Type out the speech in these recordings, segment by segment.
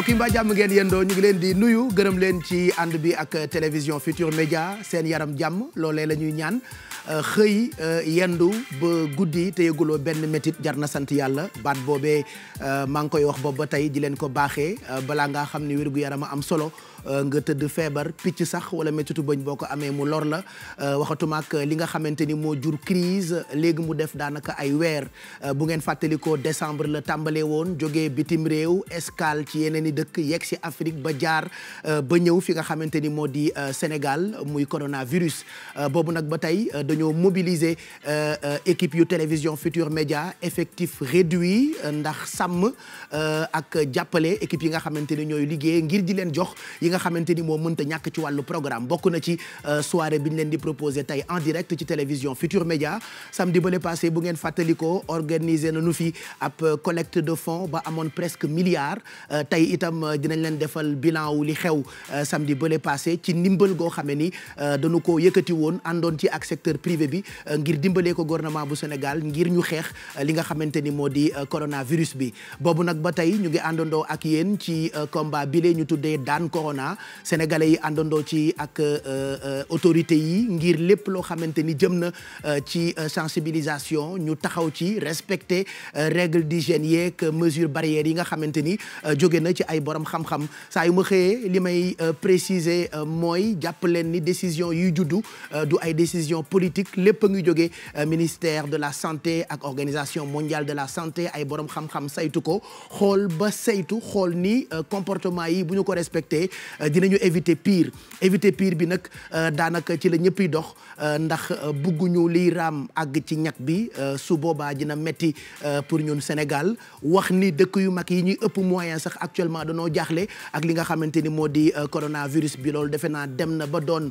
mbokk yi mbaa jàmm ngeen yendoo ñu ngi leen di nuyu gërëm leen ci ànd bi ak télévision Futur Média seen yaram jàmm loolee la ñuy ñaan euh, xëy euh, yendu ba guddi te yëguloo benn métit jar na sant yàlla baat boobee euh, maa ngi koy wax boobu ba tey di leen ko baaxee balaa ngaa xam ni wér yaram a am solo Euh, nga tëdd feebar picc sax wala méttitu bëñ boo ko amee mu lor la euh, waxatumaak li nga xamante ni moo jur crise léegi mu def daanaka ay weer euh, bu ngeen fàttalikoo décembre la tàmbalee woon jógee bitim réew escale ci yeneen i dëkk yegg si Afrique ba jaar ba ñëw fi nga xamante ni moo di Sénégal muy coronavirus boobu nag ba tey dañoo mobiliser équipe yu télévision Futur Média effectif réduit ndax sàmm ak jàppale équipe yi nga xamante ni ñooy liggéey ngir di leen jox nga xamante ni moo mënta ñàkk ci wàllu programme bokk na ci euh, soirée bi ñu leen di proposé tey en direct ci télévision Futur Média samedi bale passé bu ngeen nañu euh, de fonds ba amoon presque milliard euh, tey itam dinañ leen defal bilan wu li xew samedi bale passé ci ndimbal goo xamee ni dañu ko yëkkati woon àndoon ci ak secteur privé bi ngir dimbalee ko gouvernement bu Sénégal ngir ñu xeex li nga xamante ni moo di coronavirus bi boobu nag ba tey ñu ngi àndandoo ak yéen ci combat bile ñu tuddee daan corona a sénégalais yi àndandoo ci ak euh, euh, autorité yi ngir lépp loo xamante ni jëm na euh, ci sensibilisation ñu taxaw ci respecter règle d'hygiène yeeg mesure barrière yi nga xamante ni jóge na ci ay borom xam saa yu ma xëyee li may préciser mooy jàpp leen ni décision yuy juddu du ay décision politique lépp a ngi jóge ministère de la santé ak organisation mondiale de la santé ay borom xam-xam saytu ko xool ba saytu xool ni comportement yi bu ñu ko respecté Euh, dinañu éviter piir éviter piir bi nag euh, daanaka ci la ñëpp dox euh, ndax bugguñu liy raam àgg ci ñag bi su boobaa dina metti pour ñun Sénégal wax ni dëkk yu mag yi ñuy ëpp moyen sax actuellement danoo jaaxle ak li nga xamante ni moo di coronavirus bi loolu defe naa dem na ba doon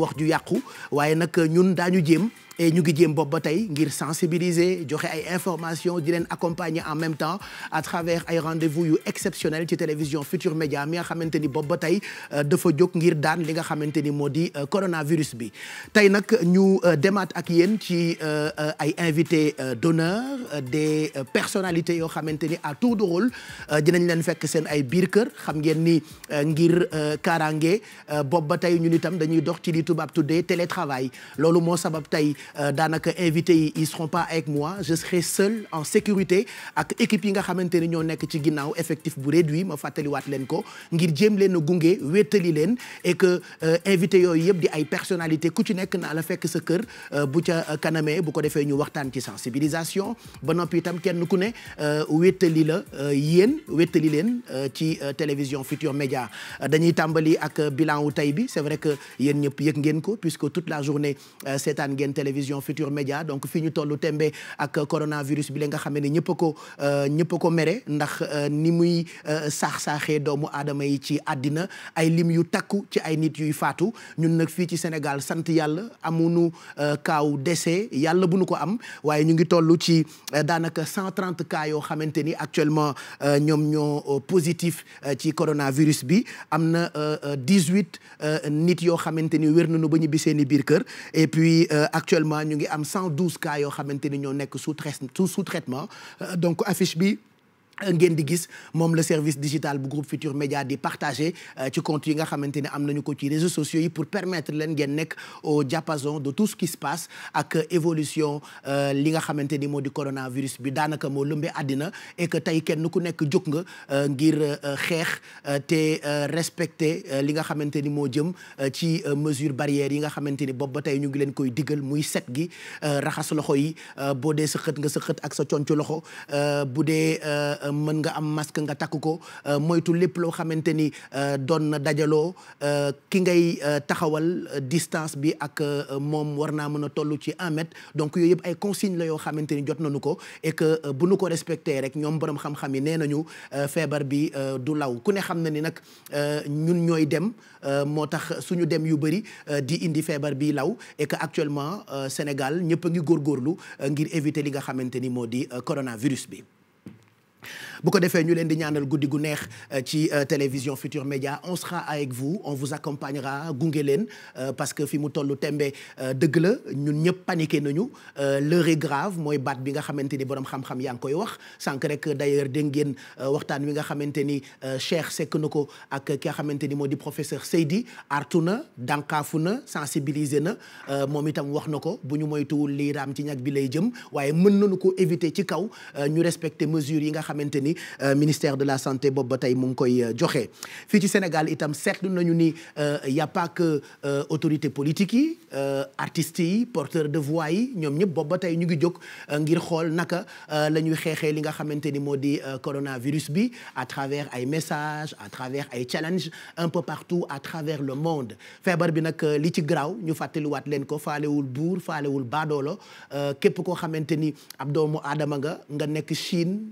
wax ju yàqu waaye nag ñun daañu jéem et ñu ngi jéem bopp ba tey ngir sensibiliser joxe ay information di leen accompagner en même temps à travers ay rendez yu exceptionnel ci télévision Futur Média mi nga xamante ni bopp ba tey euh, dafa jóg ngir daan li nga xamante ni moo di euh, coronavirus bi tey nag ñu euh, demaat ak yéen ci ay invités d'honneur des personnalités yoo xamante ni à tout de rôle dinañ leen fekk seen ay biir kër xam ngeen ni ngir kaaraange bopp ba tey ñun itam dañuy dox ci li tubaab tuddee télétravail loolu moo sabab tey Euh, daanaka invité yi ils seront pas avec moi je serai seul en sécurité ak équipe yi nga xamante ne ñoo nekk ci ginnaaw effectif bu réduit ma fàttaliwaat leen ko ngir jéem leen a gunge wétali leen et que euh, invité yooyu yëpp di ay personnalité ku ci nekk naa la fekk sa kër euh, bu ca kanamee bu ko defee ñu waxtaan ci sensibilisation ba noppi itam kenn ku ne wétali la yéen wétali leen ci télévision Futur Média dañuy tàmbali ak bilan wu tey bi c'est vrai que yéen ñëpp yëg ngeen ko puisque toute la journée télévision Futur Média donc fii ñu tollu tembe ak coronavirus bi la nga xam ne ñëpp a ko euh, ñëpp a mere ndax euh, ni muy euh, saax-saaxee doomu aadama yi ci àddina ay lim yu takku ci ay nit yuy faatu ñun nag fii ci Sénégal sant yàlla amuñu kaaw décès yàlla bu nu ko am waaye ñu ngi toll ci daanaka cent trente cas yoo xamante ni actuellement ñoom ñoo positif ci coronavirus bi am na dix-huit nit yoo xamante ni wér nañu ba ñu bisee biir kër et puis actuellement ñu ngi am 112 cas yoo xamante ni ñoo nekk sous sous traitement euh, donc affiche bi ngeen di gis moom la service digital bu groupe Futur Média di partagé euh, ci compte yi nga xamante ne am nañu ko ci réseaux sociaux yi pour permettre leen ngeen nekk au diapason de tout ce qui se passe ak évolution euh, li nga xamante ni moo di coronavirus bi daanaka moo lëmbee àddina et que tey kenn ku nekk jóg nga euh, ngir xeex te respecter li nga xamante ni moo jëm ci mesure barrière yi nga xamante ni boobu ba tey ñu ngi leen koy digal muy set gi raxas loxo yi boo dee sa xët nga sa xët ak sa conc loxo mën nga am masque nga takk ko euh, moytu lépp loo xamante ni euh, doon na dajaloo euh, ki ngay taxawal distance bi ak moom war naa mën a toll ci un mètre donc yooyu yëpp ay consignes la yoo xamante ni jot nañu ko et que bu nu ko respecté rek ñoom boroom xam-xam yi nee nañu feebar bi du law ku ne xam na ni nag ñun ñooy dem moo tax suñu dem yu bëri di indi feebar bi law et que actuellement Sénégal ñëpp a ngi góorlu ngir éviter li nga xamante ni moo di coronavirus bi. bu ko defee ñu leen di ñaanal guddi gu neex euh, ci euh, télévision Futur Média on sera avec vous on vous accompagnera gunge leen euh, parce que fi mu tollu tembe dëgg la ñun ñëpp paniqué nañu l'heure est grave mooy baat bi nga xamante ni borom xam-xam yaa ngi koy wax sànq rek d'ailleurs dégg ngeen waxtaan wi nga xamante ni Cheikh sekk na ko ak ki nga xamante ni moo di professeur Seydi artu na dànkaafu na sensibiliser na moom itam wax na ko bu ñu moytuwul lii ci ñag bi lay jëm waaye mën nañu ko éviter ci kaw yi nga xamante ni ni euh, ministère de la santé boobu ba tey mu ngi koy euh, joxe fii ci Sénégal itam seetlu nañu ni euh, y a pas autorité politique yi artistes yi porteur de voix yi ñoom ñëpp boobu ba tey ñu ngi jog ngir xool naka la ñuy xeexee li nga xamante ni moo di coronavirus bi à travers ay message à travers ay challenges un peu partout à travers le monde feebar bi nag li ci graw ñu fàttaliwaat leen ko faalewul buur faalewul baadoolo képp koo xamante ni ab doomu aadama nga nekk Chine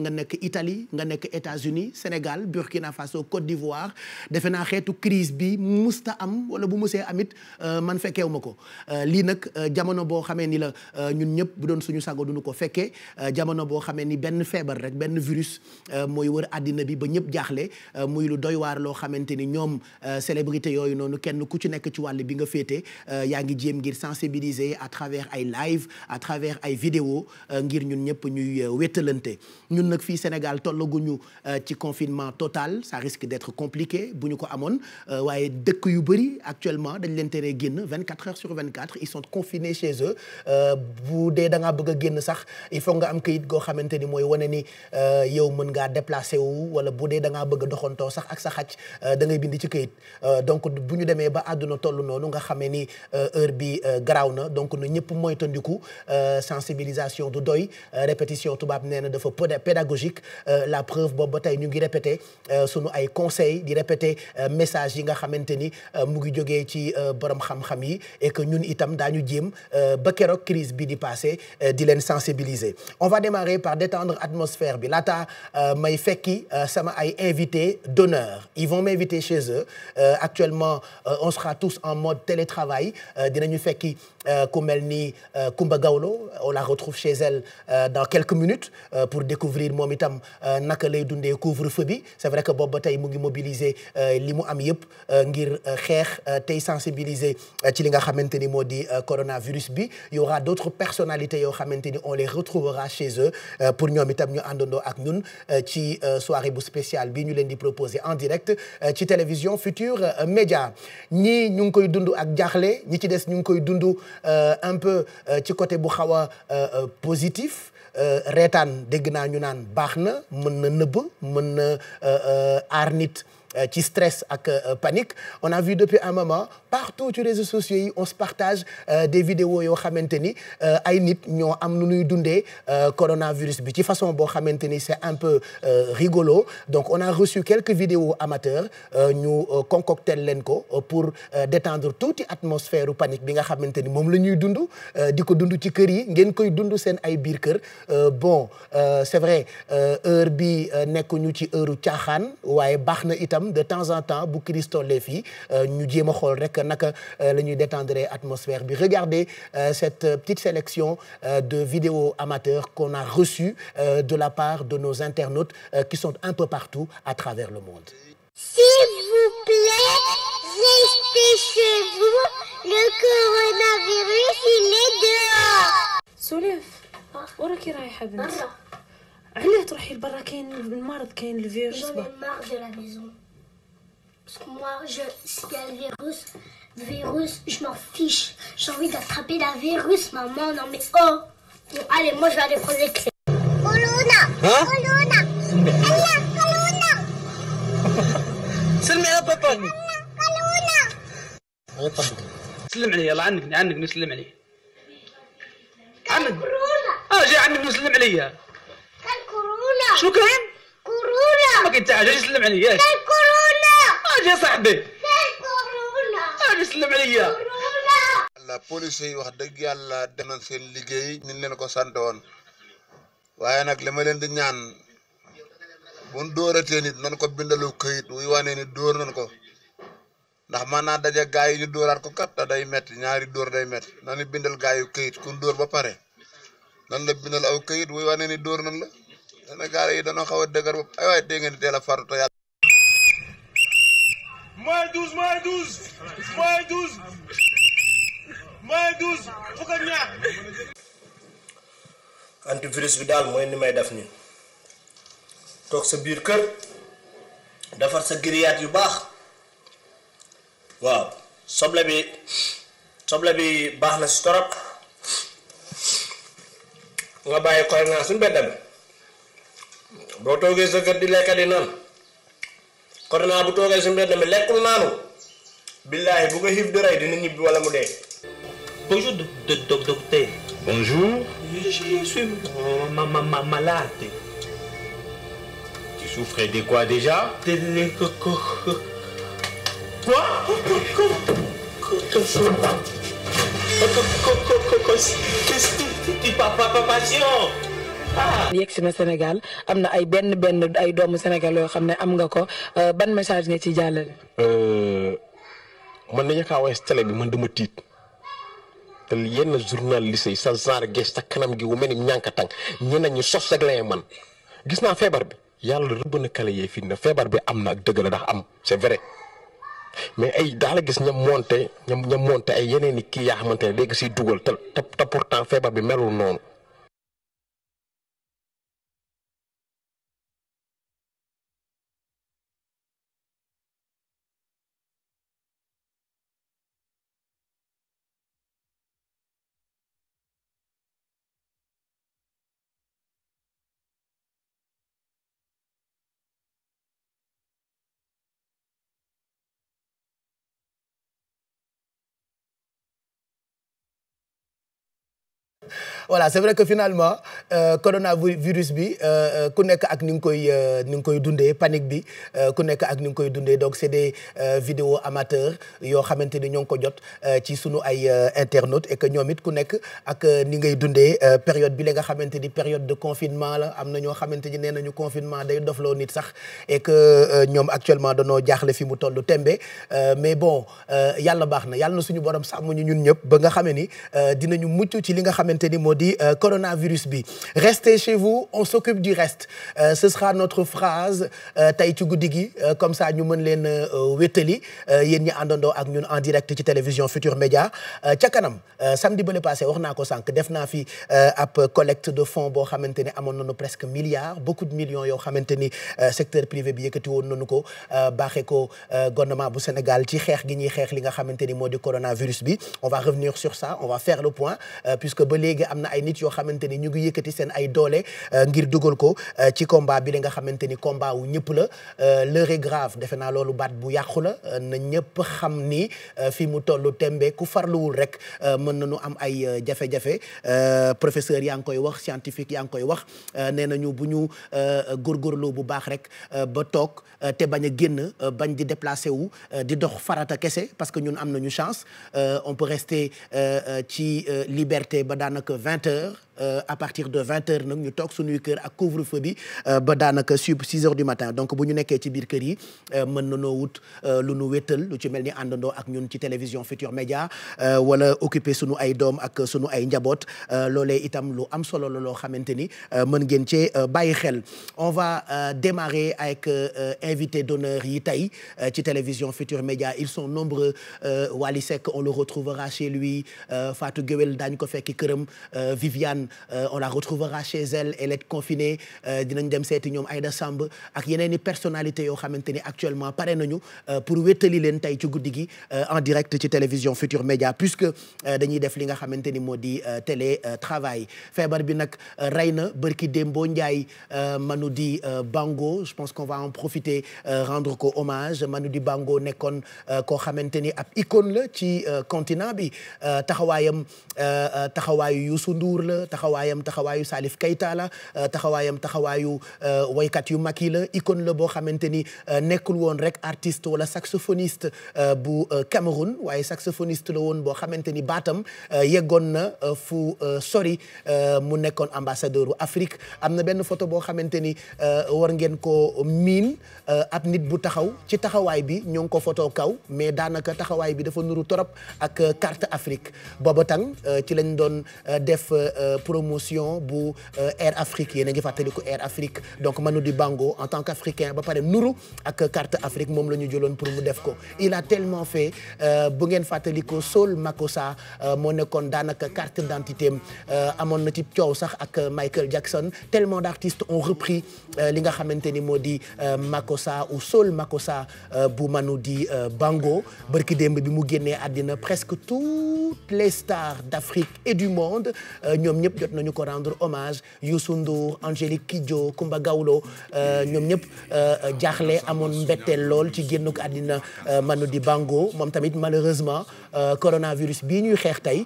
nga nekk itali nga nekk États-Unis Sénégal Burkina Faso Côte d'Ivoire defe naa xeetu crise bi musta am wala bu musee amit euh, man fekkeewu ma ko euh, lii nag euh, jamono boo xamee ni la ñun ñëpp bu doon suñu sago duñu ko fekkee jamono boo xamee ni benn feebar rek benn virus mooy wër àddina bi ba ñëpp jaaxle muy lu doy waar loo xamante ni ñoom célébrité yooyu noonu kenn ku ci nekk ci wàll bi nga féete yaa ngi jéem ngir sensibiliser à travers ay live à travers ay vidéo ngir ñun ñëpp ñuy wéttalante ñun nag fii Sénégal ñu euh, ci confinement total ça risque d'être compliqué bu ñu ko amoon euh, waaye dëkk yu bëri actuellement dañ leen teree génn 24 heures sur 24 ils sont confinés chez eux euh, bu dee da ngaa bëgg génn sax il faut nga am kayit goo xamante ni mooy wane ni yow mën ngaa déplacé wu wala bu dee da ngaa bëgg a doxantoo sax ak sa xaj dangay bind ci kayit donc bu ñu demee ba àdduna toll noonu nga xamee ni heure bi garaaw na donc na ñëpp moytandiku sensibilisation du doy répétition Euh, pédagogique euh, la preuve boobu ba tey ñu ngi répété euh, sunu ay conseils di répété message yi nga xamante ni mu ngi jógee ci borom xam-xam yi et que ñun itam daañu jéem ba keroog crise bi di passé di leen sensibiliser on va démarrer par détendre atmosphère bi laata may fekki sama ay invités d'honneur ils vont m'inviter chez eux actuellement on sera tous en mode télétravail dinañu fekki Euh, ku mel ni Kumba euh, Gawlo on la retrouve chez elle euh, dans quelques minutes pour découvrir moom itam naka lay dundee couvre-feu bi c'est vrai que boobu ba tey mu ngi mobiliser li mu am yëpp ngir xeex tey sensibiliser ci li nga xamante ni moo di coronavirus bi y aura d'autres personnalités yoo xamante ni on les retrouvera chez eux pour ñoom itam ñu àndandoo ak ñun ci soirée bu spéciale bi ñu leen di proposer en direct ci télévision Futur Média ñii ñu ngi koy dund ak jaaxle ñi ci des ñu ngi koy dund Euh, un peu euh, ci côté bu xaw a euh, positif reetaan dégg naa ñu naan baax na mën na nëbb mën na aar nit ci euh, stress ak euh, panique on a vu depuis un moment partout ci réseaux sociaux yi on se partage euh, des video yoo xamante ni ay nit ñoo am nu ñuy dundee coronavirus bi ci façon boo xamante ni c'est un peu rigolo donc on a reçu quelques vidéos amateurs ñu concocter leen ko pour détendre tuuti atmosphère panique bi nga xamante ni moom la ñuy dund di ko dund ci kër yi ngeen koy dund seen ay biir kër bon c'est vrai heure bi nekkuñu ci heure caaxaan waaye baax na itam itam de temps en temps bu Chris tollee fii euh, ñu jéem a xool rek naka euh, la ñuy détendre atmosphère bi regardez euh, cette petite sélection de vidéos amateurs qu'on a reçues de la part de nos internautes qui sont un peu partout à travers le monde S'il vous plaît, restez chez vous. Le coronavirus, il est dehors. سوليف وراكي رايحة بنت علاه تروحي لبرا كاين المرض كاين الفيروس moi, je, s'il y a le virus, virus, je m'en fiche. J'ai envie d'attraper la virus, maman. Non, mais oh. Bon, allez, moi, je vais aller prendre les clés. Colonna. Hein? Colonna. Colonna. سلمي على بابا قالونا قالونا سلم عليه يلا عنك عنك نسلم عليه عمك كورونا اه جاي عمك نسلم عليه كان كورونا شو كان كورونا ما كنت عاجل يسلم عليه كان كورونا اجي يا صاحبي police yi wax dëgg yàlla dem nañ seen liggéey niñ leen ko sant woon waaye nag li leen di ñaan buñ dóoratee nit nañ ko bindalu këyit wuy wane ni dóor nañ ko ndax man naa daje gaa yi ñu ko kat day metti ñaari dóor day metti nañu bindal gaa yu kayit kun dóor ba pare nan la bindal aw kayit wuy wane ni dóor nañ la Sénégal yi dañoo xaw a dëgër bopp ay waay dégg ngeen teel a faru moins douze moins bi daal mooy ni may def nii toog sa biir kër defar sa giriyaat yu baax waaw soble bi soble bi baax na si torop nga bàyyi koy naa suñu benn bi boo toogee sa kër di lekka di naan corona bu toogee si mbedd mi lekkul naanu billaahi bu ko xiif di rey dina ñibbi wala mu dee. bonjour docteur. bonjour. je suis ma ma ma malade. tu souffrais de quoi déjà. de le co co quoi. co co co yegg si na Sénégal am na ay benn benn ay doomu Sénégal yoo xam ne am nga ko euh, ban message nga ci jàllale. Euh, man nañu kaa waaye télé bi man dama tiit te yenn journaliste yi sa genre gees sa kanam gi wu mel ni ñànk tàng ñeneen ñu sos rek lañuy man gis naa feebar bi yàlla rëbb na kale yee na feebar bi am na ak dëgg la am c'est vrai mais ay daala gis ña monté ña monté ay yeneen i kii yaa xamante ne léegi si dugal te pour pourtant feebar bi melul noonu. voilà c'est vrai que finalement euh, coronavirus bi euh, euh, ku nekk ak ni nga koy euh, ni nga koy dundee panique bi ku nekk ak ni nga koy dundee donc c'est des vidéos amateurs yoo xamante ni ñoo ngi ko jot ci sunu ay internautes et ñoom it ku nekk ak ni ngay dundee période bi la nga xamante ni période de confinement la am na ñoo xamante ni nee nañu confinement day dofloo nit sax et que ñoom actuellement danoo jaaxle fi mu tollu tembe mais bon yàlla baax na yàlla suñu borom sàmm ñu ñun ñëpp ba nga xamee ni dinañu mucc ci li nga xamante ni moo moo di euh, coronavirus bi restez chez vous on s'occupe du reste euh, ce sera notre phrase euh, tey ci guddi gi comme ça ñu mën leen wétali yéen ñi àndandoo ak ñun en direct ci télévision Futur Média ca kanam samedi ba le passé wax naa ko sànq def naa fi ab collecte de fonds boo xamante ne amoon nañu presque milliards beaucoup de millions yoo xamante ni secteur privé bi yëkkati woon nañu ko baaxe ko gouvernement bu Sénégal ci xeex gi ñuy xeex li nga xamante ni moo di coronavirus bi na ay nit yoo xamante ni ñu ngi yëkkati seen ay doole euh, ngir dugal ko euh, ci combat bi li nga xamante ni combat wu ñëpp la euh, l'heure est grave defe naa loolu baat bu yàqu la na ñëpp xam ni fi mu tollu tembe ku farluwul rek mën na ñu am ay jafe-jafe professeur yaa ngi koy wax scientifique yaa ngi koy wax nee nañu bu ñu góorgóorloo bu baax rek ba toog te bañ a génn bañ di déplacé wu di dox farata kese parce que ñun am nañu chance on peut rester ci liberté ba daanaka 20 heures Euh, à partir de vingt nag ñu toog suñuy kër ak couvre-feu bi euh, ba daanaka sub six heures du matin donc bu ñu nekkee ci biir kër yi euh, mën na noo wut lu nu wetal lu ci mel ni àndandoo ak ñun ci télévision Futur Média wala occuper suñu ay doom ak suñu ay njaboot loolee itam lu am solo la loo xamante ni mën ngeen cee bàyyi xel on va démarrer avec invité d'honneur yi tey ci télévision Futur Média ils sont nombreux Wally Seck on le retrouvera chez lui Fatou Guewel daañu ko fekk këram Viviane Kane euh, on la retrouvera chez elle elle est confinée euh, dinañ dem seeti ñoom Aïda Samb ak yeneen i personnalités yoo xamante ni actuellement pare nañu euh, pour wéttali leen tey ci guddi gi en direct ci télévision Futur Média puisque dañuy def li nga xamante ni moo di télé travail feebar bi nag rey na bërki Dembo Ndiaye Manu Di Bango je pense qu'on va en profiter rendre ko hommage Manu Di Bango nekkoon koo xamante ni ab icône la ci continent bi taxawaayam taxawaayu Youssou Ndour taxawaayam taxawaayu Salif Keita la euh, taxawaayam taxawaayu euh, waykat yu mag yi la icône la boo xamante ni euh, nekkul woon rek artiste wala saxophoniste bu Cameroun waaye saxophoniste la woon boo xamante ni baatam yeggoon na fu sori mu nekkoon ambassadeur u Afrique am na benn photo boo xamante ni war ngeen ko miin ab nit bu taxaw ci taxawaay bi ñoo ngi ko photo kaw mais daanaka taxawaay bi dafa nuru torop ak carte Afrique booba tang ci lañ doon def promotion bu euh, Air Afrique yéen a ngi fàttaliku Air Afrique donc Manu Dibango en tant qu'africain ba pare nuru ak carte Afrique moom la ñu jëloon pour mu def ko il a tellement fait euh, bu ngeen fàttaliko sol Makossa euh, moo nekkoon daanaka carte d'identité amoon na ci coow sax ak Michael Jackson tellement d'artistes ont repris li nga xamante ni moo di Makossa ou Saul Makossa bu Manu bango barki démb bi mu génnee àddina presque toutes les stars d'Afrique et du monde ñoom ñëpp jot nañu ko rendre hommage Youssou Ndour Angélique Kidjo Kumba Gawlo euh, ñoom ñëpp euh, jaaxle amoon mbetteel lool ci ko àddina euh, Manu bangoo moom tamit malheureusement coronavirus bii ñuy xeex tey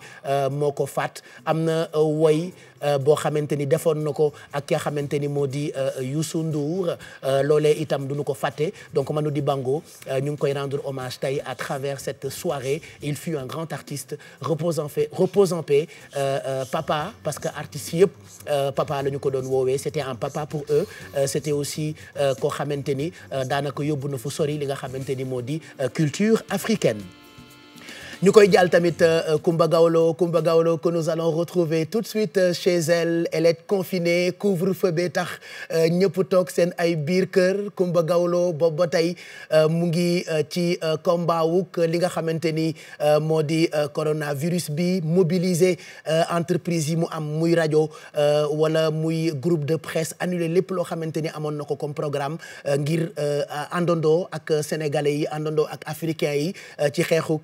moo ko faat am na woy Euh, boo xamante ni defoon na ko ak ki nga xamante ni moo di euh, Youssou Ndour euh, loolee itam du ñu ko fàtte donc Manu bangoo ñu ngi koy rendre hommage tey à travers cette soirée il fut un grand artiste repose en fait papa parce que artistes yëpp papa la ñu ko doon woowee c'était un papa pour eux c'était aussi koo xamante ni daanaka yóbbu na fu sori li nga xamante ni moo di culture africaine ñu koy jàll tamit Kumba euh, Gawlo Kumba Gawlo que nous allons retrouver tout de suite euh, chez elle elle est confinée couvre-feu bi tax euh, ñëpp toog seen ay biir kër Kumba Gawlo boobu ba tey mu ngi ci combat wuk li nga xamante ni moo di coronavirus bi mobiliser entreprise yi mu am muy rajo wala muy groupe de presse annulé lépp loo xamante ni amoon na ko comme programme ngir àndandoo ak sénégalais yi àndandoo ak africains yi ci xeexu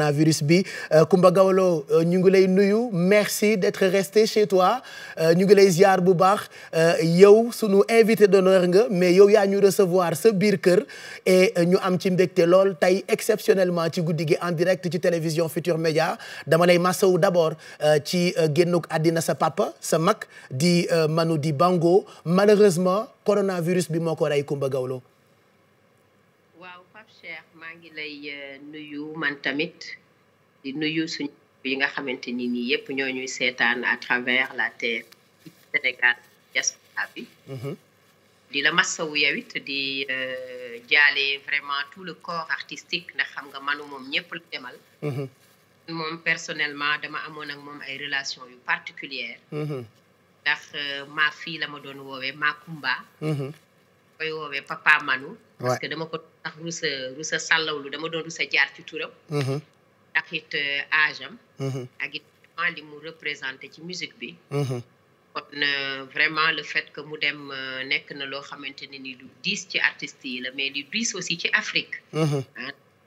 coronavirus bi Kumba euh, Gawlo euh, ñu ngi lay nuyu merci d'être resté chez toi euh, ñu ngi lay ziar bu baax yow sunu invité d'honneur nga mais yow yaa ñu recevoir sa biir kër et ñu am ci mbégte lool tey exceptionnellement ci guddi gi en direct ci télévision Futur Média dama lay masawu d'abord ci génnuk àddina sa papa sa mag di Manu bango malheureusement coronavirus bi moo ko rey Kumba Gawlo waaw Pape Cheikh maa ngi lay nuyu man tamit di nuyu suñu yi nga xamante ni nii yëpp ñoo ñuy seetaan à travers la terre Sénégal diaspora bi mhm. di la massawu yow it di euh, jaale vraiment tout le corps artistique ndax xam nga manu moom ñëpp la demal mhm. moom personnellement dama amoon ak moom ay relation yu particulière mhm. ndax euh, maa fii la ma doon woowee maa Kumba koy woowee papa Manu parce que dama ko tax rusa rusa sàllawlu dama doon rusa jaar ci turam ndax it euh, âge am mm-hmm. ak li mu représenté ci musique bi mm-hmm. kon euh, vraiment le fait que mu dem euh, nekk na loo xamante ne ni lu diis ci artistes yi la mais lu diis aussi ci Afrique mm-hmm.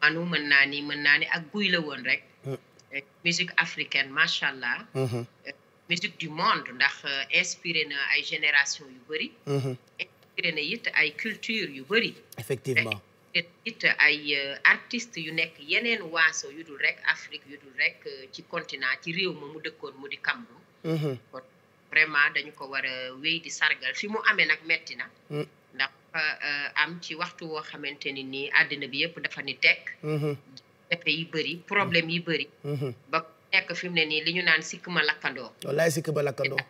manu mën naa ni mën naa ni ak guy la woon rek mm. musique africaine macha allah musique du monde ndax inspiré na ay génération yu bëri inspiré na it ay culture yu bëri effectivement it ay uh, artiste yu nekk yeneen waaso yu dul rek Afrique yu dul rek uh, ci continent ci réew ma mu dëkkoon mu di Cameroun mm-hmm. kon vraiment dañu ko war a wéy di sargal fi mu amee nag metti na mm. ndax uh, am ci waxtu woo xamante ni nii àddina bi yëpp dafa ni tekk mm-hmm. jafe yi bëri problème yi bëri mm-hmm. ba nekk fi mu ne nii li ñu naan sikk ma lakkandoo wallaay sikk ma lakkandoo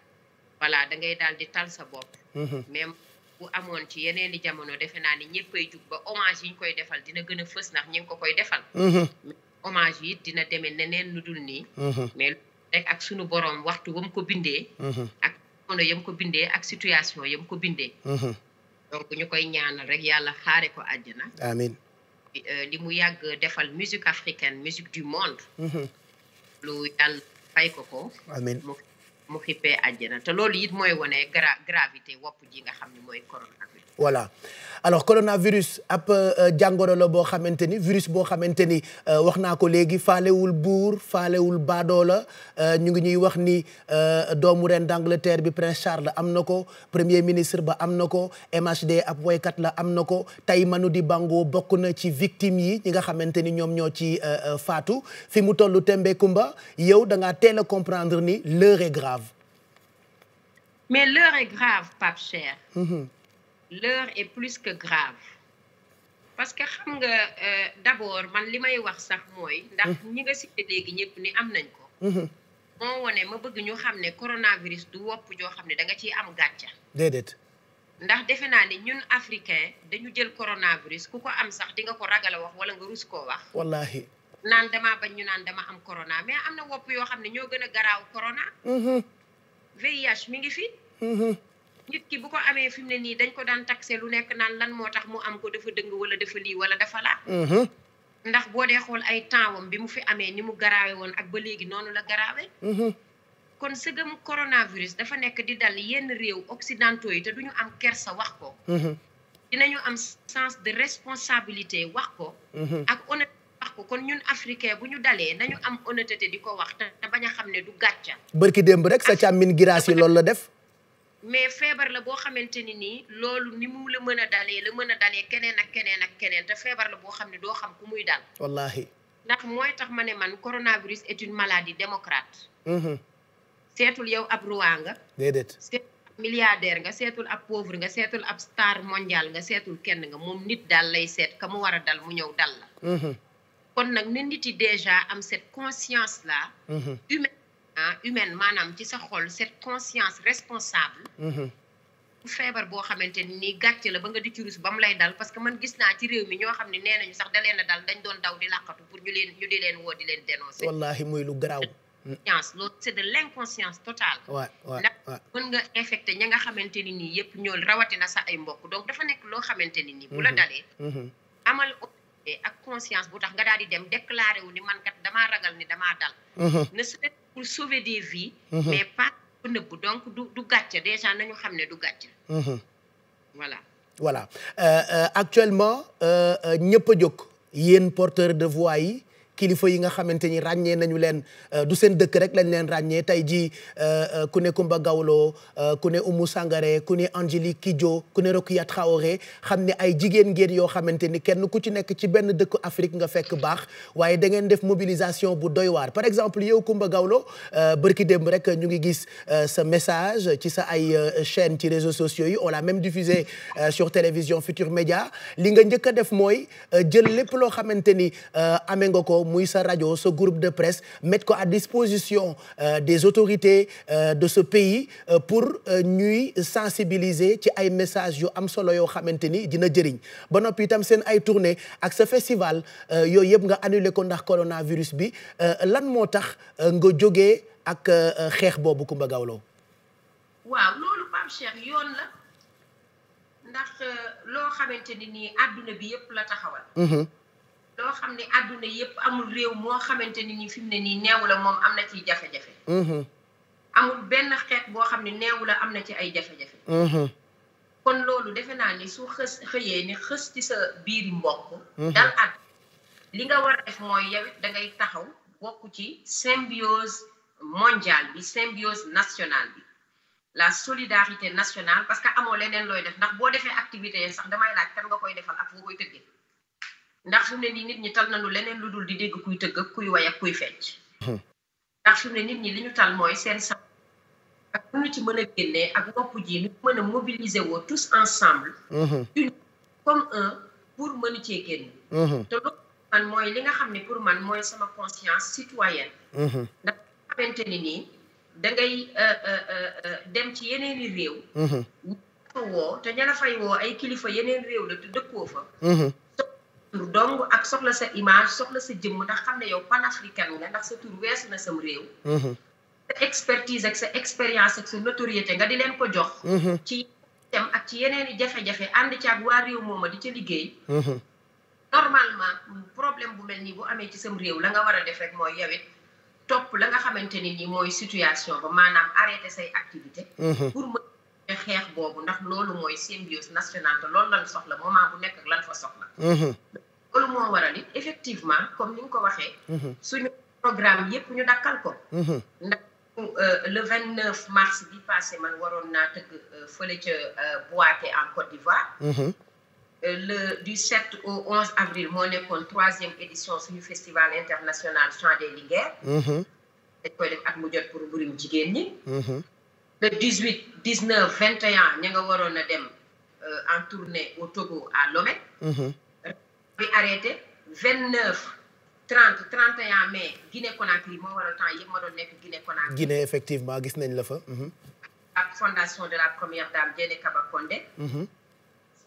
voilà da ngay di tal sa bopp bu amoon ci yeneen i jamono defe naa ni ñëppay jug ba hommage yi ñu koy defal dina gën a fës ndax ñu ngi ko koy defal. Mm-hmm. hommage yi dina demee neneen nu dul nii. Mm-hmm. mais ak sunu borom waxtu wam ko bindee. Mm-hmm. ak jamono yam ko bindee ak situation yam ko bindee. donc ñu koy ñaanal rek yàlla xaare ko àjjana. amiin euh, li mu yàgg defal musique africaine musique du monde. lu yàlla fay ko ko. amiin. mu xippee àjjana te loolu it mooy wane gra gravité wopp ji nga xam ne mooy coronavirus. voilà alors coronavirus ab euh, jàngoro la boo xamante ni virus boo xamante ni euh, wax naa ko léegi faalewul buur faalewul baadoo la euh, ñu ngi ñuy wax ni doomu ren d'Angleterre bi Prince Charles am na ko premier ministre ba am na ko MHD ab woykat la am na ko tey manu di bango bokk na ci victime yi ñi nga xamante ni ñoom ñoo ci faatu fi mu tollu tembe kumba yow da ngaa teel Mais l'heure est grave, Pape Cher. Mmh. L'heure est plus que grave. parce que xam nga euh, d'abord man li may wax sax mooy ndax mm-hmm. ñi nga cité léegi ñëpp ni am nañ ko mm-hmm. moo wone ma bëgg ñu xam ne coronavirus du wopp joo xam ne da nga ciy am gàcca déedéet ndax defe naa ne ñun africain dañu jël coronavirus ku ko am sax di nga ko ragal a wax wala nga rus koo wax wallahi naan damaa bañ ñu naan dama am corona mais am na wopp yoo xam ne ñoo gën a garaaw corona mm-hmm. VIH mi ngi fi. Mhm. nit ki bu ko amee fi mu ne nii dañ ko daan taxé lu nekk naan lan moo tax mu am ko dafa dëng wala dafa lii wala dafa laa. Mhm. ndax boo dee xool ay tempsam bi mu fi amee ni mu garaawe woon ak ba léegi noonu la garaawe mhm. kon sëgëm coronavirus dafa nekk di dal yenn réew occidentaux yi te duñu am kersa wax ko. dinañu am sens de responsabilité wax ko. ak honnêteté kon ñun africain bu ñu dalee nañu am honnêteté di ko wax te bañ a xam ne du gàcca bërki démb rek sa càmmin giraas yi loolu la def mais feebar la boo xamante ni nii loolu ni mu la mën a dalee la mën a dalee keneen ak keneen ak keneen te feebar la boo xam ne doo xam ku muy dal wallahi ndax mooy tax ma ne man coronavirus et une maladie démocrate mm-hmm. seetul yow ab roi nga déedéet milliardaire nga seetul ab pauvre nga seetul ab star mondial nga seetul kenn nga moom nit daal lay seet ka mu war a dal mu ñëw dal kon nag na nit yi déjà am cette conscience là. Mhm. humaine ah humaine maanaam ci sa xol cette conscience responsable. Mhm. bu feebar boo xamante nii gàcce la ba nga di ci rus ba mu lay dal parce que man gis naa ci réew mi ñoo xam ne nee nañu sax da leen a dal dañ doon daw di làqatu pour ñu leen ñu di leen woo di leen dénoncer. wallaahi muy lu garaaw. conscience loolu c'est de l'inconscience totale. waaw waaw ndax mën nga infecté ña nga xamante ni nii yëpp ñoo rawatina sax ay mbokk donc dafa nekk loo xamante ni nii. bu la mhm. dalee. ak conscience bu tax nga daal di dem déclaré wu ni man kat damaa ragal ni damaa dal. Uh-huh. ne serait pour sauver des vies. Uh-huh. mais pas bu nëbb donc du du gàcce déjà nañu xam ne du gàcce. Uh-huh. voilà. voilà euh, euh, actuellement euh, ñëpp jóg yéen porteur de voix yi. kilifa yi nga xamante ni ràññee nañu leen euh, du seen dëkk rek lañ leen ràññee tey jii euh, euh, ku ne Kumba Gawlo ku ne Oumou Sangaré ku ne Angélique Kidjo ku ne Rokia Traoré xam ne ay jigéen ngeen yoo xamante ni kenn ku ci nekk ci benn dëkk Afrique nga fekk baax waaye dangeen ngeen def mobilisation bu doy waar par exemple yow Kumba Gawlo bërki démb rek ñu ngi gis sa message ci sa ay chaine ci réseaux sociaux yi on l'a même diffusé sur télévision Futur Média li nga njëkk a def mooy jël lépp loo xamante ni muy sa rajo sa groupe de presse mettre ko à disposition euh, des autorités euh, de ce pays euh, pour ñuy sensibiliser ci ay messages yu am solo yoo xamante ni dina jëriñ ba noppi itam seen ay tournée ak sa festival yooyu yëpp nga annulé ko ndax coronavirus bi lan moo tax nga jóge ak xeex boobu Coumba Gawlo waaw loolu Pape Cheikh yoon la ndax loo xamante ni nii àdduna bi yëpp la taxawal mm-hmm. loo xam ne àdduna yëpp amul réew moo xamante ni ni fi ne nii neewu la moom am na ciy jafe-jafe mm-hmm. amul benn xeet boo xam ne neewu la am na ci ay jafe-jafe mm-hmm. kon loolu defe naa ni su xës xëyee ni xës ci sa biir mbokk mm-hmm. dal at li nga war a def mooy yow it da ngay taxaw bokk ci symbiose mondiale bi symbiose nationale bi la solidarité nationale parce que amoo leneen looy def ndax boo defee activité sax damay laaj kan nga koy defal ak nga koy tëggee ndax fi mu ne nii nit ñi tal nañu leneen lu dul di dégg kuy tëgg kuy way ak kuy fecc hmm. ndax fi ne nit ñi li ñu tal mooy seen sam ak nu ci mën a génnee ak nopp ji nu mën a mobiliser woo tous ensemble hmm. pour mën cee génn hmm. te loolu man li nga xam ne pour man mooy sama conscience citoyenne ndax xamante ni nii da ngay euh, euh, euh, dem ci yeneeni réew ña woo te ña la woo ay kilifa yeneen réew la te dëkkoo fa tur dong ak soxla sa image soxla sa jëmm ndax xam ne yow panafricain nga ndax sa tur weesu na sam réew mm-hmm. sa expertise ak sa expérience ak sa notoriété nga di leen ko jox mm-hmm. ci tem ak ci yeneen i jafe ànd ci ak waa réew mooma di ca liggéey mm-hmm. normalement problème bu mel nii bu amee ci sam réew la nga war a def rek mooy yawit topp la nga xamante ni nii mooy situation ba maanaam arrêté say activité pour mën xeex boobu ndax loolu mooy symbiose nationale te loolu lan soxla moment nekk ak lan loolu moo waral it effectivement comme ni nga ko waxee. Mhm. suñu programme yëpp ñu dakkal ko. Mhm. ndax euh, le vingt neuf mars bi passé man waroon naa tëgg euh, fële ca euh, Boaké en Côte d'Ivoire. Mhm. le du sept au onze avril moo nekkoon troisième édition suñu festival international chant des Linguères. dañ koy def at mu jot pour mbirum jigéen ñi. le dix huit dix neuf vingt et un ña nga waroon a dem en tournée au Togo à Lomé. bi arrêté vingt neuf trente trente et mais mai Guinée Conakry moo waral temps yëpp ma doon nekk Guinée Conakry. Guinée effectivement gis nañ la fa. Mhm. ak fondation de la première dame Diéné Kaba Condé. Mhm.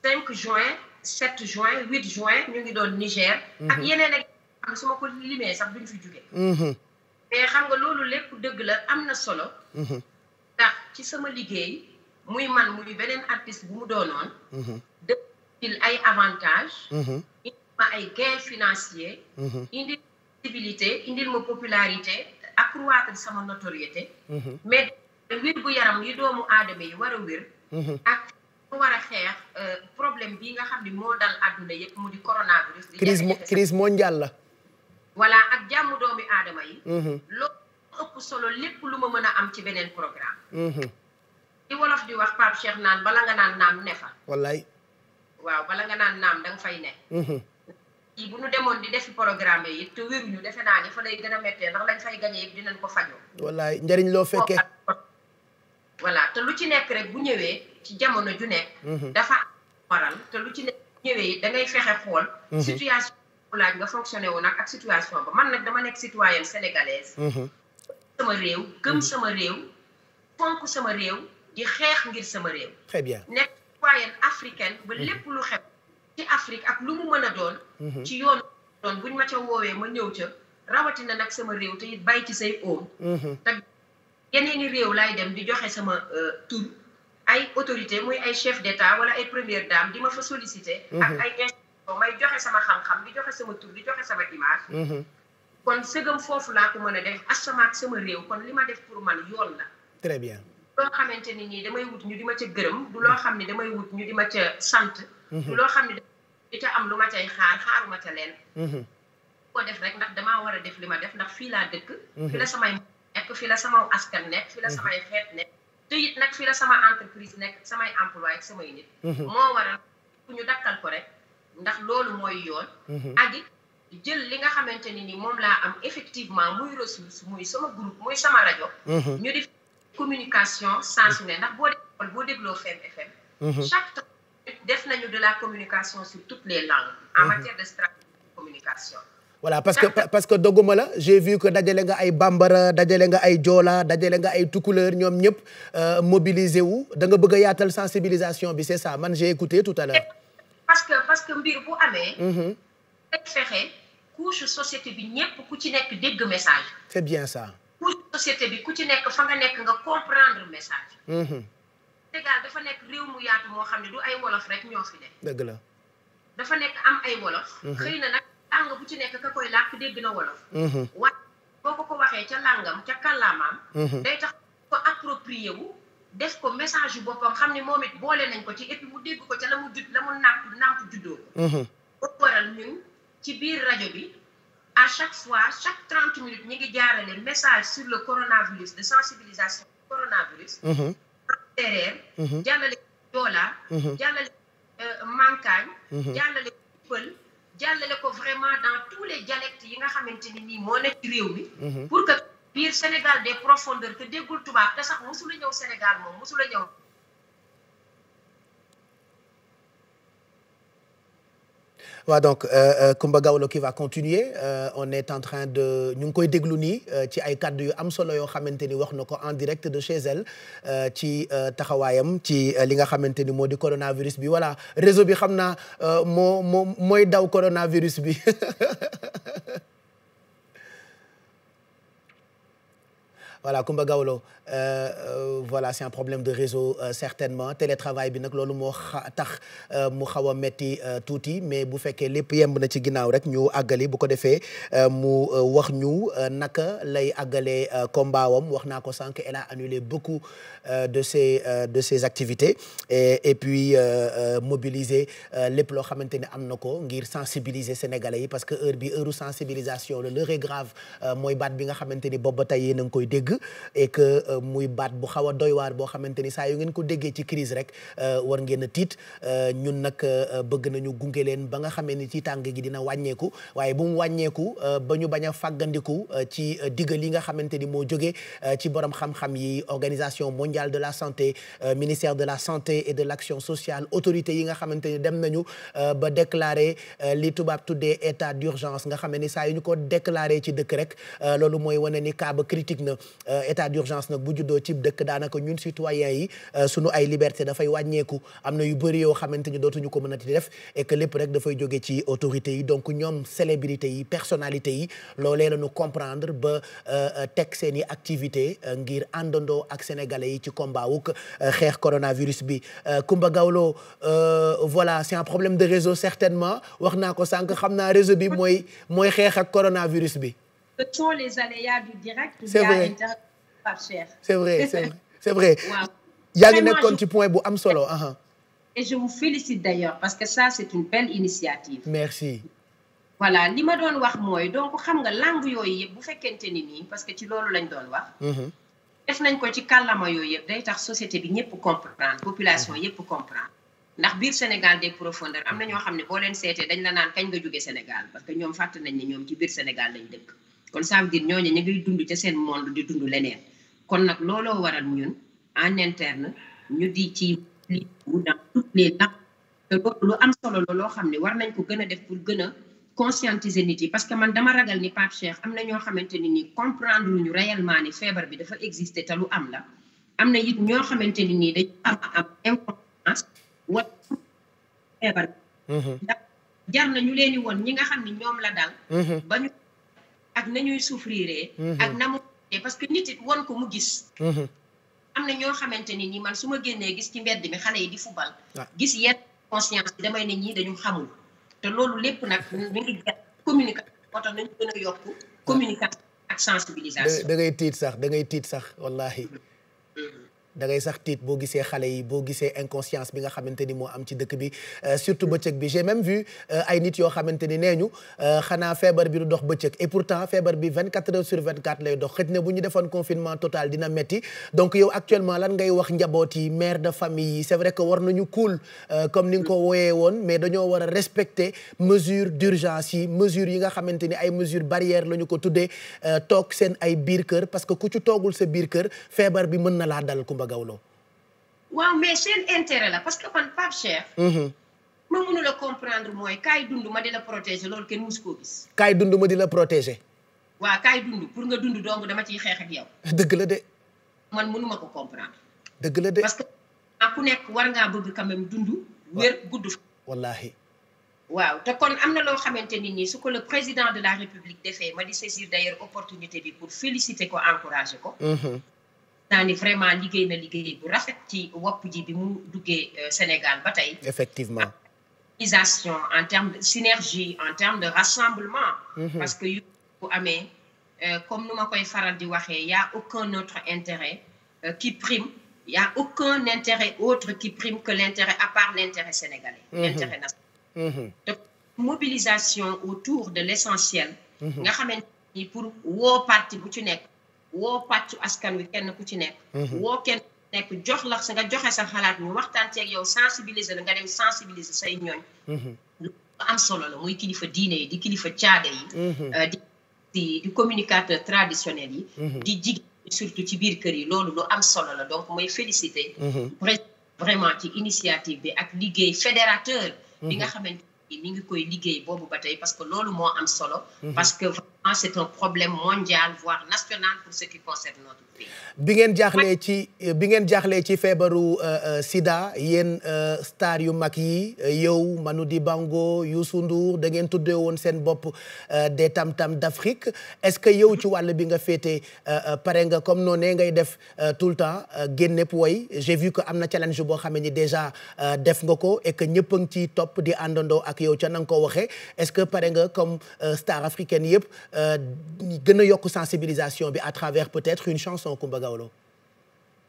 cinq juin 7 juin 8 juin ñu ngi doon Niger. Mhm. ak yeneen ak xam su ma ko limee sax duñ fi jugee. mais xam nga loolu lépp dëgg la am na solo. ndax ci sama liggéey muy man muy beneen artiste bu mu doonoon. dëgg ay avantages. Mm-hmm. Mm-hmm. indil ma ay financier financiers. indil visibilité indil ma popularité accroître sama notoriété. Mm-hmm. mais wér gu yaram yi doomu aadama yi war a wér. ak mu war a xeex euh, problème bi nga xam ne moo dal àdduna yëpp mu di coronavirus. di jafe-jafe crise mondiale la. voilà ak jàmm doomi aadama yi. loolu ëpp solo lépp lu ma mën a am ci beneen programme. di wolof di wax Pape Cheikh naan bala nga naan naan ne fa. waaw bala nga naan naam da fay ne mhm. kii bu nu demoon di defi programme yi te wéruñu defe naa ni fa lay gën a méttee ndax lañ fay gañe yëpp dinañ ko fajoo wallaay njëriñ loo fekkee voilà te lu ci nekk rek bu ñëwee ci jamono ju nekk mhm. dafa waral te lu ci nekk bu ñëwee da ngay fexe xool mhm. situation bu laaj nga fonctionné wu nag ak situation ba man nag dama nekk citoyenne sénégalaise sama réew gëm sama réew fonk sama réew di xeex ngir sama réew très bien waaye africain ba mhm. lépp lu xew ci Afrique ak lu mu mën a doon mhm. ci yoon doon buñ ma ca woowee ma ñëw ca rawatina nag sama réew te it bàyyi ci say oom mhm. te yeneeni réew laay dem di joxe sama euh, tur ay autorité muy ay chef d'état wala ay première dame di ma fa solicité ak ay institution may joxe sama xam-xam di joxe sama tur di joxe sama image kon sëgam foofu laa ko mën a def asamaak sama réew kon li ma def pour man yoon la très bien loo xamante ni nii damay wut ñu di ma ca gërëm du loo xam ne damay wut ñu di ma ca sant du loo xam ne di ca am lu ma cay xaar xaaruma ca leen mm-hmm. ko def rek ndax damaa war a def li ma def ndax fii laa dëkk mm-hmm. fii la samay nekk fii la sama askan nekk fii la mm-hmm. samay xeet nekk te it nag fii la sama entreprise nekk samay emploi ak samay nit moo waral ku ñu dakkal ko rek ndax loolu mooy yoon ak it jël li nga xamante ni ni moom laa am effectivement muy ressource muy sama groupe muy sama rajo ñu di communication saa su ne ndax boo déglu boo dégloo FM FM. Mhm. chaque temps def nañu de la communication sur toutes les langues. en mhm. matière de stratégie communication. voilà parce que parce que doguma la j'ai vu que dajale nga ay bambara dajale nga ay joola dajale nga ay tukuleur ñoom ñëpp euh, mobiliser wu da nga bëgg a yaatal sensibilisation bi c'est ça man j'ai écouté tout à l'heure parce que parce que bu amee. Mhm. fexe société bi ñëpp ku ci nekk dégg message. c'est bien ça. couche société bi ku ci nekk fa nga nekk nga comprendre message. Sénégal mhm. dafa nekk réew mu yaatu moo xam ne du ay wolof rek ñoo fi ne. dëgg la dafa nekk am ay wolof. Mhm. xëy na nag làng bu ci nekk ka koy làkk dégg na wolof. Mhm. waaye boo ko ko waxee ca làngam ca kàllaamaam. day tax ko approprié wu def ko message yu boppam xam ne moom it boole nañ ko ci et puis mu dégg ko ca la mu jud la mu nàmp nàmp juddoo ko. waral ñun ci biir rajo bi. à chaque fois chaque trente minutes ñu ngi jaarale message sur le coronavirus de sensibilisation coronavirus séeréer mhm. mhm. jàllale joola mhm. jàllale euh, mankaañ jàllale pël jàllale ko vraiment dans tous les dialectes yi nga xamante ni nii moo nekk ci réew mi pour que biir Sénégal des profondeurs te déggul tubaab te sax mosula ñëw Sénégal moom mosula ñëw waaw donc euh, euh, Coumba Gawlo qui va continuer euh, on est en train de ñu ngi koy déglu nii ci ay kàddu yu am solo yoo xamante ni wax na ko en direct de chez elle ci taxawaayam ci li nga xamante ni moo di coronavirus bi voilà réseau bi xam naa moo moo mooy daw coronavirus bi voilà Kumba Gawlo euh, euh, voilà c'est un problème de réseau euh, certainement télétravail bi nag loolu moo tax mu xaw a metti tuuti mais bu fekkee lépp yemb na ci ginnaaw rek ñu àggali bu ko defee mu wax ñu naka lay aggalee combat wam wax naa ko sànq elle a annulé beaucoup de ses de ses activités et puis mobiliser lép loo xamante ni am na ko ngir sensibiliser sénégalais yi parce que heure bi heure sensibilisation la l'heure est grave mooy baat bi nga xamante ni boobu ba tey yéen a ngi koy dégg et que euh, muy baat bu xaw a doy boo xamante ni saa yu ngeen ko déggee ci crise rek euh, war ngeen a tiit euh, ñun nag bëgg nañu gunge leen ba nga xamee ni ci tàng gi dina wàññeeku waaye bu mu wàññeeku ba ñu bañ a fàggandiku ci digal yi nga xamante ni moo jóge ci borom xam-xam yi organisation mondiale de la santé ministère de la santé et de l'action sociale autorité yi nga xamante ni dem nañu ba déclarer li tubaab tuddee état d'urgence nga xam ne ni saa yu ñu ko déclarer ci dëkk rek loolu mooy wane ni cas na Euh, état d'urgence nag bu juddoo ci dëkk daanaka ñun citoyens yi euh, suñu ay liberté dafay wàññeeku am na yu bëri yoo xamante ni dootuñu ko mënati def et que lépp rek dafay jóge ci autorité yi donc ñoom célébrité yi personnalité yi loolee la ñu comprendre ba euh, teg seen i activité ngir àndandoo ak sénégalais yi ci combat wuk xeex coronavirus bi Kumba Gawlo voilà c'est un problème de réseau certainement wax naa ko sànq xam naa réseau bi mooy mooy xeex ak coronavirus bi ce sont les aléas du direct. c'est vrai c'est vrai c'est vrai c'est vrai. waaw yaa ngi nekkoon ci point bu am solo. Uh-huh. et je vous parce que ça c'est une initiative. merci. voilà li ma doon wax mooy donc xam nga langue yooyu yëpp bu fekkente ni nii parce que ci loolu lañ doon wax. Mm-hmm. def nañ ko ci kàllama yooyu yëpp day tax société bi ñëpp comprendre population mm-hmm. yëpp comprendre ndax biir Sénégal des profondeurs am na ñoo xam ne boo leen seetee dañ la naan kañ nga jóge Sénégal parce que ñoom fàtt nañ ni ñoom ci biir Sénégal lañ dëkk. kon ça veut dire ñooñu ñu ngi dund ca seen monde di dund leneen kon nag looloo waral ñun en interne ñu di ci li dans toutes les langues te loolu lu am solo la loo xam ne war nañ ko gën a def pour gën a conscientiser nit yi parce que man dama ragal ni Pape Cheikh am na ñoo xamante ni nii comprendre lu ñu ni feebar bi dafa exister te lu am la am na it ñoo xamante ni nii dañu am am inconférence wala feebar bi mm-hmm. ndax jar na ñu leen woon ñi nga xam ne ñoom la dal mm-hmm. ba ñu ak nañuy souffriree mhm. ak na mu parce que nit it won ko mu gis mhm. am na ñoo xamante ni nii man su ma génnee gis ci mbedd mi xale yi di fubal ah. gis yenn conscience damay ne ñii dañu xamul te loolu lépp nag mi ngi jar communication moo nañu gën a yokk ah. communication ak sensibilisation da ngay tiit sax da ngay tiit sax wallahi mhm. da ngay sax tiit boo gisee xale yi boo gisee inconscience bi nga xamante ni moo am ci dëkk bi euh, surtout bëccëg bi j'ai même vu euh, ay nit yoo xamante ni nee ñu euh, xanaa feebar bi du dox bëccëg et pourtant feebar bi vingt 24 heures sur 24 lay dox xëj na bu ñu defoon confinement total dina metti donc yow actuellement lan ngay wax njaboot yi mère de famille yi c'est vrai war nañu cool comme ni nga ko wooyee woon mais dañoo war a respecter mesure d'urgence yi mesure yi nga xamante ni ay mesure barrière la ñu ko tuddee toog seen ay biir kër parce que ku ci toogul sa biir kër feebar bi mën na laa dal kumba Demba Gawlo waaw mais seen intérêt la parce que man Pape Cheikh mhm. ma mënula comprendre mooy kaay dund ma di la protéger loolu kenn mus koo gis kaay dund ma di la protéger waaw kaay dund pour nga dund dong dama ciy xeex ak yow dëgg la de man mënuma ko comprendre dëgg la de parce que a ah, ku nekk war ngaa bëgg quand même dund wér gudd wallahi waaw te kon am na loo xamante nit ñi su ko le président de la république defee ma di saisir d'ailleurs opportunité bi pour féliciter ko encourager ko mhm. naa ni vraiment liggéey na liggéey bu rafet ci wopp ji bi mu duggee euh, Sénégal ba tey. effectivement organisation en termes de synergie en termes de rassemblement. Mm-hmm. parce que yu bu amee euh, comme nu ma koy faral di waxee y' a aucun autre intérêt euh, qui prime y' a aucun intérêt autre qui prime que l' à part l' intérêt sénégalais. Mm-hmm. national. Mm-hmm. donc mobilisation autour de l' essentiel. nga xamante ni pour woo parti bu ci nekk. woo pàccu askan wi kenn ku ci nekk mhm. woo kenn nekk jox la sa nga joxe sa xalaat ñu waxtaan ceeg yow sensibiliser la nga dem sensibiliser say ñooñ mhm. lu am solo la muy kilifa diine yi di kilifa caada yi mhm. euh, di di communicateur traditionnel yi di jigéen surtout ci biir kër yi loolu lu am solo la donc mooy félicité vraiment ci initiative bi ak liggéey fédérateur bi nga xamante ni ngi koy liggéey boobu ba tey parce que loolu moo am solo parce que c'est un problème mondial voire national pour ce qui concerne notre pays. bi ngeen jaaxlee ci bi ngeen jaaxlee ci feebaru euh, euh, Sida yéen euh, star yu mag yi yow Manu Dibango Youssou Ndour da ngeen tuddee woon seen bopp des tam-tam d'Afrique est-ce que yow ci wàll bi nga féete pare nga comme noonu ngay def tout le temps génne woy je vu que am na challenge boo xam ni déjà def nga ko et que ñëpp a ciy topp di àndandoo ak yow ca na nga ko waxee est-ce que pare nga comme star africaine yëpp. Euh, gën a yokk sensibilisation bi à travers peut-être une chanson Coumba Gawlo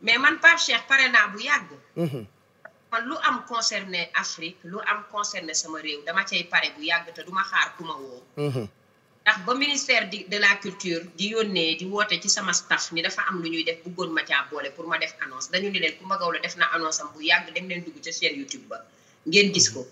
mais man Pape Cheikh pare naa bu yàgg mm-hmm. man lu am concerné Afrique lu am concerné sama réew dama cay pare bu yàgg te duma xaar ku ma woo mm-hmm. ndax ba ministère di de la culture di yónnee di woote ci sama staff ni dafa am lu ñuy def bëggoon ma caa boole pour ma def annonce dañu ne leen Coumba Gawlo def na annonce am bu yàgg dem leen dugg ca chaîne YouTube ba ngeen gis ko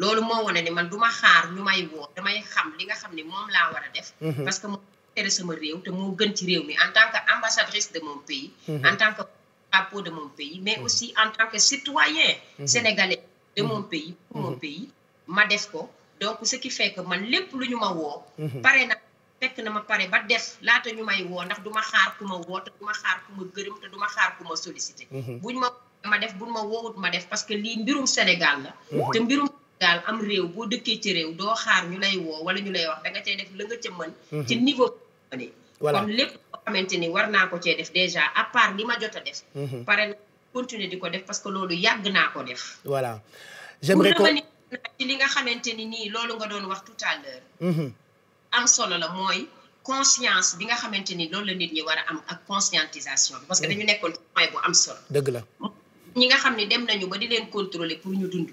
loolu moo wane ne man du ma xaar ñu may woo damay xam li nga xam ni moom laa war a def. Mm-hmm. parce que moo tere sama te moo gën ci réew mi en tant que ambassadrice de mon pays. Mm-hmm. en tant que drapeau de mon mais mm-hmm. aussi en tant que citoyen. sénégalais de mon pays pour mon pays ma def ko donc ce qui fait man lépp lu ñu ma woo. na fekk na ma pare ba def laata ñu may woo ndax du xaar ku ma woo ma xaar ku gërëm te xaar ku ma sollicité. buñ ma ma def buñ ma woowut ma def parce que lii mbirum Sénégal la. te mbirum daal am réew boo dëkkee ci réew doo xaar ñu lay woo wala ñu lay wax da nga def la nga ca mën mhm. ci niveau voilà kon xamante ni war naa ko cee def déjà à part li ma jot a def mhm. pare di ko def parce que loolu yàgg naa ko def voilà j'aimerais ko ci li nga xamante ni nii loolu nga doon wax tout à l'heure mhm. am solo la mooy conscience bi nga xamante ni loolu la nit ñi war am ak conscientisation bi que dañu nekkoon am solo dëgg la nga xam ne dem nañu ba di leen pour ñu dund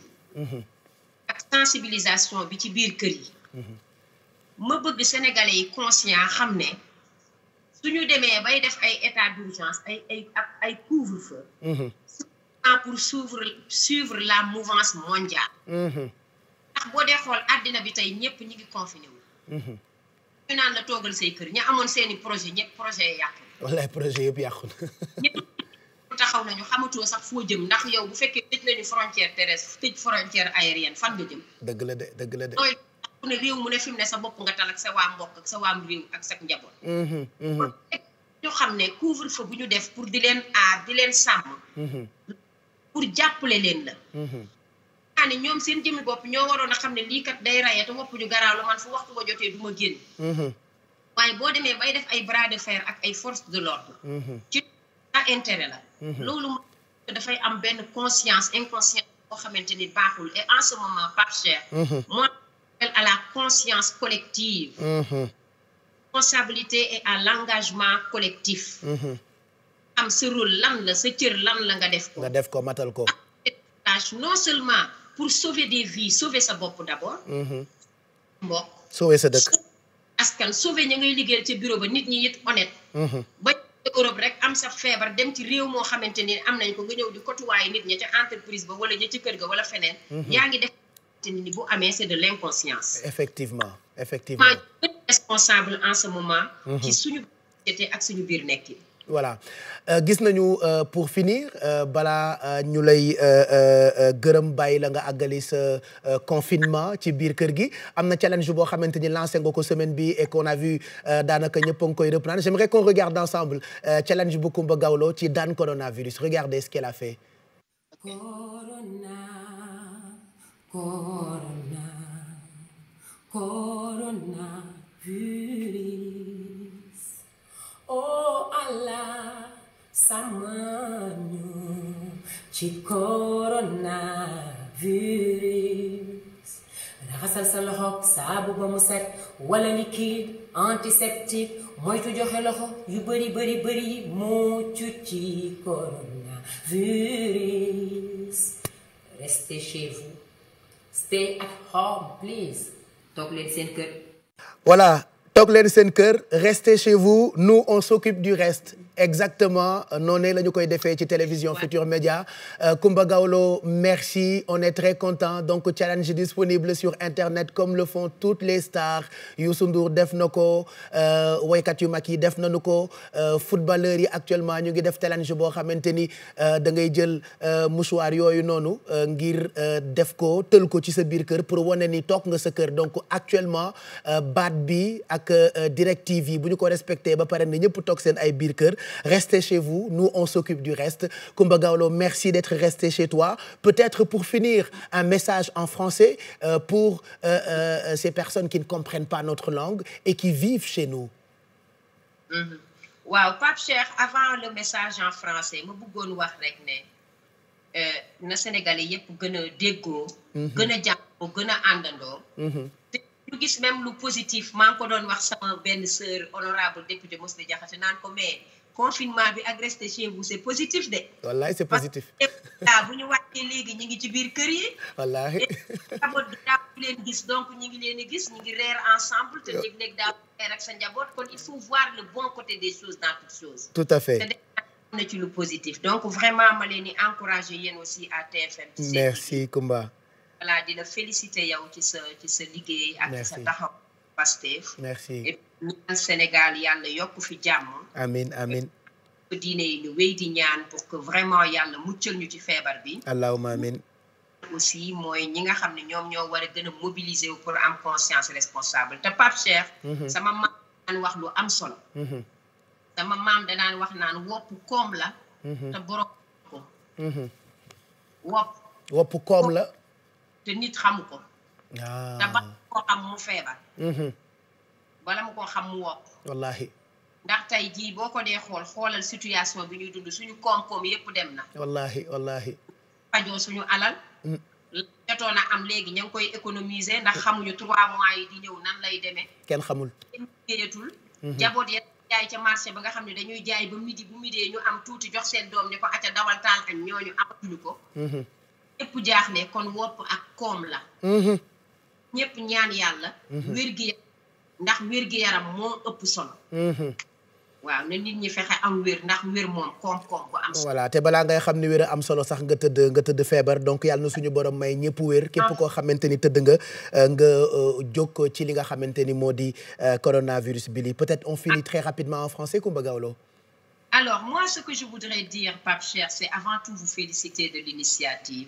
sensibilisation bi ci biir kër yi mhm. ma bëgg sénégalais yi conscient xam ne su ñu demee bay def ay état d'urgence ay ay ak ay couvre-feu mhm. pour suivre suivre la mouvance mondiale mhm. ndax boo dee xool àddina bi tey ñëpp ñu ngi confiné wu ñu naan la toogal say kër ñu amoon seeni projet ñëpp projet yi yàqu wallaay projet yëpp yàqu taxaw nañu xamatoo sax foo jëm ndax yow bu fekkee tëj nañu frontière terrestre tëj frontière aérienne fan nga jëm. dëgg la de dëgg la de. mooy ku ne réew mu ne fi mu ne sa bopp nga tal ak sa waa mbokk ak sa waa réew ak sa njaboot. Mm-hmm, mm-hmm. kon ñu xam ne couvre feu bu ñu def pour di leen aar di leen sàmm. Mm-hmm. pour jàppale leen la. xam ne ñoom seen jëmmi bopp ñoo waroon a xam ne lii kat day raye te woppu ñu garaaw la man fu waxtu ba jotee du ma génn. waaye boo demee bay def ay bras de fer ak ay forces de l'ordre. intérêt la mhm. loolu mooy dafay am benn conscience inconscience boo xamante ni baaxul et en ce moment Pape Cheikh mhm. moi à la conscience collective mhm. responsabilité et à l'engagement collectif am sa rôle lan la sa cër lan la nga def ko nga def ko matal ko non seulement pour sauver des vie sauver sa bopp d'abord mbokk sauver sa dëkk askan sauver ña ngay liggéeyal ca bureau ba nit ñi it honnête Europe rek am sa feebar dem ci réew moo xamante ni am nañ ko nga ñëw di kotuwaay nit ña ca entreprise ba wala ña ca kër ga wala feneen. Mhm. yaa ngi def ni bu amee c'est de l'inconscience. effectivement effectivement. responsable en ce moment. ci mhm. suñu société ak suñu biir nekk voilà euh, gis nañu euh, pour finir euh, balaa ñu lay gërëm bàyyi la nga àggali confinement ci biir kër gi am na challenge boo xamante ni lancé nga ko semaine bi et qu'on a vu daanaka ñëpp a ngi koy reprendre j'aimerais qu'on regarde ensemble challenge bu Kumba Gawlo ci daan coronavirus regardez ce qu'elle a Oh Allah sàmmañu ci coronavirus raxasal sa loxo saabu ba mu set wala liquide antiseptique moytu joxe loxo yu bari bari bari muccu ci coronavirus restez chez stay at home please toog leen seen kër voilà toog leen seen kër restez chez vous nous on s'occupe du reste exactement noonu la ñu koy defee ci télévision ouais. Média euh, Kumba Gawlo merci on est très content donc challenge disponible sur internet comme le font toutes les stars Youssou Ndour def na ko euh, woykat yu mag yi def nañu ko euh, footballeurs yi actuellement ñu ngi def challenge boo xamante ni euh, da ngay jël euh, mouchoir yooyu noonu euh, ngir def ko tël ko ci sa biir kër pour wane ni toog nga sa kër donc actuellement baat bi ak directive yi bu ñu ko respecté ba pare ni ñëpp toog seen ay biir kër Restez chez vous, nous on s'occupe du reste. Coumba Gawlo, merci d'être resté chez toi. Peut-être pour finir, un message en français euh, pour euh, euh, ces personnes qui ne comprennent pas notre langue et qui vivent chez nous. Mm-hmm. waaw Pape Cheikh avant ma bëggoon wax rek ne na Sénégalais yëpp gën a déggoo. Mhm. gën a jàppoo gën mhm. même lu positif maa wax sama benn sœur honorable député Moussa Diakhaté naan ko confinement bi ak rester chez vous c'est positif de. wallaay c'est positif parce bu ñu wàccee léegi ñu ngi ci biir kër yi. wallaay bi leen gis donc ñu ngi leen di gis ñu ngi reer ensemble te léeg-léeg daaw reer ak sa njaboot kon il faut voir le bon côté des choses dans toutes choses. tout à fait te na ci lu positif donc vraiment ma leen di encourager yéen aussi à TFM. ci seen Coumba. voilà di la yow ci sa ci sa liggéey. ak sa taxaw Pastef. merci. ñaan Sénégal yàlla yokk fi jàmm. amiin amiin. diine yi ñu wéy di ñaan pour que vraiment yàlla muccal ñu ci feebar bi. allahumma amiin. aussi mooy ñi nga xam ne ñoom ñoo war a gën a mobiliser wu pour am conscience responsable te Pape mhm. sama maam daan wax lu am solo. Mhm. sama maam danaan wax naan wopp koom la. Mhm. te borom ko. wopp. koom la. te nit xamu ko. Ah. te ba ko xam mu feebar. bala mu ko xam mu woo wallaahi ndax tey jii boo ko dee xool xoolal situation bi ñuy dund suñu koom-koom yépp dem na wallaahi wallaahi fajoo suñu alal mm. jotoon a am léegi ña koy économiser ndax xamuñu trois mois yi di ñëw nan lay deme kenn xamul kenn liggéeyatul mhm. jaboot ya jaay ca marché ba nga xam ne dañuy jaay ba midi bu midee ñu am tuuti jox seen doom ne ko acca dawal taal añ ñooñu amatuñu ko mhm. ñëpp ne kon wopp ak koom la mhm. ñëpp ñaan yàlla wér gi ndax wér gi yaram moo ëpp solo. Mhm. waaw na nit ñi fexe am wér ndax wér moom koom-koom bu am solo. te balaa ngay xam ni wér am solo sax nga tëdd nga tëdd feebar donc yàlla na suñu borom may ñëpp wér. Ah. képp koo xamante ni tëdd nga euh, nga euh, jóg ci li nga xamante ni moo di euh, coronavirus bi li peut-être on finit très rapidement en français Coumba Gawlo. alors moi ce que je voudrais dire Pape Cheikh c'est avant tout vous féliciter de l'initiative.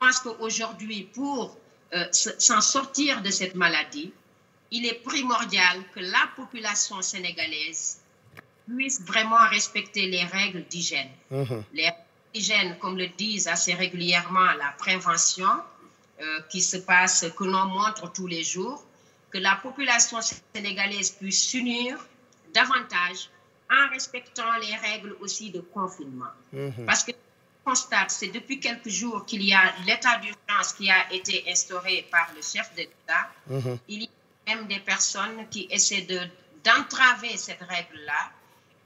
pense qu'aujourd'hui, pour euh, s'en sortir de cette maladie, il est primordial que la population sénégalaise puisse vraiment respecter les règles d'hygiène. Uh mm-hmm. -huh. Les règles d'hygiène, comme le disent assez régulièrement, la prévention euh, qui se passe, que l'on montre tous les jours, que la population sénégalaise puisse s'unir davantage en respectant les règles aussi de confinement. Mm-hmm. Parce que constate, c'est depuis quelques jours qu'il y a l'état d'urgence qui a été instauré par le chef de mhm. Il y a des personnes qui essaient d'entraver cette règle-là.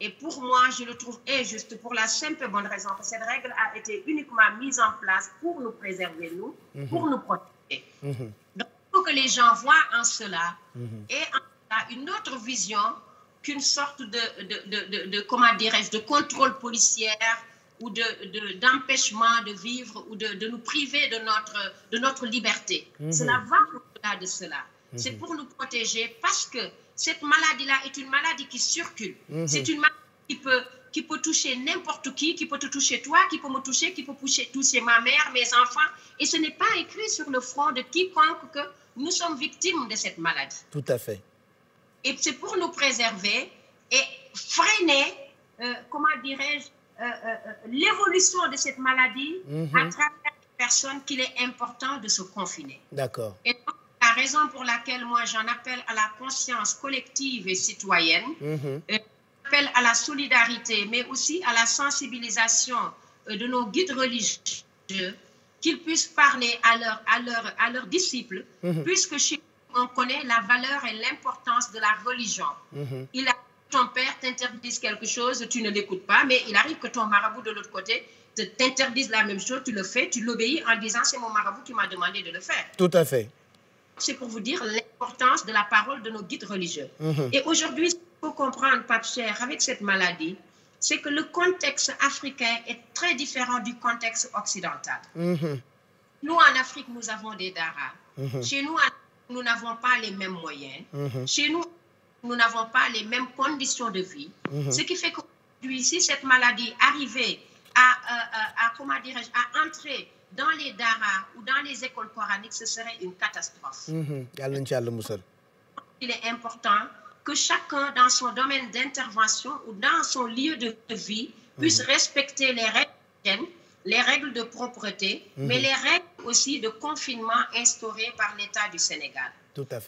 Et pour moi, je le trouve injuste pour la simple bonne raison que cette règle a été uniquement mise en place pour nous préserver, nous, mhm. pour nous protéger. Mmh. en cela mhm. et une autre vision qu'une sorte de contrôle policière ou d'empêchement de, de, de, vivre ou de, de, nous priver de notre, de notre liberté. Mmh. Cela va au-delà de cela. Mhm. C'est pour nous protéger parce que cette maladie-là est une maladie qui circule. Mmh. C'est une maladie qui peut, qui peut toucher n'importe qui, qui peut te toucher toi, qui peut me qui peut toucher, toucher ma mère, mes enfants. Et ce n'est pas écrit sur le front de quiconque nous sommes victimes de cette maladie. Et c'est pour nous préserver et freiner, euh, comment dirais-je, Euh, euh, euh, l'évolution de cette maladie mm -hmm. personne travers qu'il est important de se confiner. D'accord. Et la raison pour laquelle j'en appelle à la conscience collective et citoyenne, mm à la solidarité, mais aussi à la sensibilisation de nos guides religieux, qu'ils puissent parler à, leur, à, leur, à leurs disciples, mhm. puisque chez nous, connaît la valeur et l'importance de la religion. Mhm. Il a ton père t'interdise quelque chose, tu ne l'écoutes pas, mais il arrive que ton marabout de l'autre côté t'interdise la même chose, tu le fais, tu l'obéis en disant c'est mon marabout qui m'a demandé de le faire. Tout à fait. C'est pour vous dire l'importance de la parole de nos guides religieux. Mhm. Et aujourd'hui, ce qu'il faut Cher, avec cette maladie, c'est que le contexte africain est très différent du contexte occidental. Mhm. Nous, en Afrique, nous avons nous n'avons pas les mêmes conditions de vie. Mmh. Ce qui fait qu'aujourd'hui, si cette maladie arrivait à, à, euh, euh, à, comment à entrer dans les daras ou dans les écoles coraniques, ce serait une catastrophe. Mmh. Il est important que chacun, dans son domaine d'intervention ou dans son lieu de vie, mm-hmm. puisse mmh. respecter les règles de propreté, mmh. mais les règles aussi de confinement instaurées par l'État du Sénégal.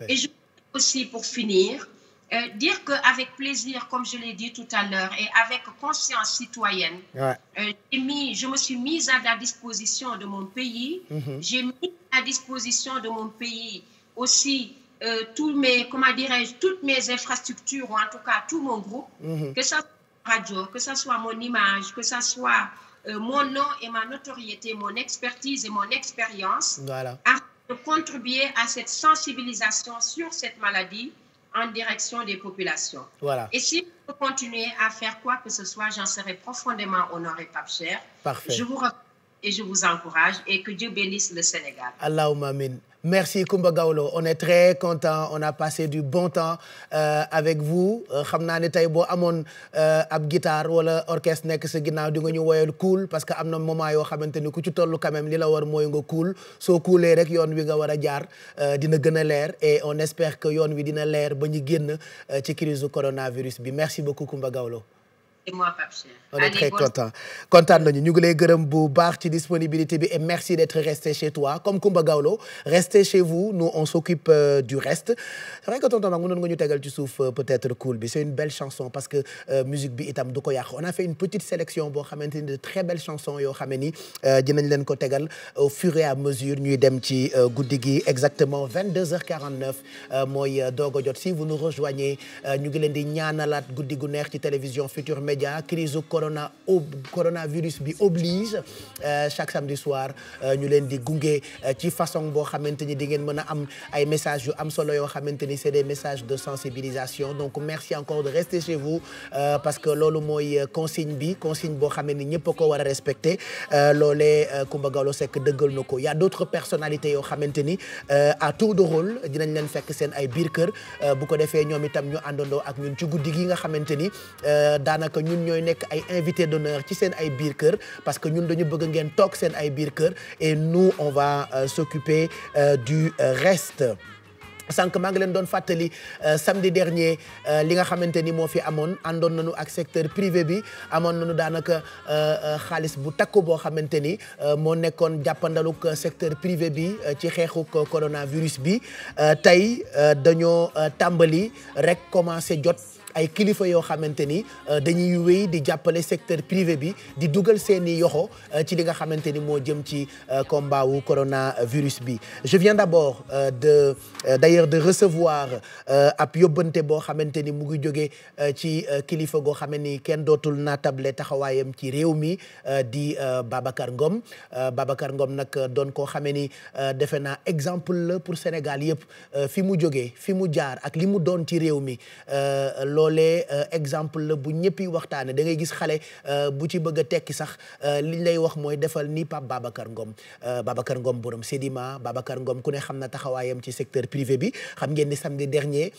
Et je aussi pour finir Euh, dire qu'avec plaisir, comme je l'ai dit tout à l'heure, et avec conscience citoyenne, ouais. euh, mis, je me suis mise à la disposition de mon pays. Mm -hmm. J'ai mis à disposition de mon pays aussi euh, tous mes, comment dirais-je, toutes mes infrastructures, ou en tout cas tout mon groupe, mm -hmm. que ce soit radio, que ce soit mon image, que ce soit euh, mon nom et ma notoriété, mon expertise et mon expérience, voilà. à contribuer à cette sensibilisation sur cette maladie en direction des populations. Voilà. Et si vous continuez à faire quoi que ce soit, j'en serai profondément honoré, Pape Cher. Parfait. Je vous remercie et je vous encourage et que Dieu bénisse le Sénégal. Allahumma amin. merci Koumba Gawlo on est très content on a passé du bon temps euh, avec vous euh, xam naa ni tey boo amoon euh, ab guitare wala orchestre nekk sa ginnaaw di nga ñu woyal cool parce que am na moment yoo xamante ni ku ci toll quand même la war mooy nga cool soo kuulee rek yoon wi nga war a jaar dina gën a leer et on espère que yoon wi dina leer ba ñu génn ci crise du coronavirus bi merci beaucoup Koumba Gawlo moi Pape Cheikh. on est content kontaan nañu ñu ngi lay gërëm bu baax ci disponibilité bi e merci d'être resté chez toi comme Coumba Gawlo restez chez vous nous on s'occupe euh, du reste c'est vrai que tonton Mag nga ñu tegal ci suuf euh, peut-être cool bi c'est une belle chanson parce que euh, musique bi itam du ko yàq on a fait une petite sélection boo xamante ni de très belles chansons yoo xam ne ni dinañ leen ko tegal au fur et à mesure ñuy dem ci guddi gi exactement 22h49 mooy doog a jot si vous nous rejoignez ñu ngi leen di ñaanalaat guddi gu neex ci télévision Média crise corona coronavirus bi oblige euh, chaque samedi soir euh, ñu leen di gunge euh, ci façon boo xamante ni di ngeen mën a am ay messages yu am solo yoo xamante ni c'est des message de sensibilisation donc merci encore de rester chez parce que loolu mooy consigne bi consigne boo xam ni ñëpp ko war a respecter loolee Coumba Gawlo Seck dëggal na ko y a d'autres personnalités yoo xamante ni à tour de rôle dinañ leen fekk seen ay biir kër bu ko defee ñoom itam ñu àndandoo ak ñun ci guddi nga xamante ñun ñooy nekk ay invité d'honneur ci seen ay biir kër parce que ñun dañu bëgg ngeen toog seen ay biir kër et nous on va euh, s'occuper euh, du reste sànq maa ngi leen doon fàttali euh, samedi dernier li nga xamante ni moo fi amoon àndoon nañu ak secteur privé bi amoon nañu daanaka xaalis bu takku boo xamante ni moo nekkoon jàppandaluk secteur privé bi ci xeexuk coronavirus bi tey dañoo tàmbali rek commencé jot ay kilifa yoo xamante ni euh, dañuy wéy di jàppale secteur privé bi di dugal seen i yoxo euh, ci li nga xamante ni moo jëm ci euh, combat wu coronavirus bi je viens d'abord de d'ailleurs de recevoir ab yóbbante boo xamante ni mu ngi jóge ci kilifa goo xam ni kenn dootul naatable taxawaayam ci réew mi di Babacar Ngom Babacar Ngom nag doon koo xamee ni defe naa exemple la pour Sénégal yëpp fi mu jógee fi mu jaar ak li mu doon ci réew mi loolee euh, exemple la bu ñëppi waxtaane da ngay gis xale euh, bu ci bëgg tekki sax euh, liñ lay wax mooy defal ni Pape Babacar Ngom Babacar Ngom borom Sedima Babacar Ngom ku ne xam na taxawaayam ci secteur privé bi xam ngeen ni samedi dernier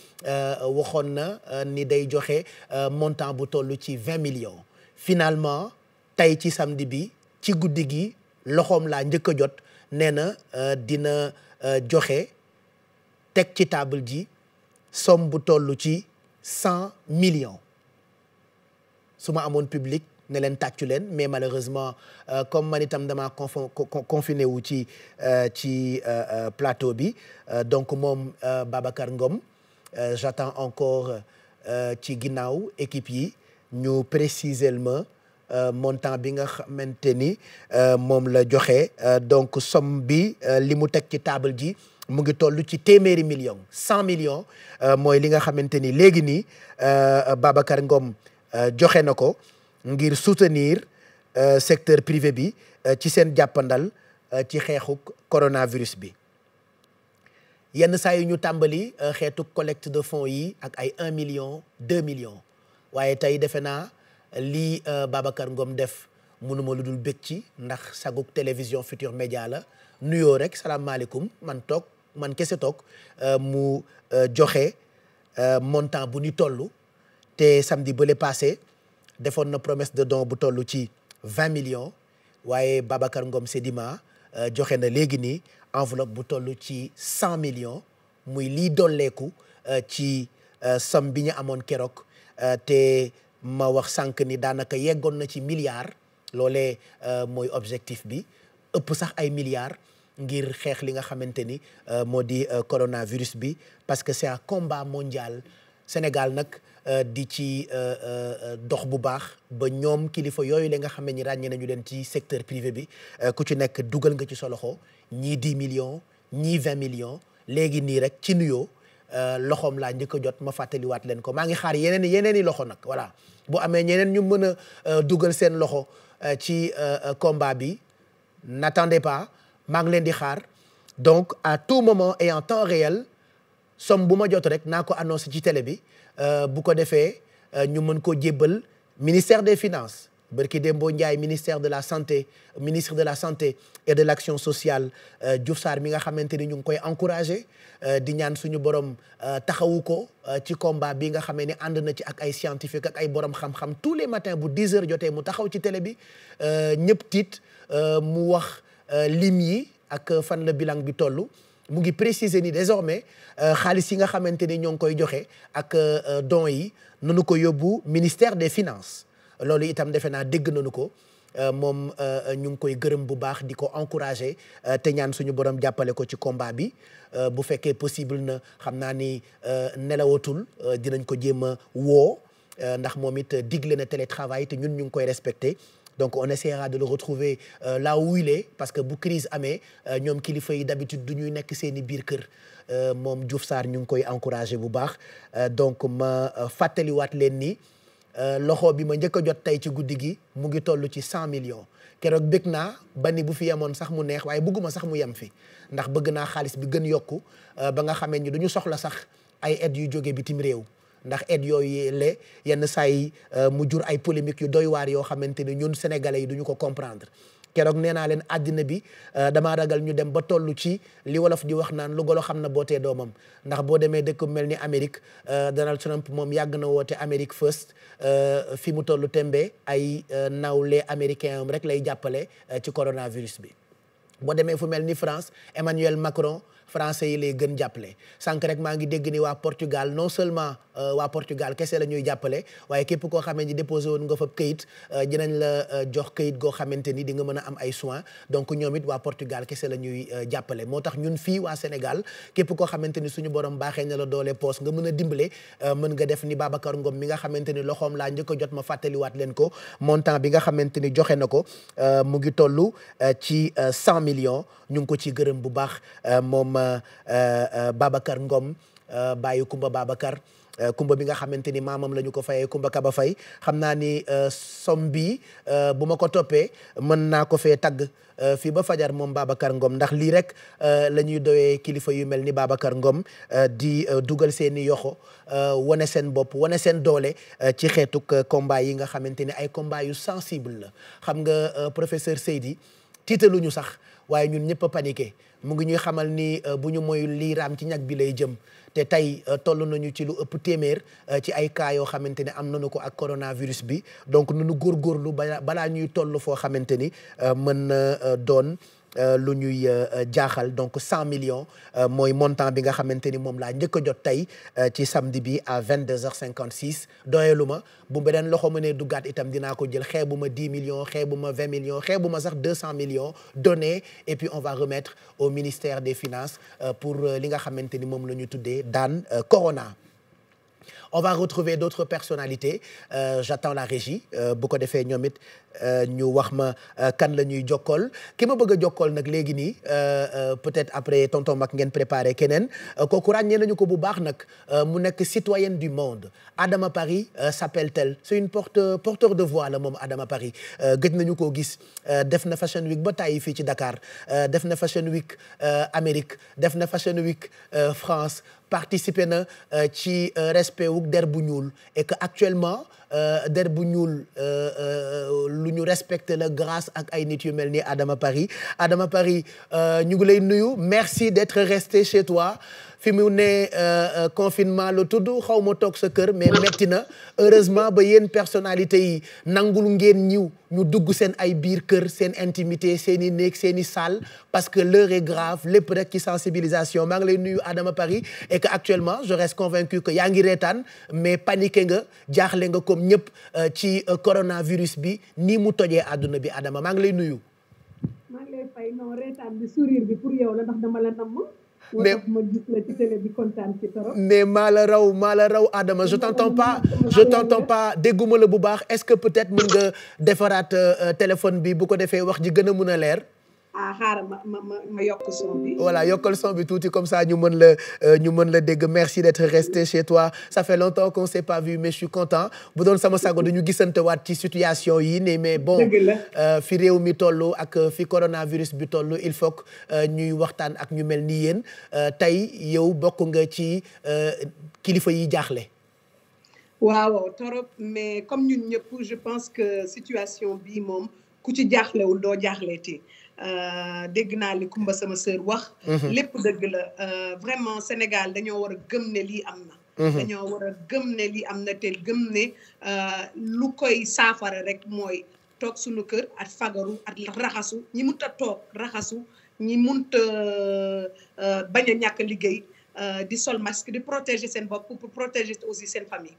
waxoon na ni day joxe montant bu toll ci vingt millions finalement tey ci samedi bi ci guddi gi loxoom laa njëkk a jot nee na dina joxe teg ci table ji somme bu toll ci cent millions su ma amoon public ne leen tàccu leen mais malheureusement euh, comme man itam dama confo confiné wu ci euh, ci euh, plateau bi donc moom Babacar Ngom j'attends encore ci ginnaaw équipe yi ñu précisel ma bi nga xamante ni moom la joxe donc somme bi li mu teg ci table ji mu ngi toll ci téeméeri million cent millions euh, mooy li nga xamante ni léegi nii euh, Babacar Ngom euh, joxe na ko ngir soutenir secteur privé bi ci seen jàppandal ci xeexu coronavirus bi yenn saa yu ñu tàmbali xeetu collecte de fonds yi ak ay un million deux million waaye tey defe naa lii Babacar Ngom def mënuma lu dul bëgg ci ndax saguk télévision Futur Média la nuyoo rek salaamaaleykum man toog man kese toog euh, mu euh, joxe euh, montant bu ni tollu te samedi bële passé defoon na promesse de don bu tollu ci vingt millions waaye Babacar Ngom Sedima joxe na léegi nii enveloppe bu tollu ci cent millions muy lii dolleeku ci somme bi ñu amoon keroog te ma wax sànq ni daanaka yeggoon na ci milliards loole mooy objectif bi ëpp sax ay milliards ngir xeex li nga xamante ni euh, moo di euh, coronavirus bi parce que c'est un combat mondial Sénégal nag euh, di ci dox bu baax ba ñoom kilifa yooyu la nga xam ni ràññee nañu leen ci secteur privé bi ku ci nekk dugal nga ci sa loxo ñii 10 millions ñii vingt millions léegi nii rek ci nuyoo loxoom laa njëkk jot ma fàttaliwaat leen ko maa ngi xaar yeneen yeneen i loxo nag voilà bu amee ñeneen ñu mën a dugal seen loxo ci combat bi n'attendez pas maa ngi leen di xaar donc à tout moment et en temps réel some bu ma jot rek naa ko annoncé ci télé bi euh, bu ko defee euh, ñu mën koo jébbal ministère des finances barki Dembo Ndiaye ministère de la santé ministre de la santé et de l'action sociale euh, Diouf Sarr mi nga xamante ni ñu ngi koy encouragé di ñaan suñu borom taxawu ko ci combat bi nga xamee ni ànd na ci ak ay scientifique ak ay borom xam-xam tous les matins bu 10 heures jotee mu taxaw ci télé bi ñëpp tiit mu wax. Euh, lim yi ak euh, fan la bilan bi toll mu ngi préciser ni désormais euh, xaalis yi nga xamante ni ñoo ngi koy joxe ak dons yi nanu ko yóbbu ministère des finances loolu itam defe naa dégg nanu ko moom ñu ngi koy gërëm bu baax di ko encourager te ñaan suñu borom jàppale ko ci combat bi bu fekkee possible na xam naa ni nelawatul dinañ ko jéem a woo ndax moom it digle na télétravail te ñun ñu ngi koy respecter donc on essaiera de le retrouver euh, là où il parce que bu crise amee euh, ñoom kilifa yi d'habitude du ñuy nekk seeni biir kër euh, moom Diouf saar ñu ngi koy encouragé bu baax euh, donc ma fàttaliwaat leen ni loxo bi ma njëkk a jot tey ci guddi gi mu ngi toll ci cent million keroog bëgg naa ba ni bu fi yemoon sax mu neex waaye bëgguma sax mu yem fi ndax bëgg naa xaalis bi gën yokku ba nga xamee ni du ñu soxla sax ay aides yu jóge bitim réew ndax aide yooyu le yenn saa yi euh, mu jur ay polémique yu doy waar yoo xamante ne ñun sénégalais yi duñu ko comprendre keroog nee naa leen àddina bi euh, damaa ragal ñu dem ba toll ci li wolof di wax naan lu golo xam na bootee doomam ndax boo demee dëkk bu mel ni Amérique euh, Donald Trump moom yàgg na woote Amérique first fi mu toll tembe ay nawle américain am rek lay jàppale ci coronavirus bi. boo demee fu mel ni France Emmanuel Macron. français yi lay gën jàppale sànq rek maa ngi dégg ni waa Portugal non seulement euh, waa Portugal kese la ñuy jàppale waaye képp koo xamante ni déposé woon nga fa këyit euh, dinañ la euh, jox këyit goo xamante ni di nga mën a am ay soins donc ñoom it waa Portugal kese la ñuy jàppale moo tax ñun fii waa Sénégal képp koo xamante ni suñu borom baaxee na la doole poos nga mën a dimbale mën nga def ni Babacar Ngom mi nga xamante ni loxoom laa njëkk jot ma fàttaliwaat leen ko montant bi nga xamante ni joxe na ko mu ngi toll ci cent millions ñu ngi ko ci gërëm bu baax ñoom eh, eh, Babacar Ngom eh, bàyyi Kumba Babacar Kumba bi nga xamante ni maamam la ñu ko fayee Kumba Kaba Fay xam naa ni som bi bu ma ko toppee mën naa ko fee tagg fii ba fajar moom Babacar ngoom ndax lii rek la ñuy doyee kilifa yu mel ni Babacar Ngom di dugal seeni i yoxo wane seen bopp wane seen doole ci xeetuk combat yi nga xamante ni ay combat yu sensible la xam nga professeur Seydi tiitaluñu sax waaye ñun ñëpp a mu ngi ñuy xamal ni euh, bu ñu moyul lii ci ñag bi lay jëm te tey euh, toll nañu ci lu ëpp téeméer euh, ci ay cas yoo xamante ne am nañu ko ak coronavirus bi donc nu nu góorgóorlu balaa balaa ñuy toll foo xamante ni mën na doon. Euh, lu ñuy euh, jaaxal donc cent millions euh, mooy montant bi nga xamante ni moom laa njëkk a jot tey ci samedi bi à vingt deux heures cinquante six doyelu ma bu beneen loxo ma nee duggaat itam dinaa ko jël xeebu ma dix millions xeebu ma vingt millions xeebu ma sax deux cent millions donné et puis on va remettre au ministère des finances pour li nga xamante ni moom la ñuy tuddee daan corona on va retrouver d'autres personnalités euh, j'attends la régie euh, bu ko defee ñoom it euh, ñu wax ma kan la ñuy jokkool ki ma bëgg a jokkool nag léegi nii peut-être après tonton Mac ngeen préparé keneen kooku ràññee nañu ko bu baax nag mu nekk citoyenne du monde Adama Paris s'appelle-t-elle c'est une porte porteur de voix la moom Adama Paris gëj nañu ko gis def na Fashion Week ba tàyyi fii ci Dakar def na Fashion Week Amérique def na Fashion Week France participer na euh, ci euh, respect wu der bu ñuul et que actuellement Euh, der bu ñuul euh, euh, lu ñu respecté la grace ak ay nit yu mel ni Adama Paris Adama Paris ñu ngi lay nuyu merci d'être resté chez toi fi mu ne confinement la tudd xaw ma toog sa kër mais metti na heureusement ba yéen personnalité yi nangul ngeen ñiw ñu dugg seen ay biir kër seen intimité seen i néeg seeni i parce que l'heure est grave lépp rek ci sensibilisation maa ngi lay nuyu Adama Paris et que actuellement je reste convaincu que yaa ngi reetaan mais paniqué ñoom ñëpp euh, ci euh, coronavirus bi nii mu tojee àdduna bi Adama maa ngi lay nuyu. maa ngi lay fay non reetaan bi sourire bi pour yow la ndax dama la namm. mais ma gis la ci télé bi kontaan ci trop. mais maa la raw maa la raw Adama je t'entends pas je t'entends pas dégguma la bu baax est-ce que peut-être mën nga defaraat euh, téléphone bi bu ko defee wax ji gën a mun a leer. ah xaaral ma ma ma yokk son bi. voilà yokkal son bi tuuti comme ça ñu mën la euh, ñu mën la dégg merci d'être resté chez toi ça fait longtemps qu'on s'est pas vu mais je suis content bu doon sama sago dañu gisante waat ci situation yi ne mais bon. Euh, fi réew mi toll ak euh, fi coronavirus bi toll il faut que ñuy waxtaan ak ñu mel nii yéen tey yow bokk nga ci kilifa yi jaaxle. waaw torop mais comme ñun ñëpp je pense que situation bi moom ku ci jaaxlewul doo jaaxleeti. Euh, dégg naa li Kumba sama sœur wax. Mhm. lépp dëgg la euh, vraiment Sénégal dañoo war a gëm ne lii am na. Mhm. dañoo war a gëm ne lii am na te gëm ne euh, lu koy saafara rek mooy toog suñu kër at fagaru at raxasu ñi mënut a toog raxasu ñi mënut a bañ ñàkk liggéey di sol masque di protéger seen bopp pour protéger aussi seen famille.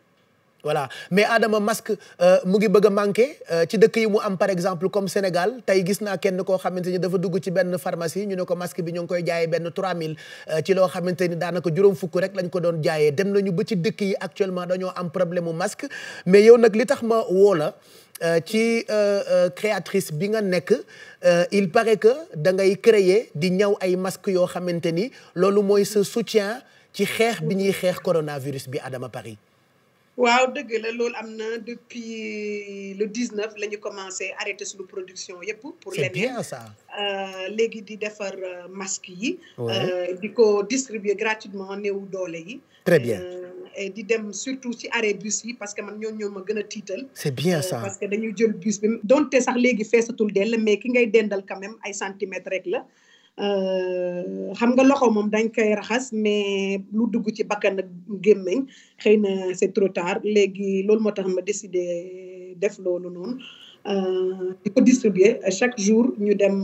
voilà mais Adama masque euh, mu ngi bëgg a manqué euh, ci dëkk yi mu am par exemple comme Sénégal tey gis naa kenn koo xamante ni dafa dugg ci benn pharmacie ñu ne ko masque bi ñu ngi koy jaayee benn mille euh, ci loo xamante ni daanaka juróom fukk rek lañ ko doon jaayee dem nañu ba ci dëkk yi actuellement dañoo am problème mu masque mais yow nag li tax ma woola la ci créatrice bi nga nekk il paraît que da ngay créer di ñaw ay masques yoo xamante ni loolu mooy sa soutien ci xeex bi ñuy xeex coronavirus bi Adama Paris waaw dëgg la loolu am na depuis le 19 la ñu commencé arrêté suñu production yëpp. pour leneen c'est euh, léegi di defar euh, masque yi. Euh, di ko distribuer gratuitement néew doole yi. très bien. di dem surtout ci arrêt bus yi parce que man ñoo ñoo ma gën a tiital. c'est bien ça parce que dañuy jël bus bi donte sax léegi feesatul dell mais ki ngay dendal quand même ay centimètres rek la. Euh, xam nga loxo moom dañ koy raxas mais lu dugg ci bakkan ak gémmiñ xëy na c'est trop tard léegi loolu moo tax ma décidé def loolu noonu euh, di ko distribuer chaque jour ñu dem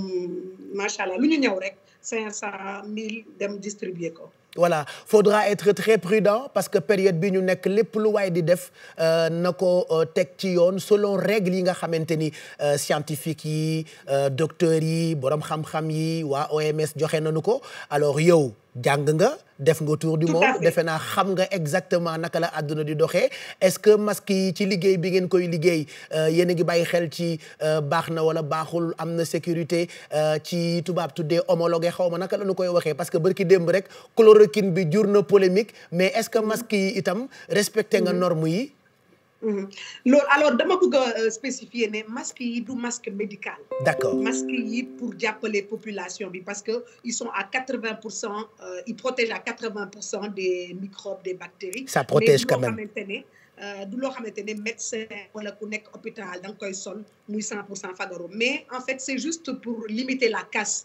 macha allah lu ñu ñaw rek cinq cent mille dem distribuer ko voilà faudra être très prudent parce que période bi ñu nekk lépp lu waay di def euh, na ko euh, teg ci yoon selon règles yi nga xamante ni euh, scientifique yi docteurs yi borom xam-xam yi waa OMS joxe na nañu ko alors yow jàng nga def nga tour di monde defe naa xam nga exactement naka la àdduna di doxee est-ce que masque yi ci liggéey bi ngeen koy liggéey euh, yéen a ngi bàyyi xel ci euh, baax na wala baaxul am na sécurité euh, ci tubaab tuddee homologué xaw ma naka la ñu koy waxee parce que barki démb rek chloroquine bi jur na polémique mais est-ce que mask yi itam respecté nga mm-hmm. norme yi Mhm. loolu alors dama bëgg a euh, spécifier ne masque yi du masque médical. d'accord masque yi pour jàppale que ils à quatre vingt pour cent euh, ils protègent à quatre vingt pour cent des microbes des bactéries. ça protège quand euh, ku nekk hôpital da koy sol muy cent en fait c'est juste pour limiter la casse.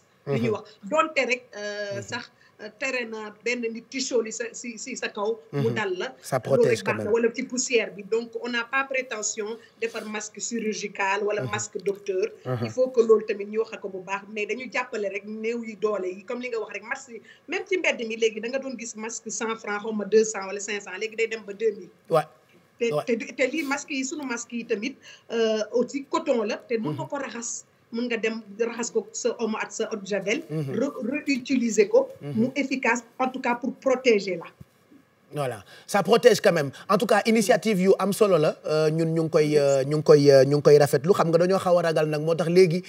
tere na benn nit tisooli sa si sa kaw. mu mhm. dal la. sa protège quand même wala ci poussière bi donc on n'a pas prétention defar masque chirurgical wala mhm. masque docteur. Mhm. il faut que loolu tamit ñu wax ko bu baax mais dañu jàppale rek néew yi doole yi comme li nga wax rek masque même ci mbedd mi léegi danga doon gis masque cent franc xaw ma deux cent wala cinq cent léegi day dem ba deux mille. te te te lii masque yi sunu masque yi tamit euh, aussi coton la te mën ma ko raxas. mën nga dem raxas ko sa omo at sa eau de javel. Mhm. réutiliser ko. Mhm. mu efficace en tout cas pour protéger la. voilà ça protège quand même en tout cas initiative yu am solo la euh, ñun ñu ngi koy euh, ñu ngi koy euh, ñu ngi koy rafetlu xam nga dañoo xaw a ragal nag moo tax léegi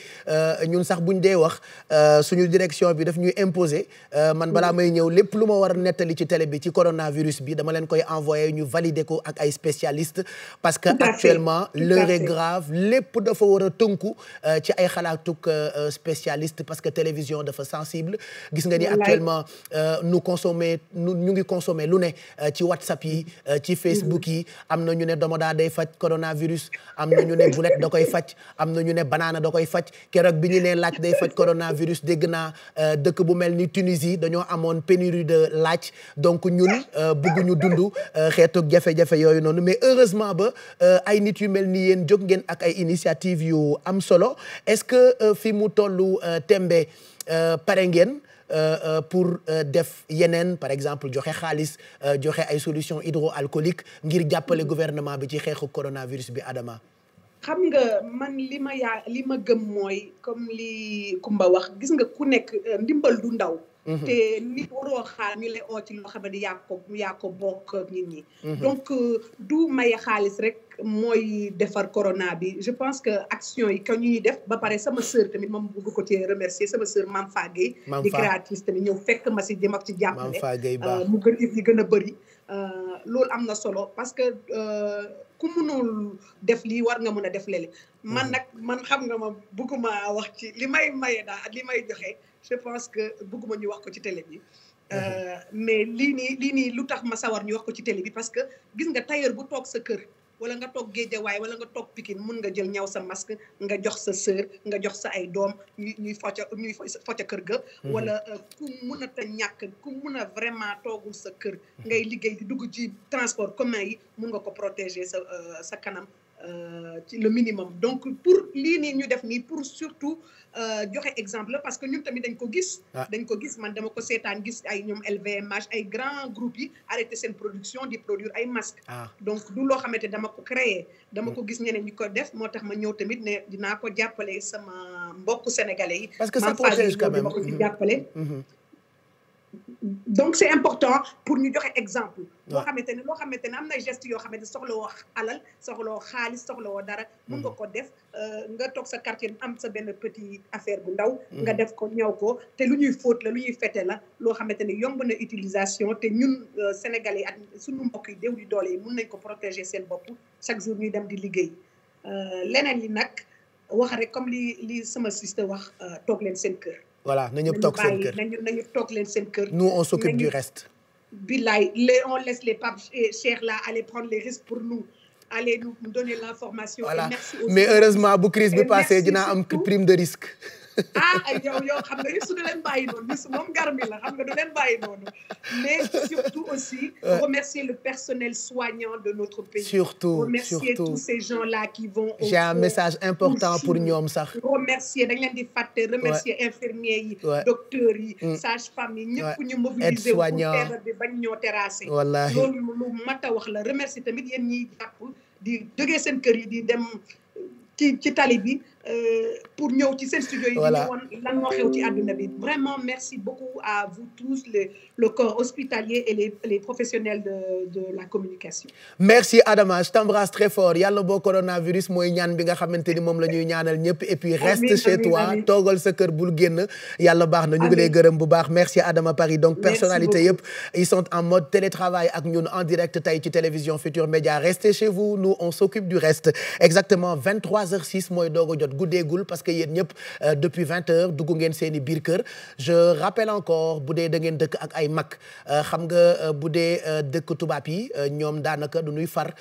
ñun sax buñ dee wax suñu direction bi daf ñuy imposer man balaa may ñëw lépp lu ma war a nettali ci télé bi ci coronavirus bi dama leen koy envoyé ñu valider ko ak ay spécialistes parce que actuellement l'heure grave lépp dafa war a tënku ci ay xalaatuk spécialiste parce que télévision dafa sensible gis nga ni actuellement nous consommer ñu ngi consommer lu ne Euh, ci whatsapp yi euh, ci facebook yi am na ñu ne domoda day faj coronavirus am na ñu ne boulette da koy faj am na ñu ne banaana da koy faj keroog bi ñu ne laaj day faj coronavirus dégg naa euh, dëkk bu mel ni Tunisie dañoo amoon pénurie de laaj donc ñun bëgguñu dundu xeetu jafe-jafe yooyu noonu mais heureusement ba ay nit yu mel ni yéen jóg ngeen ak ay initiative yu am solo est-ce que fi mu tollu tembe pare ngeen Euh, euh, pour euh, def yeneen par exemple joxe xaalis joxe ay solutions hydroalcooliques ngir jàppale gouvernement bi ci xeexu coronavirus bi Adama. xam nga man li ma yaa li ma gëm mooy comme li Kumba wax gis nga ku nekk ndimbal du ndaw. Mhm. te nit waroo xaar ñu lay oo loo xam yaa ko bokk nit ñi. Mhm. donc du maye xaalis rek. mooy defar corona bi je pense que action yi kañ ñuy def ba pare sama sœur tamit moom bëgg ko cee remercier sama sœur Mame Fa Gueye di créatrice tamit ñëw fekk ma si jëm ak ci jàppale euh, mu gën if gën a bëri euh, loolu am na solo parce que euh, ku mënul def lii war nga mën a def lele man mhm. nag man xam nga ma bëgguma wax ci li may maye daal ak li may joxe je pense que bëgguma ñu wax ko ci télé bi mhm. mais lii nii lii nii lu tax ma sawar ñu wax ko ci télé bi parce que gis nga tailleur bu toog sa kër wala nga toog géejawaay wala nga toog pikin mun nga jël ñaw sa masque nga jox sa sœur nga jox sa ay doom ñuy ñuy foca ñuy foca kër ga mhm. wala euh, ku mun a ta ñàkk ku mun a vraiment toogul sa kër mhm. ngay liggéey di dugg ci transport commun yi mun nga ko protéger sa euh, sa kanam Euh, ci le minimum donc pour lii nii ñu def nii pour surtout euh, joxe exemple parce que ñun tamit dañ ko gis ah. dañ ko gis man dama ko seetaan gis ay ñoom LVMH ay grands groupes yi arrêté seen production di produire ay masques ah. donc du loo xamante dama ko créer dama hmm. ko gis ñeneen ñu ko def moo tax ma ñëw tamit ne dinaa ko jàppale sama mbokk sénégalais yi parce que ça protège quand ma ko jàppale hmm. Hmm. donc c' important pour ñu joxe exemple. waaw loo xamante ne loo xamante ne am na gest yoo xamante ne soxlawoo alal soxlawoo xaalis wo dara. mun nga mm. ko def euh, nga toog sa quartier am sa benn petit affaire bu ndaw. Mm. nga def ko ñëw ko te lu ñuy fóot la lu ñuy fete la loo xamante ne yomb na utilisation te ñun euh, Sénégalais ak suñu mbokk yi déw di doole yi mun nañ ko protéger seen bopp chaque jour ñuy dem di liggéey euh, leneen yi nag wax rek comme li li sama sister wax toog leen seen kër. voilà na ñëpp toog seen kër na ñëpp toog leen seen kër. nous on s'occupe du rest billaay le on laisse les papes chers là aller prendre les risques pour nous. aller nous donner l'information. voilà mais heureusement bu crise bi passé dinaa am prime de risque. ah ay yow yoo xam nga Youssou du noonu mais surtout aussi remercier le personnel soignant de notre pays. surtout remercier surtout. tous ces gens là qui vont. au j'ai un message important pour ñoom sax. remercier dañ leen di fàtte remercier infirmiers yi. docteurs yi. Mm. sages-femmes yi ñëpp ñu mobiliser. pour feebar bi bañ ñoo wax la remercier tamit yéen ñiy jàpp di jógee seen kër yi di dem ci ci tali bi. Euh, pour ñëw ci seen studio yi voilà woon lan moo xew ci àdduna bi vraiment merci beaucoup à vous tous le le corps hospitalier et les les professionnels de de la communication merci Adama je t'embrasse très fort yàlla boo coronavirus mooy ñaan bi nga xamante ni moom la ñuy ñaanal ñëpp et puis reste chez toi toogal sa kër bul génn yàlla baax na ñu ngi lay gërëm bu baax merci Adama Paris donc personnalité yëpp ils sont en mode télétravail ak ñun en direct tey ci télévision Futur Média restez chez vous nous on s'occupe du reste exactement 23h06 mooy dooga jot jot guddeegul parce que yéen ñëpp euh, depuis vingt heures dugg ngeen seen i biir kër je rappelle encore bu dee da ngeen dëkk ak ay mag euh, xam nga euh, bu dee dëkk tubaab yi ñoom daanaka du ñuy far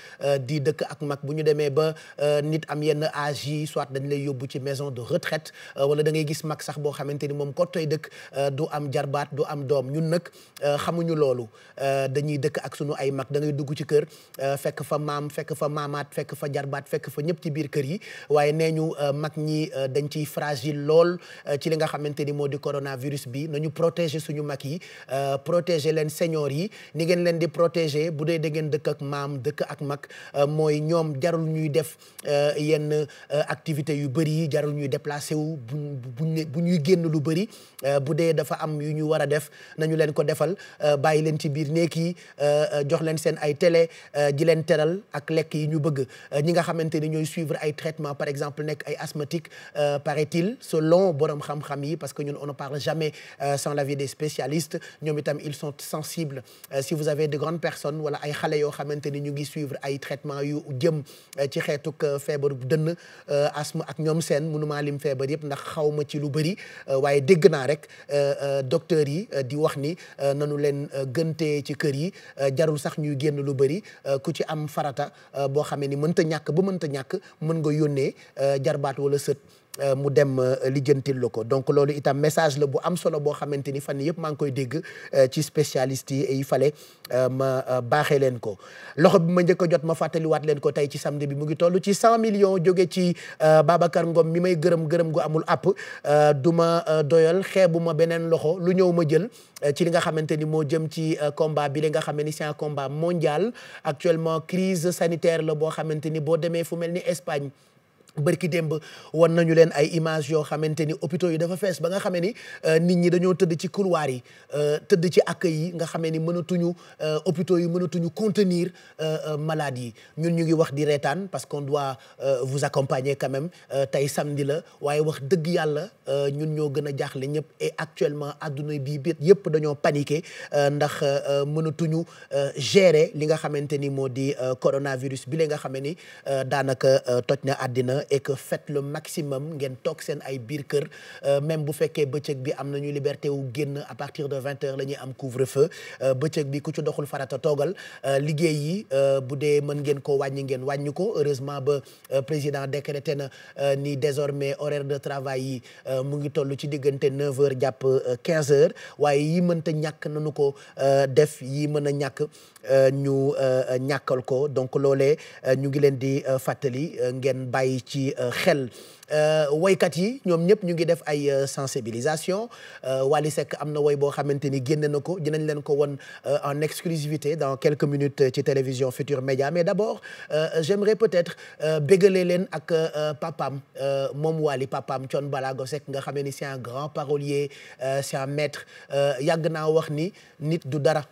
di dëkk ak mag bu ñu demee ba nit am yenn âge soit dañ lay yóbbu ci maison de retraite wala da ngay gis mag sax boo xamante ni moom kottooy dëkk du am jarbaat du am doom ñun nag xamuñu loolu dañuy dëkk ak sunu ay mag da ngay dugg ci kër fekk fa maam fekk fa maamaat fekk fa jarbaat fekk fa ñëpp ci biir kër yi mag ñi euh, dañ ciy fragile lool euh, ci li nga xamante ni moo di coronavirus bi nañu protéger suñu mag yi euh, protéger leen seniors yi ni ngeen leen di protéger bu dee da ngeen dëkk ak maam dëkk ak mag mooy ñoom jarul ñuy def yenn activités yu bëri yi jarul ñuy déplacé wu bu ñuy génn lu bëri bu dee dafa am yu ñu war a def nañu leen ko defal bàyyi leen ci biir néeg yi jox leen seen ay télé ji leen teral ak lekk yi ñu bëgg ñi nga xamante ni ñooy suivre ay traitement par exemple nekk asthmatique euh, paraît-il selon boroom xam-xam yi parce que ñun on ne parle jamais euh, sans l'avis des spécialistes ñoom itam ils sont sensibles euh, si vous avez de grandes personnes wala ay xale yoo xamante ni ñu ngi suivre ay traitements yu jëm ci xeetuk feebaru dënn asthme ak ñoom seen mënuma lim feebar yëpp ndax xaw ma ci lu bëri waaye dégg naa rek docteurs yi di wax ni nanu leen gëntee ci kër yi jarul sax ñuy génn lu bëri ku ci am farata boo xamee ni mënta ñàkk ba mënta ñàkk mën nga yónnee jarbaatu wala sët euh, mu dem euh, lijjantil la ko donc loolu itam message la bu am solo boo xamante ni fan yëpp maa ngi koy dégg euh, ci spécialiste yi yi fale ma baaxee leen ko loxo bi ma njëkk jot ma fàttaliwaat leen ko tey ci samedi bi mu ngi tollu ci cent million jóge ci Babacar Ngom mi may gërëm gërëm gu amul app du ma doyal xeebu ma beneen loxo lu ñëw ma jël ci li nga xamante ni moo jëm ci combat bi li nga xam ni c'est un combat mondial actuellement crise sanitaire la boo xamante ni demee fu mel ni Espagne bërki démb wan nañu leen ay images yoo xamante ni hôpitaux yi dafa fees ba nga xamee ni euh, nit ñi dañoo tëdd ci couloir yi euh, tëdd ci accueil yi nga xamee ni mënatuñu euh, hôpitaux yi mënatuñu contenir malade yi ñun ñu ngi wax di reetaan parce que qu'on doit vous accompagner quand même tey samedi la waaye wax dëgg yàlla ñun ñoo gën a jaaxle ñëpp et actuellement adduna bii bi yëpp dañoo paniqué ndax mënatuñu gere li nga xamante ni moo di coronavirus bi la nga xamee ni daanaka toj na àddina et que faites le maximum ngeen toog seen ay biir kër euh, même bu fekkee bëccëg bi am nañu liberté wu génn à partir de vingt heures la ñuy am couvre-feu euh, bëccëg bi ku ci doxul farata toogal euh, liggéey yi bu dee mën ngeen ko wàññi ngeen wàññi ko heureusement ba président décrété na ni désormais horaire de travail yi mu ngi toll ci diggante neuf heures jàpp quinze heures waaye yi mënta ñàkk nanu ko def yii mën a ñàkk Euh, ñu euh, ñàkkal ko donc loole euh, ñu ngi leen di fàttali ngeen bàyyi ci xel woykat yi ñoom ñëpp ñu ngi def ay sensibilisation Wally Seck am na woy boo xamante ni génne na ko dinañ leen ko wan en exclusivité dans quelques minutes ci télévision Futur Média mais d'abord j'aimerais peut-être bégalee leen ak papam moom Wally papam Thione Ballago Seck nga xamee ni c'est un grand parolier c'est un maître yàgg naa wax ni nit du dara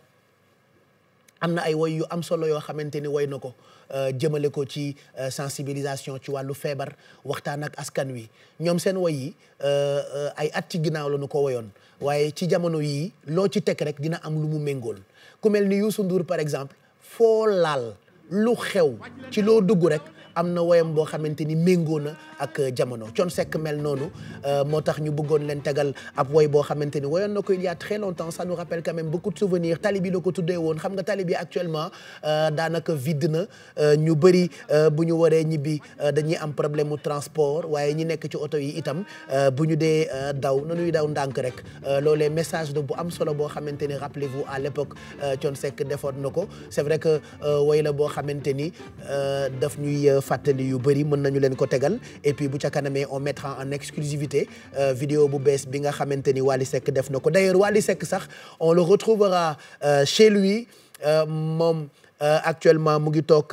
am na ay woy yu am solo yoo xamante ni woy na ko euh, jëmale ko ci euh, sensibilisation ci wàllu feebar waxtaan ak askan wi ñoom seen woy yi euh, ay at ci ginnaaw la ñu ko woyoon waaye ci jamono yii loo ci teg rek dina am lu mu méngool ku mel ni Youssou Ndour par exemple foo laal lu xew ci loo dugg rek am na woyam boo xamante ni méngoo na ak euh, jamono Thione Seck mel noonu euh, moo tax ñu bëggoon leen tegal ab woy boo xamante ni woyoon na ko il y a très longtemps ça nous rappelle quand même beaucoup de souvenirs tali bi la ko tuddee euh, daanaka vide ñu bëri bu ñu waree ñibbi dañuy am problème mu transport waaye ñi nekk ci oto yi itam bu ñu dee daw nanuy daw ndànk rek loolee message de bu am solo boo xamante ni rappelez-vous à l'époque Thione Seck na ko c'est vrai que woy la boo xamante ni daf ñuy fàttali yu bëri mën nañu leen ko tegal et puis bu ca kanamee on mettra en exclusivité euh, vidéo bu bees bi nga xamante ni Wally Seck def na ko d'ailleurs wali sekk sax on le retrouvera euh, chez lui euh, moom actuellement mu ngi toog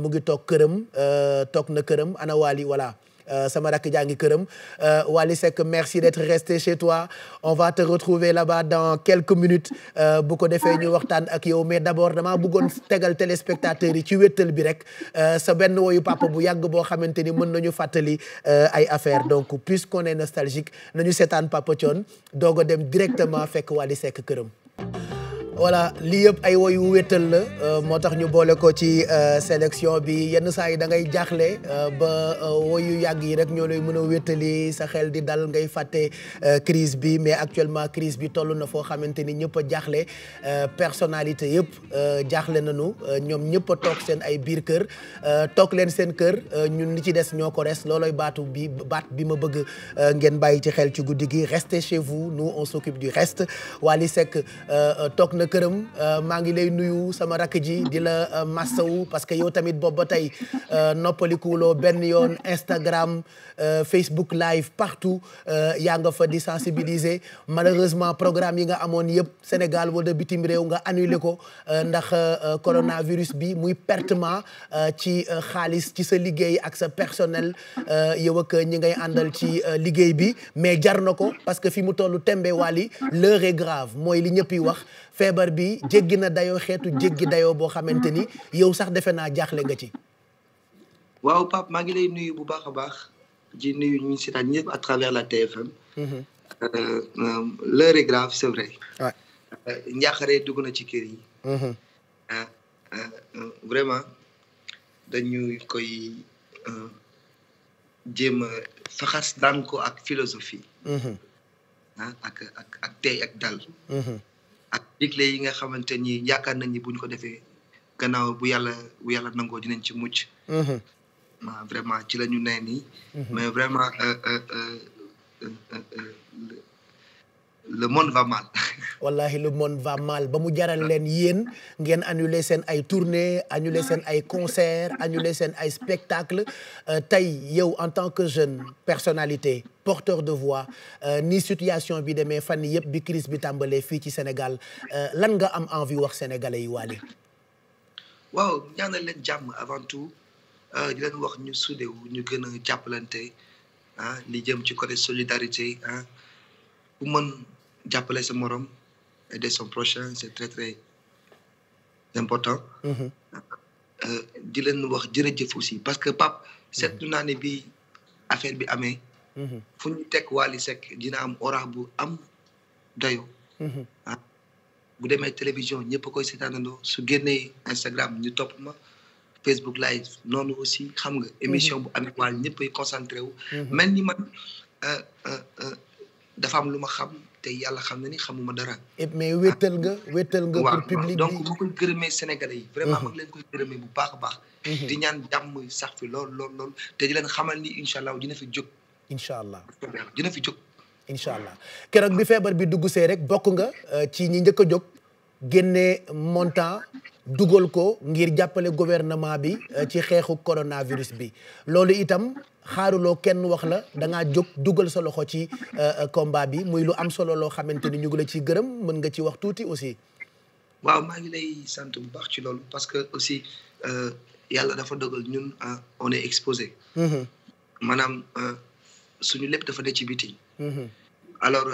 mu ngi toog këram toog na këram ana Wally voilà Euh, sama rakk jaa ngi këram euh, Wally Seck merci d'être resté chez toi on va te retrouver là-bas dans quelques minutes euh, bu ko defee ñu waxtaan ak yow mais d'abord dama bëggoon tegal téléspectateurs yi ci wéttal bi rek sa benn woyu papa bu yàgg boo xamante ni mën nañu fàttali ay affaire donc puisqu'on est nostalgique nañu seetaan Papa Thione doog a dem directement fekk Wally sekk këram voilà lii yëpp ay woyu wétal la euh, moo tax ñu boole ko ci euh, sélection bi yenn saa yi da ngay jaaxle euh, ba woyu yàgg yi rek ñoo lay mën a wétali sa xel di dal ngay fàtte crise bi mais actuellement crise bi toll na foo xamante ni ñëpp a jaaxle personnalité yëpp jaaxle nañu ñoom ñëpp a toog seen ay biir kër toog leen seen kër ñun li ci des ñoo ko res loolooy baatu bi baat bi ma bëgg ngeen bàyyi ci xel ci guddi gi restez chez vous nous on s'occupe du reste Wally Seck toog na nga këram euh, maa ngi lay nuyu sama rakk ji di la euh, massawu parce que yow tamit boobu ba tey euh, noppalikuwuloo benn yoon Instagram Facebook live partout yaa nga fa di sensibiliser malheureusement programme yi nga amoon yëpp Sénégal wala bitim réew nga annulé ko ndax coronavirus bi muy pertement ci xaalis ci sa liggéey ak sa personnel yow ak ñi ngay àndal ci liggéey bi mais jar na ko parce que fi mu tollu tembe wali l'heure grave mooy li ñëpp yi wax feebar bi jéggi na dayo xeetu jéggi dayoo boo xamante ni yow sax defe naa jaaxle nga ci. waaw Pape maa ngi lay nuyu bu baax a baax di nuyu ñu seetaan ñëpp à la TFM. Mhm. Euh, euh, l'heure euh, na ci kër yi. Mhm. vraiment dañuy koy jéem ak philosophie. Mhm. Ah, ak ak ak dal. ak digle yi nga xamante ni yaakaar na ni buñ ko defee gannaaw bu yàlla bu yàlla nangoo dinañ ci mucc. Mhm. vraiment ci la ñu ni nii. Mhm. mais vraiment euh, euh, euh, le monde va mal. le monde va ba mu jaral leen yéen ngeen annulé seen ay tournée annulé seen ay concert annulé seen ay spectacle euh, tey yow en tant que jeune personnalité porteur de voix euh, ni situation bi demee fan yëpp bi crise bi tàmbalee fii ci Sénégal euh, lan nga am envie wax sénégalais yu waale. waaw ñaanal leen jàmm avant tout di leen wax ñu suudewu ñu gën a jàppalante ah li jëm ci côté solidarité ah bu jàppale sa morom aider son prochain c' est très très important. Mm-hmm. Euh, di leen wax jërëjëf aussi parce que Pape seetlu naa ne bi affaire bi amee. Mm-hmm. fu ñu teg Wally Seck dina am orage bu am dayo mm-hmm. ah bu demee télévision ñëpp koy seetaanandoo su noonu aussi xam nga émission bu amee Wally ñëpp ay concentré ni man euh, euh, dafa lu ma xam. te yàlla xam na ni xamuma dara. mais wéetal nga wéetal nga. pour public bi donc ma koy gërëmee Sénégalais yi. vraiment mhm. ma ngi leen bu baax a baax. Mhm. di ñaan jàmm sax fi lool lool lool te di xamal ni incha allah dina fi jóg. incha allah dina fi jóg. incha allah keroog bi feebar bi dugg see rek bokk nga euh, ci ñi njëkk a jóg génne montant dugal ko ngir jàppale gouvernement bi euh, ci xeexu coronavirus bi loolu itam xaaruloo kenn wax la da jóg dugal sa loxo ci euh, euh, combat bi muy lu am solo loo xamante ni ñu ngi la ciy gërëm mën nga ci wax tuuti aussi. waaw maa ngi lay sant bu baax ci loolu parce que aussi euh, yàlla dafa dogal ñun on est exposé. Mm-hmm. maanaam suñu lépp dafa ne ci biti. Mm-hmm. alors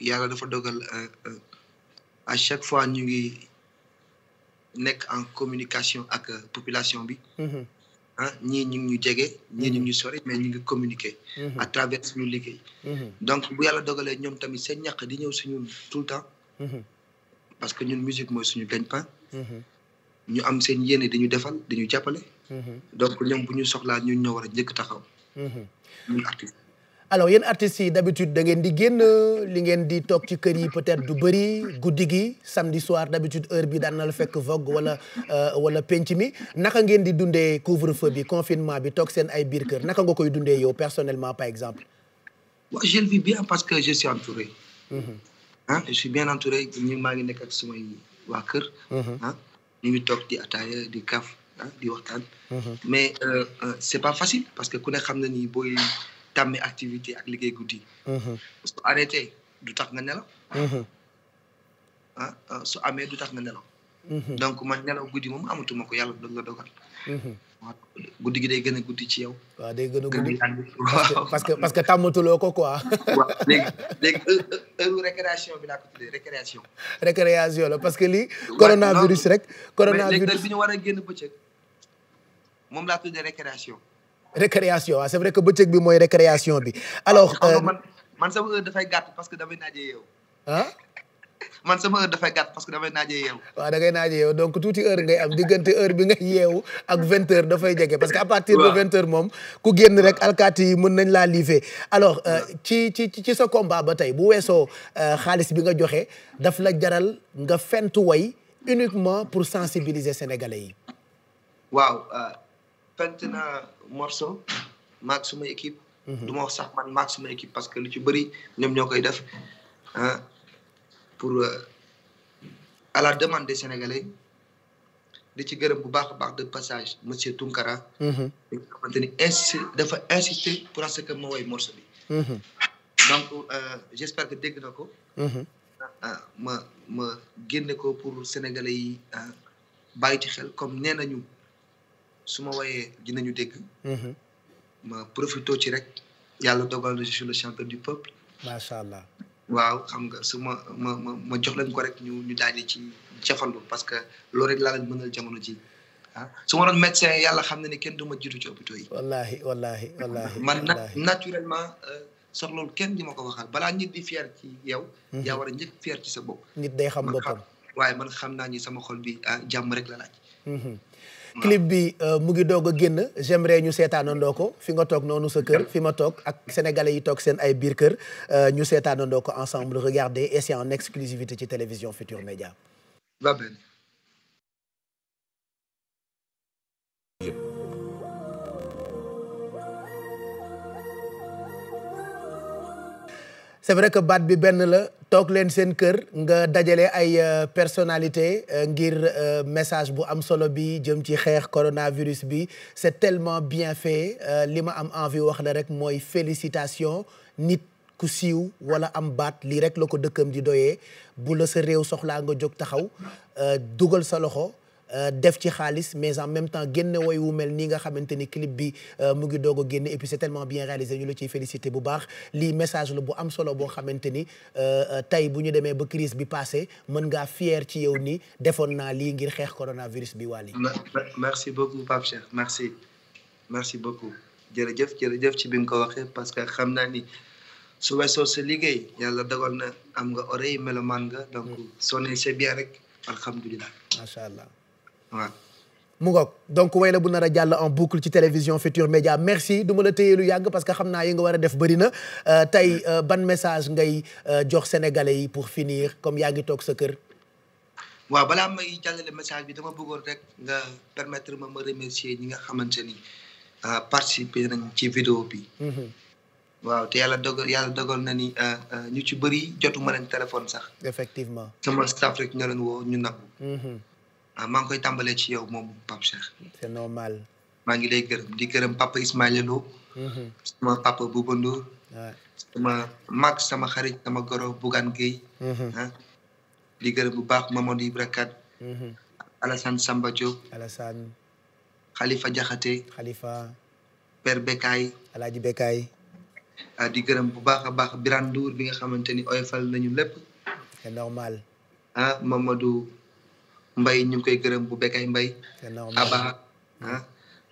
yàlla dafa dogal à chaque fois ñu ngi nekk en communication ak population bi. Mm-hmm. ah ñii ñu ngi ñu jege ñii ñu mhm. ngi ñu sori mais ñu ngi communiquer. Mhm. à travers suñu liggéey. Mhm. donc bu yàlla dogalee ñoom tamit seen ñàq di ñëw suñu tout le temps. parce que ñun musique mooy suñu gagne-pain. ñu am seen yéene di ñu defal di ñu jàppale. donc ñoom bu ñu soxlaa ñun ñoo war a njëkk taxaw. ñun artiste. alors yéen artistes yi d'habitude da ngeen di génn li ngeen di toog ci kër yi peut-être du bëri guddi gi samedi soir d'habitude heure bi daan na la fekk vogue wala euh, wala penc mi naka ngeen di dundee couvre-feu bi confinement bi toog seen ay biir kër naka nga koy dundee yow personnellement par exemple. waaw je le vis parce que je suis entouré. ah je suis bien entouré maa ngi nekk ak sumay waa kër. ah toog di ataaya di kaf di waxtaan. Mhm. mais euh, euh, c'est pas facile parce que ku ne xam na ni booy. tàmmi activité ak liggéey guddi. su mhm. arrêté du tax nga nelaw. Mhm. a ah, ah, su amee du tax nga nelaw. Mhm. donc man nelaw guddi moom amatuma ko yàlla doon la dogal. guddi gi day gën a guddi ci yow. waa day gën a guddi parce que parce que tàmmatuloo ko quoi. waaw récréation bi laa ko tuddee récréation. la parce que li coronavirus rek. coronavirus mais léegi bi ñu war a génn bëccëg moom laa récréation. récréation waaw ah, c'est vrai que bëccëg bi mooy récréation bi. alors ah, euh, man man sama heure dafay gàtt parce que damay naajee ah. man sama heure dafay gàtt parce que damay naajee yeewu. waaw da ngay naajee yeewu donc tuuti heure ngay am diggante heure bi nga yeewu ak vingt dafay jege parce que à partir de vingt moom ku génn rek alkaati yi mën nañ laa liife alors euh, ci ci ci sa combat ba tey bu weesoo euh, xaalis bi nga joxe daf la jaral nga fentu way uniquement pour sensibiliser sénégalais yi. waaw. pent naa morceau maag suma équipe. Mhm. du ma wax sax man maag équipe parce que lu ci bëri ñoom ñoo koy def ah pour euh, à la demande des di ci gërëm bu baax a baax de passage monsieur Tunkara. Mhm. di nga xamante ni dafa insister pour à ce que ma woy morceau bi. Mhm. donc euh, j' espère que dégg na ko. Ah, ah, ma ma génne ko pour sénégalais yi ah, ci xel comme nee nañu. su ma woyee dinañu dégg. Mhm. ma profito ci rek yàlla dogal na je suis le macha allah. waaw xam nga su ma ma ma ma jox leen ko rek ñu ñu daal di ci jafandu parce que loolu rek laa mën mënal jamono ji ah su ma doon médecin yàlla xam na ni kenn du ma jiitu ci hôpitaux yi. wallaahi wallaahi wallaahi. man naturellement. Euh, sax loolu kenn di ma ko waxal balaa nit di fier ci yow. Mhm. yaa war a njëkk fier ci sa bopp. nit day xam boppam waaye man xam naa ñi sama xol bi ah, jàmm rek la laaj. Mhm. clip bi euh, mu ngi doog a génn j'aimerais ñu seetaanandoo ko fi nga toog noonu sa kër fi ma toog ak sénégalais yi toog seen ay biir kër euh, ñu seetaanandoo ko ensemble regardez et c'est en exclusivité ci télévision Futur Média. la c'est vrai que baat bi benn la toog leen seen kër nga dajale ay euh, personnalité euh, ngir euh, message bu am solo bi jëm ci xeex coronavirus bi c'est tellement bien fait li ma am envie wax la rek mooy félicitation nit ku siiw wala am baat lii rek la ko dëkkam di doyee bu la sa réew soxlaa nga jóg taxaw dugal sa loxo Euh, def ci xaalis mais en même temps génne woy wu mel nii nga xamante ni clip bi euh, mu ngi doog a génne et puis c'est tellement bien réalisé ñu la ciy félicité bu baax lii message la bu am solo boo xamante ni euh, tey bu ñu demee ba crise bi passé mën ngaa fier ci yow ni defoon naa lii ngir xeex coronavirus bi Wally merci beaucoup Pape Cheikh merci merci beaucoup jërëjëf jërëjëf ci bi nga ko waxee parce que xam naa ni su weesoo sa liggéey yàlla dogal na am nga melo maan nga donc mm. soo ne c'est bien rek alhamdulilah macha allah mu ngoog donc way la bu nar a jàll en boucle ci télévision Futur Média merci du ma la téye lu yàgg parce que xam naa yi nga war a def bëri na euh, tey euh, ban message ngay euh, jox sénégalais yi pour finir comme yaa toog sa kër. waaw balaa may jàllale message bi dama bëggoon rek nga permettre ma ma remercier ñi nga xamante ni participer nañ ci vidéo bi. Mhm. waaw te yàlla dogal yàlla dogal na ni ñu ci bëri jotu ma téléphone sax. effectivement sama staff rek ñoo waaw ah, maa ngi koy tàmbalee ci yow moom Pape Cheikh. c'est normal. maa ngi lay gërëm di gërëm papa Ismaïla mhm. sama papa Bouba Ndour. mag sama xarit sama goro Bougane Gueye. Mhm. Ah, di gërëm bu baax Mamadou Ibra Kane. Mhm. Alassane Samba Diop. Alassane. Khalifa Diakhaté. Khalifa. Père Bekay. Alaaji ah, di gërëm bu baax a baax Birane bi nga xamante ni oyofal nañu lépp. c'est normal. ah Mamadou. mbay ñu koy gërëm bu bekkay mbay aba ah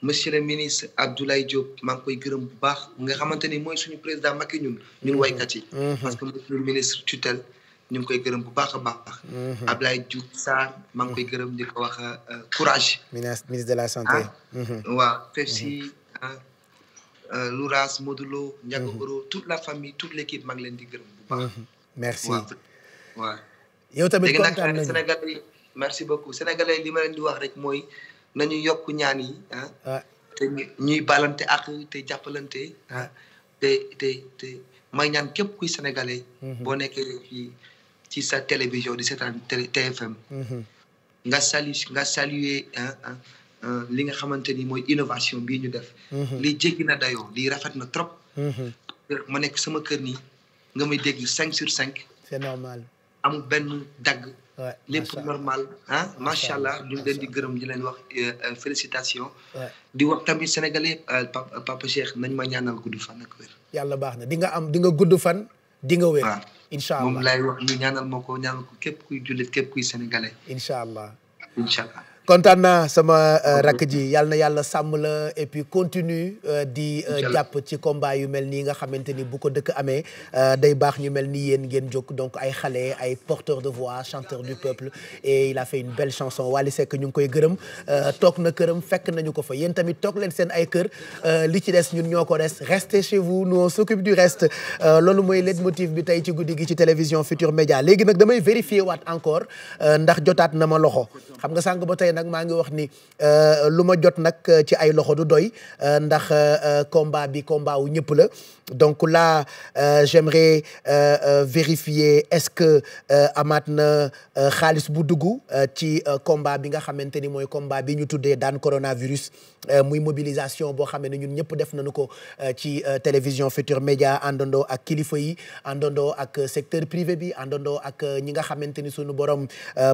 monsieur le ministre Abdoulaye Diop maa ngi koy gërëm bu baax nga xamante ni mooy suñu président Macky ñun ñun mm-hmm. waykat yi mm-hmm. parce que mooy suñu ministre tutelle ñu ngi koy gërëm bu baax a baax mm-hmm. Abdoulaye Diouf Sarr maa ngi koy gërëm di ko wax euh, courage ministre de la santé ah, waaw Pepsi ah, euh, Louras Modulo Ndiaga Oro toute la famille toute l'équipe maa ngi leen di gërëm bu baax merci waaw yow tamit kontaan nañu Sénégal yi merci beaucoup sénégalais li ma leen di wax rek mooy nañu yokk ñaan yi ah. ah. te ñuy balante ak te jàppalante ah te te te may ñaan képp kuy sénégalais. Mhm. boo nekkee fii ci sa télévision di seetaan TFM. Mhm. nga salu nga saluer ah, ah, li nga xamante ni mooy innovation bii ñu def. Mhm. lii jéggi na dayo lii rafet na trop. ma nekk sama kër nii nga may dégg cinq sur cinq. c'est normal. am benn dagg. lépp normal ah macha allah ñu ngi leen di gërëm di leen wax euh, euh, félicitation. di wax tamit sénégalais euh, papa Cheikh nañ ma ñaanal gudd fan ak wér. yàlla baax na di nga am di nga gudd fan di nga wér. incha allah moom laay wax ñu ñaanal ma ko ñaanal ko képp kuy jullit képp kuy sénégalais. incha allah incha allah. kontaan naa sama euh, rakk ji yal na yàlla sàmm la et puis continue euh, di euh, jàpp ci combat yu mel nii nga xamante ni bu ko dëkk amee day baax ñu mel ni yéen ngeen jóg donc ay xale ay porteurs de voix chanteurs du peuple et il a fait une belle chanson Wally Seck ñu ngi koy gërëm toog na këram fekk nañu ko fa yéen tamit toog leen seen ay kër li ci des ñun ñoo ko des restez chez vous nous s'occupe du rest loolu mooy leitmotiv bi tey ci guddi gi ci télévision Futur Média léegi nag damay vérifier waat encore ndax jotaat na ma loxo nag maa ngi wax ni euh, lu ma jot nag euh, ci ay loxo du doy euh, ndax combat bi combat wu ñëpp la donc là euh, j'aimerais euh, euh, vérifier est-ce que amaat na xaalis bu dugg ci combat bi nga xamante ni mooy combat bi ñu tuddee daan coronavirus muy mobilisation boo xam ne ñun ñëpp def nañu ko ci télévision Futur Média àndandoo ak kilifa yi àndandoo ak secteur privé bi àndandoo ak ñi nga xamante ni suñu borom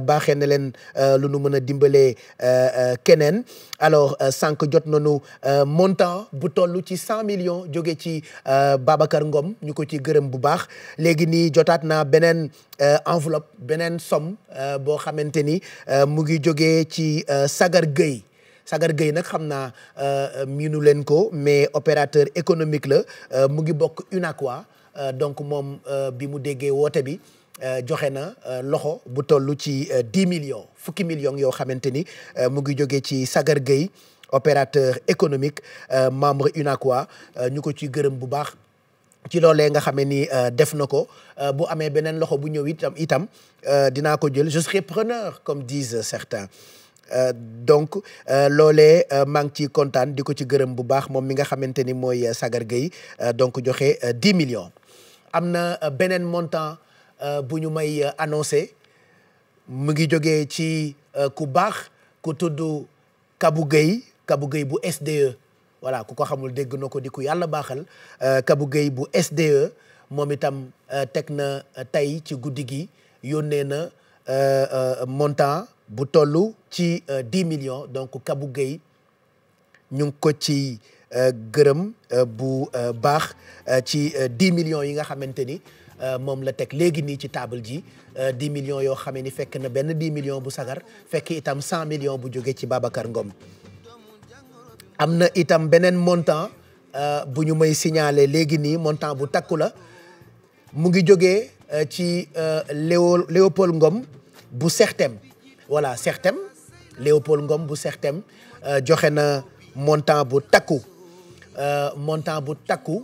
baaxee na leen lu nu mën a dimbalee keneen alors sànq jot nañu montant bu toll ci cent millions jóge ci. Euh, Babacar Ngom ñu ko ci gërëm bu baax léegi nii jotaat naa beneen euh, enveloppe beneen somme euh, boo xamante ni mu ngi jóge ci Sagar Gueye Sagar Gueye nag xam naa miinu leen ko mais opérateur économique la mu ngi bokk UNACOIS donc moom bi mu déggee woote bi joxe na loxo bu toll ci 10 millions fukki millions yoo xamante ni mu ngi jóge ci Sagar Gueye opérateur économique euh, membre UNACOIS euh, ñu ko ci gërëm bu baax ci loolee nga xamee ni euh, def na ko bu amee beneen loxo bu ñëw itam itam dinaa ko jël je serai preneur comme disent certains Euh, donc euh, loolee euh, maa ngi ciy kontaan di ko ci gërëm bu baax moom mi nga xamante ni mooy Sagar Gueye donc joxe 10 millions am na beneen montant bu ñu may annoncé mu ngi jógee ci ku baax ku tudd Kabou Gueye Kabou Gueye bu SDE voilà ku ko xamul dégg na ko di ku yàlla baaxal euh, Kabou Gueye bu SDE moom itam euh, teg na euh, tey ci guddi gi yónnee na montant bu toll ci dix million donc Kabou Gueye ñu ngi ko ci gërëm bu baax ci dix millions yi nga xamante ni moom la teg léegi nii ci table ji dix million yoo xam ni fekk na benn dix million bu sagar fekk itam million bu jóge ci Babacar Ngom am na itam beneen montant euh, bu ñu may signaler léegi nii montant bu takku la mu ngi jógee euh, ci euh, Léo Léopold Ngom bu Sertem voilà Sertem Léopold Ngom bu Sertem joxe na montant bu takku montant bu takku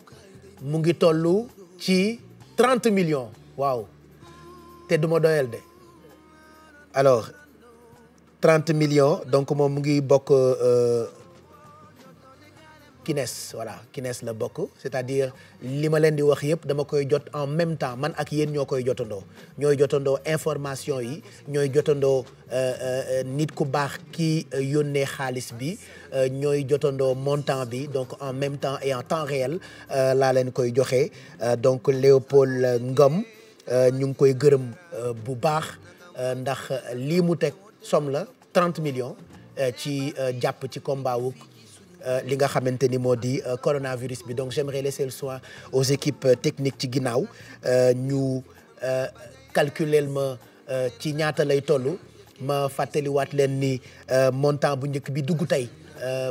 mu ngi tollu ci trente million waaw te duma ma doyal de alors trente millions donc moom mu ngi bokk. Kines voilà Kines la bokk c'est-à-dire li ma leen di wax yëpp dama koy jot en même temps man ak yéen ñoo koy jotandoo ñooy jotandoo information yi ñooy jotandoo euh, euh, nit ku baax ki euh, yónnee xaalis bi ñooy jotandoo montant bi donc en même temps et en temps réel laa leen koy joxe donc Léopold Ngom ñu ngi koy gërëm bu baax ndax lii mu teg somme la 30 millions ci jàpp ci combat Euh, li nga xamante ni moo di euh, coronavirus bi donc j'aimerais laisser le soin aux équipes euh, techniques ci ginnaaw ñu calculel ma ci ñaata lay toll ma fàttaliwaat leen ni montant bu njëkk bi dugg tey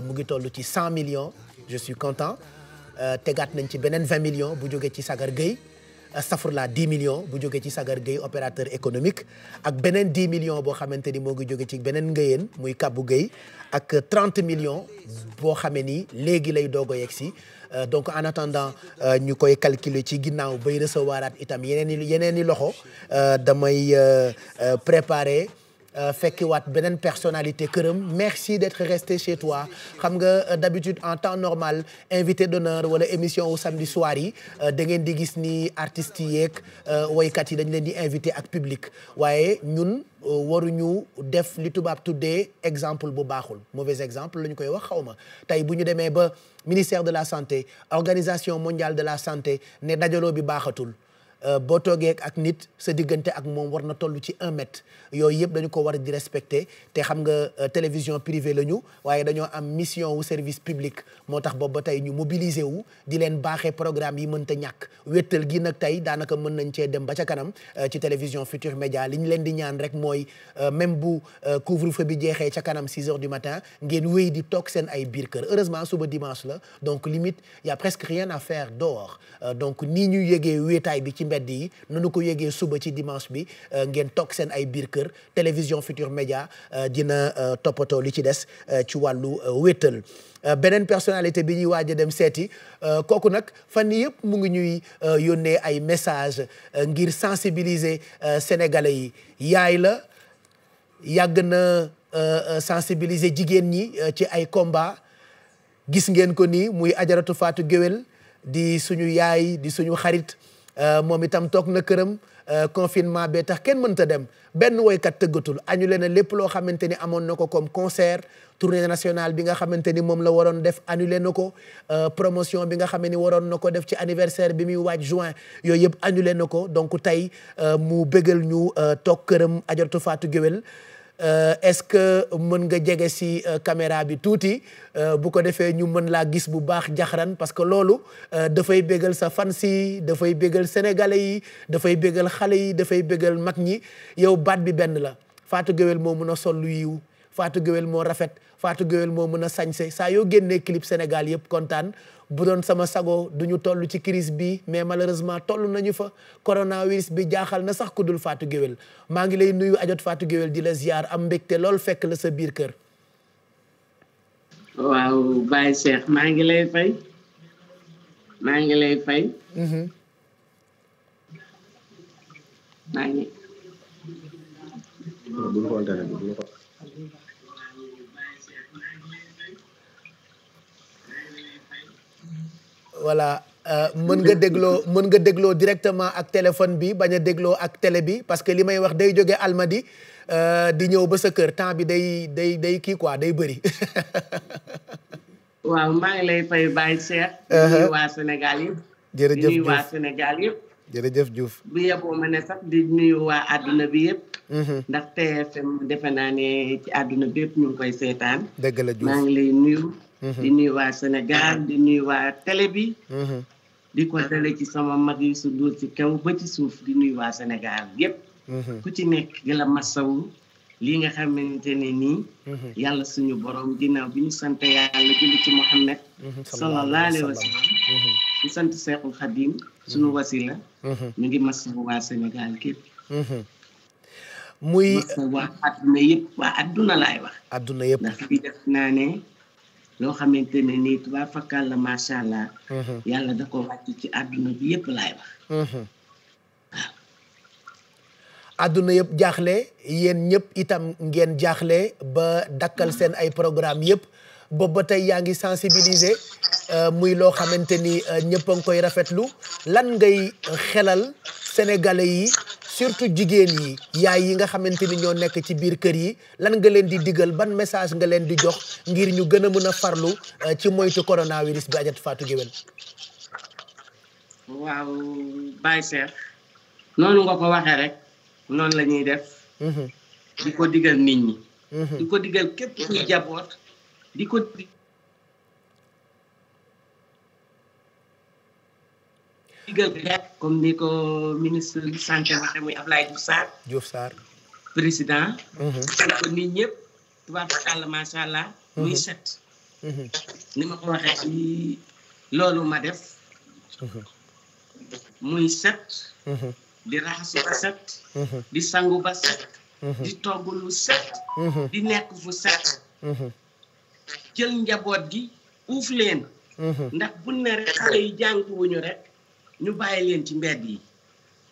mu ngi toll ci cent millions je suis content tegaat nañ ci beneen vingt millions bu jógee ci Sagar Gueye astafurla 10 millions bu jógee ci Sagar Gueye opérateur économique ak beneen 10 millions boo xamante ni moo ngi jóge ci beneen ngëyeen muy Kabou Gueye ak trente million boo xamee ni léegi lay doog a yegg si euh, donc en attendant euh, ñu koy calculer ci ginnaaw bay recevoiraat itam yeneen i yeneen i loxo euh, damay préparer. Euh, fekkiwaat beneen personnalité këram merci d'être resté chez toi xam nga euh, d'habitude en temps normal invité d'honneur wala émission wu samedi soir yi euh, da ngeen di gis ni artistes yi yeeg woykat yi dañ leen di invité ak public waaye ñun waruñu def li tubaab tuddee exemple bu baaxul mauvais exemple la ñu koy wax xaw ma tey bu ñu demee ba ministère de la santé organisation mondiale de la santé ne dajaloo bi baaxatul Euh, boo toogee ak nit sa diggante ak moom war na toll ci un mètre yooyu yëpp dañu ko war di respecter te xam nga euh, télévision privée la ñu waaye dañoo am mission wu service public moo tax boobu ba tey ñu mobiliser wu di leen baaxee programme yi mënta ñàkk wéttal gi nag tey daanaka mën nañ cee dem ba ca kanam euh, ci télévision Futur Média li ñu leen di ñaan rek mooy même bu couvre-feu bi jeexee ca kanam 6 heures du matin ngeen wéy di toog seen ay biir kër heureusement suba dimanche la donc limite y presque rien à faire mbedd yi nu ko yégee suba ci dimanche bi euh, ngeen toog seen ay biir kër télévision Futur Média euh, dina euh, toppatoo li ci des ci wàllu wétal beneen personnalité bi ñuy waaj a dem seeti kooku nag fan yii yëpp mu ngi ñuy yónnee ay message ngir sensibiliser sénégalais yi yaay la yàgg na sensibiliser jigéen ñi ci ay combat gis ngeen ko nii muy ajaratu faatu géwél di suñu yaay di suñu xarit Euh, moom itam toog na këram euh, confinement bee tax kenn mënta dem benn woykat tëggatul annulé na lépp loo xamante ni amoon na ko comme concert tournée nationale bi nga xamante ni moom la waroon def annulé na ko euh, promotion bi nga xam ni waroon na ko def ci anniversaire bi muy waaj juin yooyu yëpp annulé na ko donc tey mu bégal ñu toog këram ajartu Fatou géwél Euh, est-ce que mën nga jege si euh, caméra bi tuuti euh, bu ko defee ñu mën laa gis bu baax jaxaran parce que loolu dafay bégal sa fans yi dafay bégal sénégalais yi dafay bégal xale yi dafay bégal mag ñi yow baat bi benn la Fatou géwél moo mën a sol lu yiw faatu Guewel moo rafet Fatou Guewel moo mën a sañse saa yoo génnee clip Sénégal yëpp kontaan bu doon sama sago du ñu toll ci crise bi mais malheureusement toll nañu fa coronavirus bi jaaxal na sax ku dul Fatou Guewel maa ngi lay nuyu ajot Fatou géwél di la ziar am mbégte lool fekk la sa biir kër. waaw Baye Cheikh maa ngi lay fay maa ngi lay fay. Mhm. maa ngi. Ah, voilà euh, mën nga dégloo mën nga dégloo directement ak téléphone bi bañ a dégloo ak télé bi parce que li may wax day jóge alma di euh, di ñëw ba sa kër temps bi day day day kii quoi day bëri. waaw maa ngi lay fay Baye Cheikh. Uh-huh. nuyu Sénégal yëpp. nuyu waa Sénégal yëpp. jërëjëf Diouf bu yeboo ma ne di nuyu waa àdduna bi yëpp. Mm-hmm. ndax TFM defe naa ne ci àdduna bi yëpp ñu ngi koy seetaan. dëgg la Diouf Mm-hmm. di nuyu waa Sénégal di nuyu waa télé bi mm-hmm. di ko dale ci sama mag yi su dul ci kaw ba ci suuf di nuyu waa Sénégal yépp mm-hmm. ku ci nekk di la masawu lii nga xamante ne nii yàlla suñu borom ginnaaw bi ñu sant yàlla julli ci Muhammad sallallahu alayhi sant Seexul Xadim suñu wasila ñu ngi masawu waa Sénégal képp muy waa adduna yëpp waa adduna laay wax adduna yëpp ndax fi def naa ne loo xamante ne nii tubaab fakkal la macha allah. Mhm. yàlla da ko wàcc ci àdduna bi yëpp laay wax. Mhm. waaw. yëpp jaaxle yéen ñëpp itam ngeen jaaxle ba dakkal seen ay programme yëpp boobu ba tey yaa ngi sensibiliser euh, muy loo xamante ni euh, ñëpp a ngi koy rafetlu lan ngay xelal sénégale yi. surtout jigéen yi yaay yi nga xamante ni ñoo nekk ci biir kër yi lan nga leen di diggal ban message nga leen di jox ngir ñu gën a mën a farlu euh, ci moytu coronavirus bi ajat Fatou waaw Baye Cheikh noonu nga ko waxee rek noonu la ñuy def mhm. di ko digal nit ñi mhm. di ko digal képp kuy jaboot di ko digal bi rek comme ni ko ministre de santé waxee muy Ablaye Diouf Sarr. Diouf Sarr président. ndax mhm. nit ñëpp tubaab kàlla macha allah. Mhm. muy set. Mhm. ni ma ko waxee ci loolu ma def. muy set. di raxasu ba set. di sangu ba set. di togg lu set. di nekk fu set. jël njaboot gi uuf leen. ndax bu ne rek xale yi jànguwuñu rek. ñu bàyyi leen ci mbedd yi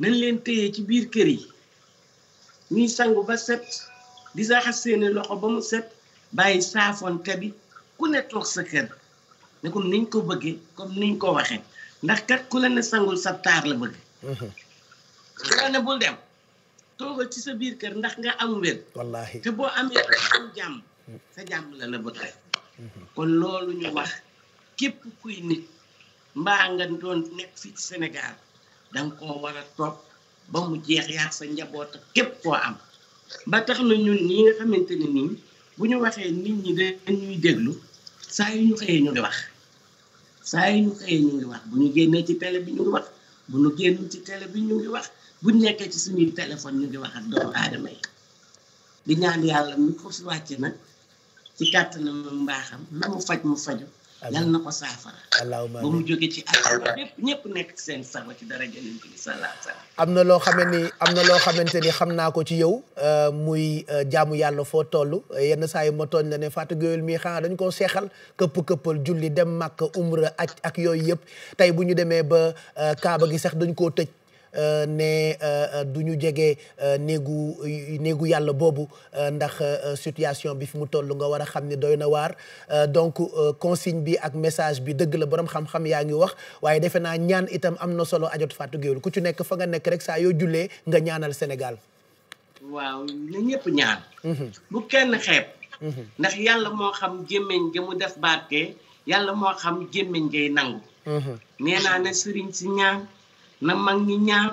nañ leen téye ci biir kër yi ñuy sangu ba set di raxas seeni loxo ba mu set bàyyi saafonte bi ku ne toog sa kër ne comme niñ ko bëggee comme niñ ko waxee ndax kat ku la ne sangul sa taar la bëgg mhm. la ne dem toogal ci sa biir kër ndax nga am wér wallaahi te boo amee am jàmm mhm. sa jàmm la la bëgg mhm. kon loolu ñu wax képp kuy nit mbaa nga doon nekk fii ci Sénégal danga koo war a topp ba mu jeex yaag sa njaboot ak képp koo am ba tax na ñun ñi nga xamante ni bu ñu waxee nit ñi dañuy déglu saa yu ñu ngi wax saa yu ñu xëyee ñu ngi wax bu ñu génnee ci télé bi ñu ngi wax bu ñu génnul ci télé bi ñu ngi wax bu nekkee ci suñuy téléphone ñu ngi wax ak doomu aadama yi di ñaan yàlla mi ko wàcce nag ci kàttanam mbaaxam na mu faj mu fajo yal na ko am na loo xamee ni am na loo xamante ni xam naa ko ci yow. Euh, muy euh, jaamu yàlla foo toll yenn saa yi ma tooñ la ne Fatou Gueye mii xanaa dañ koo seexal këpp këppal julli dem Makka umra ak ak yooyu yépp tey bu ñu demee ba euh, Kaaba gi sax dañ koo tëj. Euh, ne euh, euh, du ñu jege néegu néegu yàlla boobu ndax situation bi fi mu toll nga war a xam ne doy na waar donc consigne bi ak message bi dëgg la boroom xam-xam yaa ngi wax waaye defe naa ñaan itam am na solo ajot Fatou Gueye ku ci nekk fa nga nekk rek saa yoo jullee nga ñaanal Sénégal. waaw na ñëpp ñaan. Mhm. bu kenn xeeb. Mhm. ndax yàlla moo xam gémmiñ ngay nangu. Mhm. nee naa ne sëriñ si ñaan. na mag ñi ñaan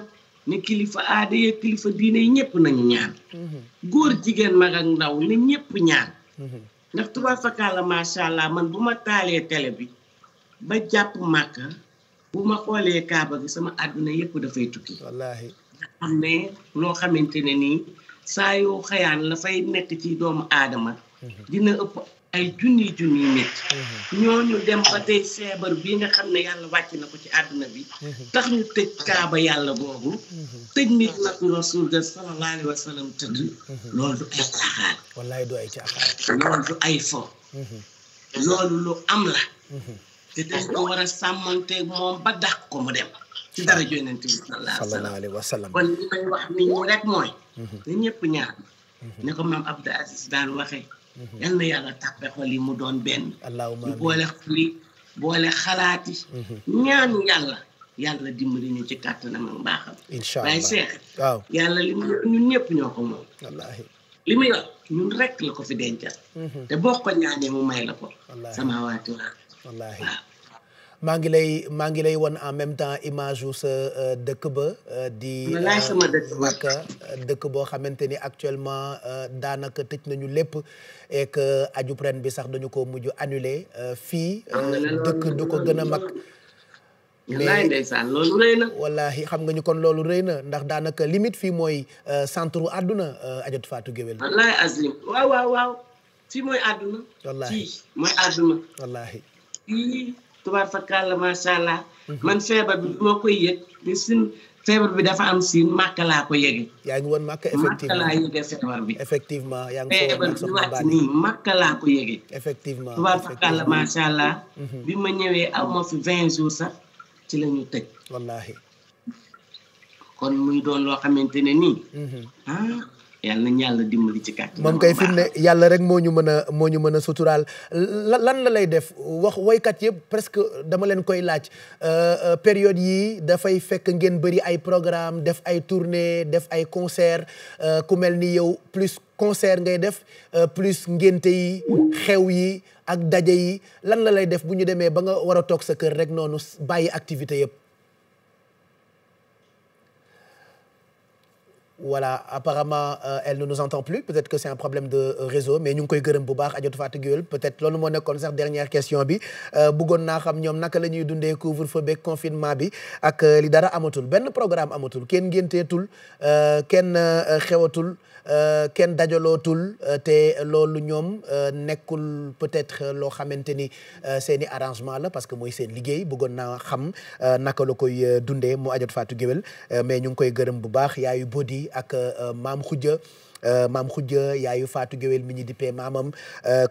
ne kilifa aada yeeg kilifa diine yi ñëpp nañu ñaan mhm. góor jigéen mag ak ndaw ne ñëpp ñaan mhm. ndax tubaab fakkaala macha allah man bu ma taalee télé bi ba jàpp màkka bu ma xoolee kaaba bi sama àdduna yëpp dafay tukki wallaahi ne loo xamante ne nii saa yoo xayaan la fay nekk ci doomu aadama mhm. dina ëpp ay junni junni nit mhm. ñu dem ba tey feebar bii nga xam ne yàlla wàcc na ko ci àdduna bi mhm. tax ñu tëj kaaba yàlla boobu mhm. tëj nit nag rasul ga sallallahu alayhi wa du ay caaxaan wallaay du ay caaxaan loolu lu am la te dañ ko war a sàmmanteeg moom ba dàq ko mu dem ci dara yonent bi sallallahu alayhi waxee Mhm. yal na yàlla tàppe xol yi mu doon benn ñu boole xol xalaat yi mhm. ñaan yàlla yàlla dimbali ñu ci kàttanam ak mbaaxam waaye seex yàlla li mu ñun ñëpp ñoo ko moom li mu yor ñun rek la ko fi dencal mhm. te boo ko ñaanee mu may la ko sama waati waaw maa ngi lay maa ngi lay wan en même temps image wu sa euh, dëkk ba euh, di nag euh, dëkk boo xamante ni actuellement daanaka tëj nañu lépp et que aju pren bi sax dañu ko mujj annulé fii dëkk du ko gën a mag mais ndeysaan xam nga ñu kon loolu rëy na ndax daanaka limite fii mooy centre àdduna ajot Fatou Guewel wallaahi azim waaw waaw waaw fii mooy àdduna wallaahi tubaab fakkaar la macha allah. Mhm. man feebar bi du ma koy yëg feebar bi dafa am siin màkk laa ko yëge. yaa ngi woon màkk effectivement màkk feebar bi. effectivement yaa ngi feebar bi wàcc nii màkk laa ko yëge. effectivement tubaab fakkaar allah. Mhm. bi ma ñëwee aw ma fi vingt jours sax ci la ñu tëj. wallaahi. kon mu doon loo xamante ne nii. Mhm. Ah. yàlla nañu yàlla moom kay fi yàlla rek moo ñu mën a moo ñu mën a suturaal lan la lay def wax woykat yëpp presque dama leen koy laaj euh, euh, période yi dafay fekk ngeen bëri ay programme def ay tournée def ay concert euh, ku mel ni yow plus concert ngay def plus ngénte yi xew yi ak daje yi lan la lay def bu ñu demee ba nga war a toog sa kër rek noonu bàyyi activité yëpp. voilà apparemment euh, elle ne nous entend plus peut-être que c'est un problème de euh, réseau mais ñu ngi koy gërëm bu baax Adjatou Fatou Guèyeul peut-être loolu moo nekkoon sax dernière question bi euh, bëggoon naa xam ñoom naka la ñuy dundee couvre-feu beeg confinement bi ak li dara amatul benn programme amatul kenn ngénteetul kenn xewatul Euh, kenn dajalootul euh, te loolu ñoom euh, nekkul peut-être loo xamante ni seeni i arrangement la parce que mooy seen liggéey bëggoon naa xam naka la koy dundee mu ajot Fatou Guewel mais ñu ngi koy gërëm bu baax yaayu Bodi ak maam Khoudia. Uh, maam Khoudia yaayu Fatou Guewel mi ñu di pee maamam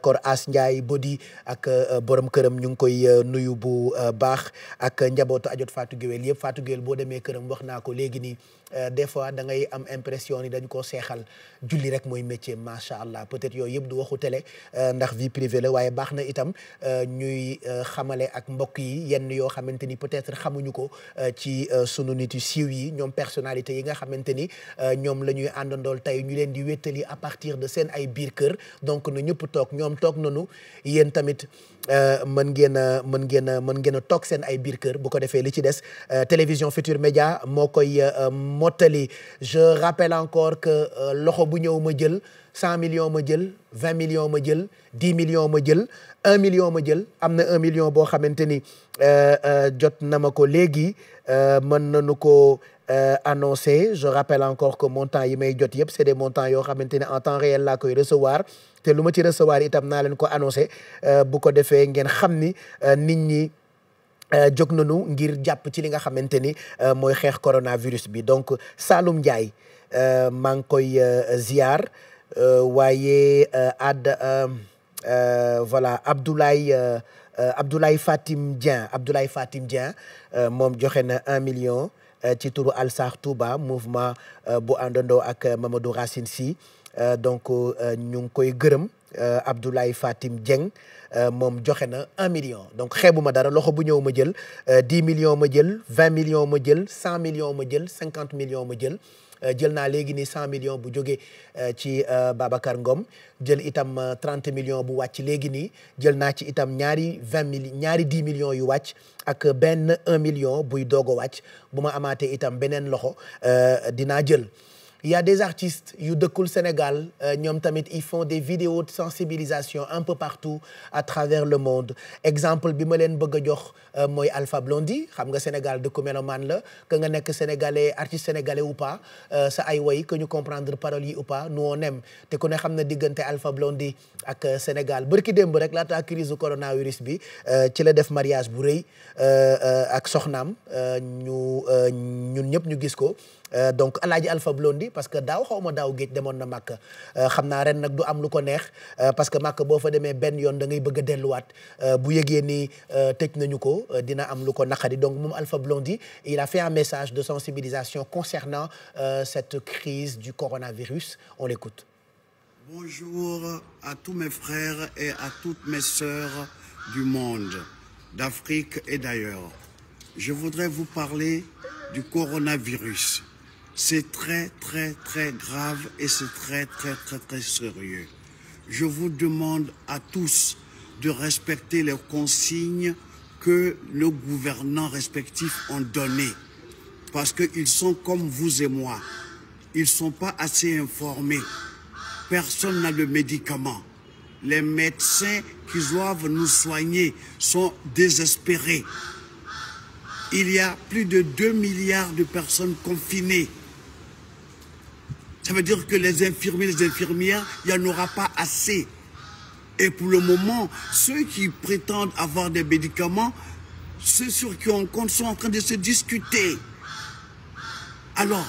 Kor As Ndiaye Bodi ak borom këram ñu ngi koy nuyu bu baax ak njabootu ajot fatu Guewel yëpp fatu Guewel boo demee këram wax naa ko léegi nii Euh, des fois da ngay am impression ni dañ koo seexal julli rek mooy métier macha allah peut-être yooyu yëpp du waxu télé euh, ndax vie privée la waaye baax na itam euh, ñuy xamale ak mbokk yi yenn yoo xamante ni peut-être xamuñu ko ci sunu nit yu siiw yi ñoom personnalité yi nga xamante ni ñoom la ñuy àndandool tey ñu leen di wettali à partir de seen ay biir kër donc na ñëpp toog ñoom toog nañu yéen tamit Euh, mën ngeen mën ngeen mën ngeen a toog seen ay biir kër bu ko defee li ci des euh, télévision Futur Média moo koy euh, mottali je rappelle encore que loxo bu ñëw ma jël cent millions ma jël vingt millions ma jël dix millions ma jël un million ma jël am na un million boo xamante ni jot na ma ko léegi mën na nañu ko annoncé je rappelle encore que montant yi may jot yëpp c'est des montants yoo xamante ni en temps réel laa koy recevoir te lu ma ci recevoir itam naa leen ko annoncé euh, bu ko defee ngeen xam ni euh, nit ñi euh, jóg nañu ngir jàpp ci li nga xamante ni mooy xeex coronavirus bi donc Saloum Ndiaye maa ngi koy ziar waaye ad voilà Abdoulaye Abdoulaye Fatim Dieng Abdoulaye Fatim Dieng moom joxe na un million ci turu Alsaax Touba mouvement bu àndandoo ak Mamadou Racine Sy Euh, donc euh, ñu ngi koy gërëm euh, Abdoulaye Fatim Dieng moom joxe na un million donc xeebu ma dara loxo bu ñëw ma jël dix millions ma jël vingt millions ma jël cent millions ma jël cinquante millions ma jël jël naa léegi ni cent millions bu jóge ci Babacar Ngom jël itam trente million bu wàcc léegi nii jël naa ci itam ñaari vingt mille ñaari dix millions yu wàcc ak benn un million buy doog a wàcc bu ma amaatee itam beneen loxo dinaa jël. il y a des artistes yu dëkkul Sénégal euh, ñoom tamit ils font des vidéos de sensibilisation un peu partout à travers le monde exemple bi ma leen bëgg a jox Euh, mooy Alpha Blondy xam nga Sénégal dëkku mélomane la que nga nekk sénégalais artiste sénégalais ou euh, sa ay woy que ñu comprendre paroles yi upa noo nous te ku ne xam na diggante Alpha Blondy ak euh, Sénégal bërki démb rek laata crise coronavirus bi ci la def mariage bu rëy ak soxnaam ñu ñun ñëpp ñu gis ko donc alaaji Alpha Blondy parce que daaw xaw ma daaw géej demoon na màkk xam naa ren nag du am lu ko neex parce que màkk boo fa demee benn yoon da ngay bëgg a delluwaat bu yëgee ni tëj nañu ko Euh, dina am lu ko naqari donc moom Alpha Blondy il a fait un message de sensibilisation concernant euh, cette crise du coronavirus on l'écoute bonjour à tous mes frères et à toutes mes sœurs du monde d'Afrique et d'ailleurs je voudrais vous parler du coronavirus c'est très très grave et c'est très très sérieux je vous demande à tous de respecter les consignes que le gouvernant respectif ont donné. Parce qu'ils sont comme vous et moi. Ils ne sont pas assez informés. Personne n'a le médicament. Les médecins qui doivent nous soigner sont désespérés. Il y a plus de 2 milliards de personnes confinées. Ça veut dire que les infirmiers, infirmières, il n'y en aura pas assez. Et pour le moment, ceux qui prétendent avoir des médicaments, ceux sur qui on compte sont en train de se discuter. Alors,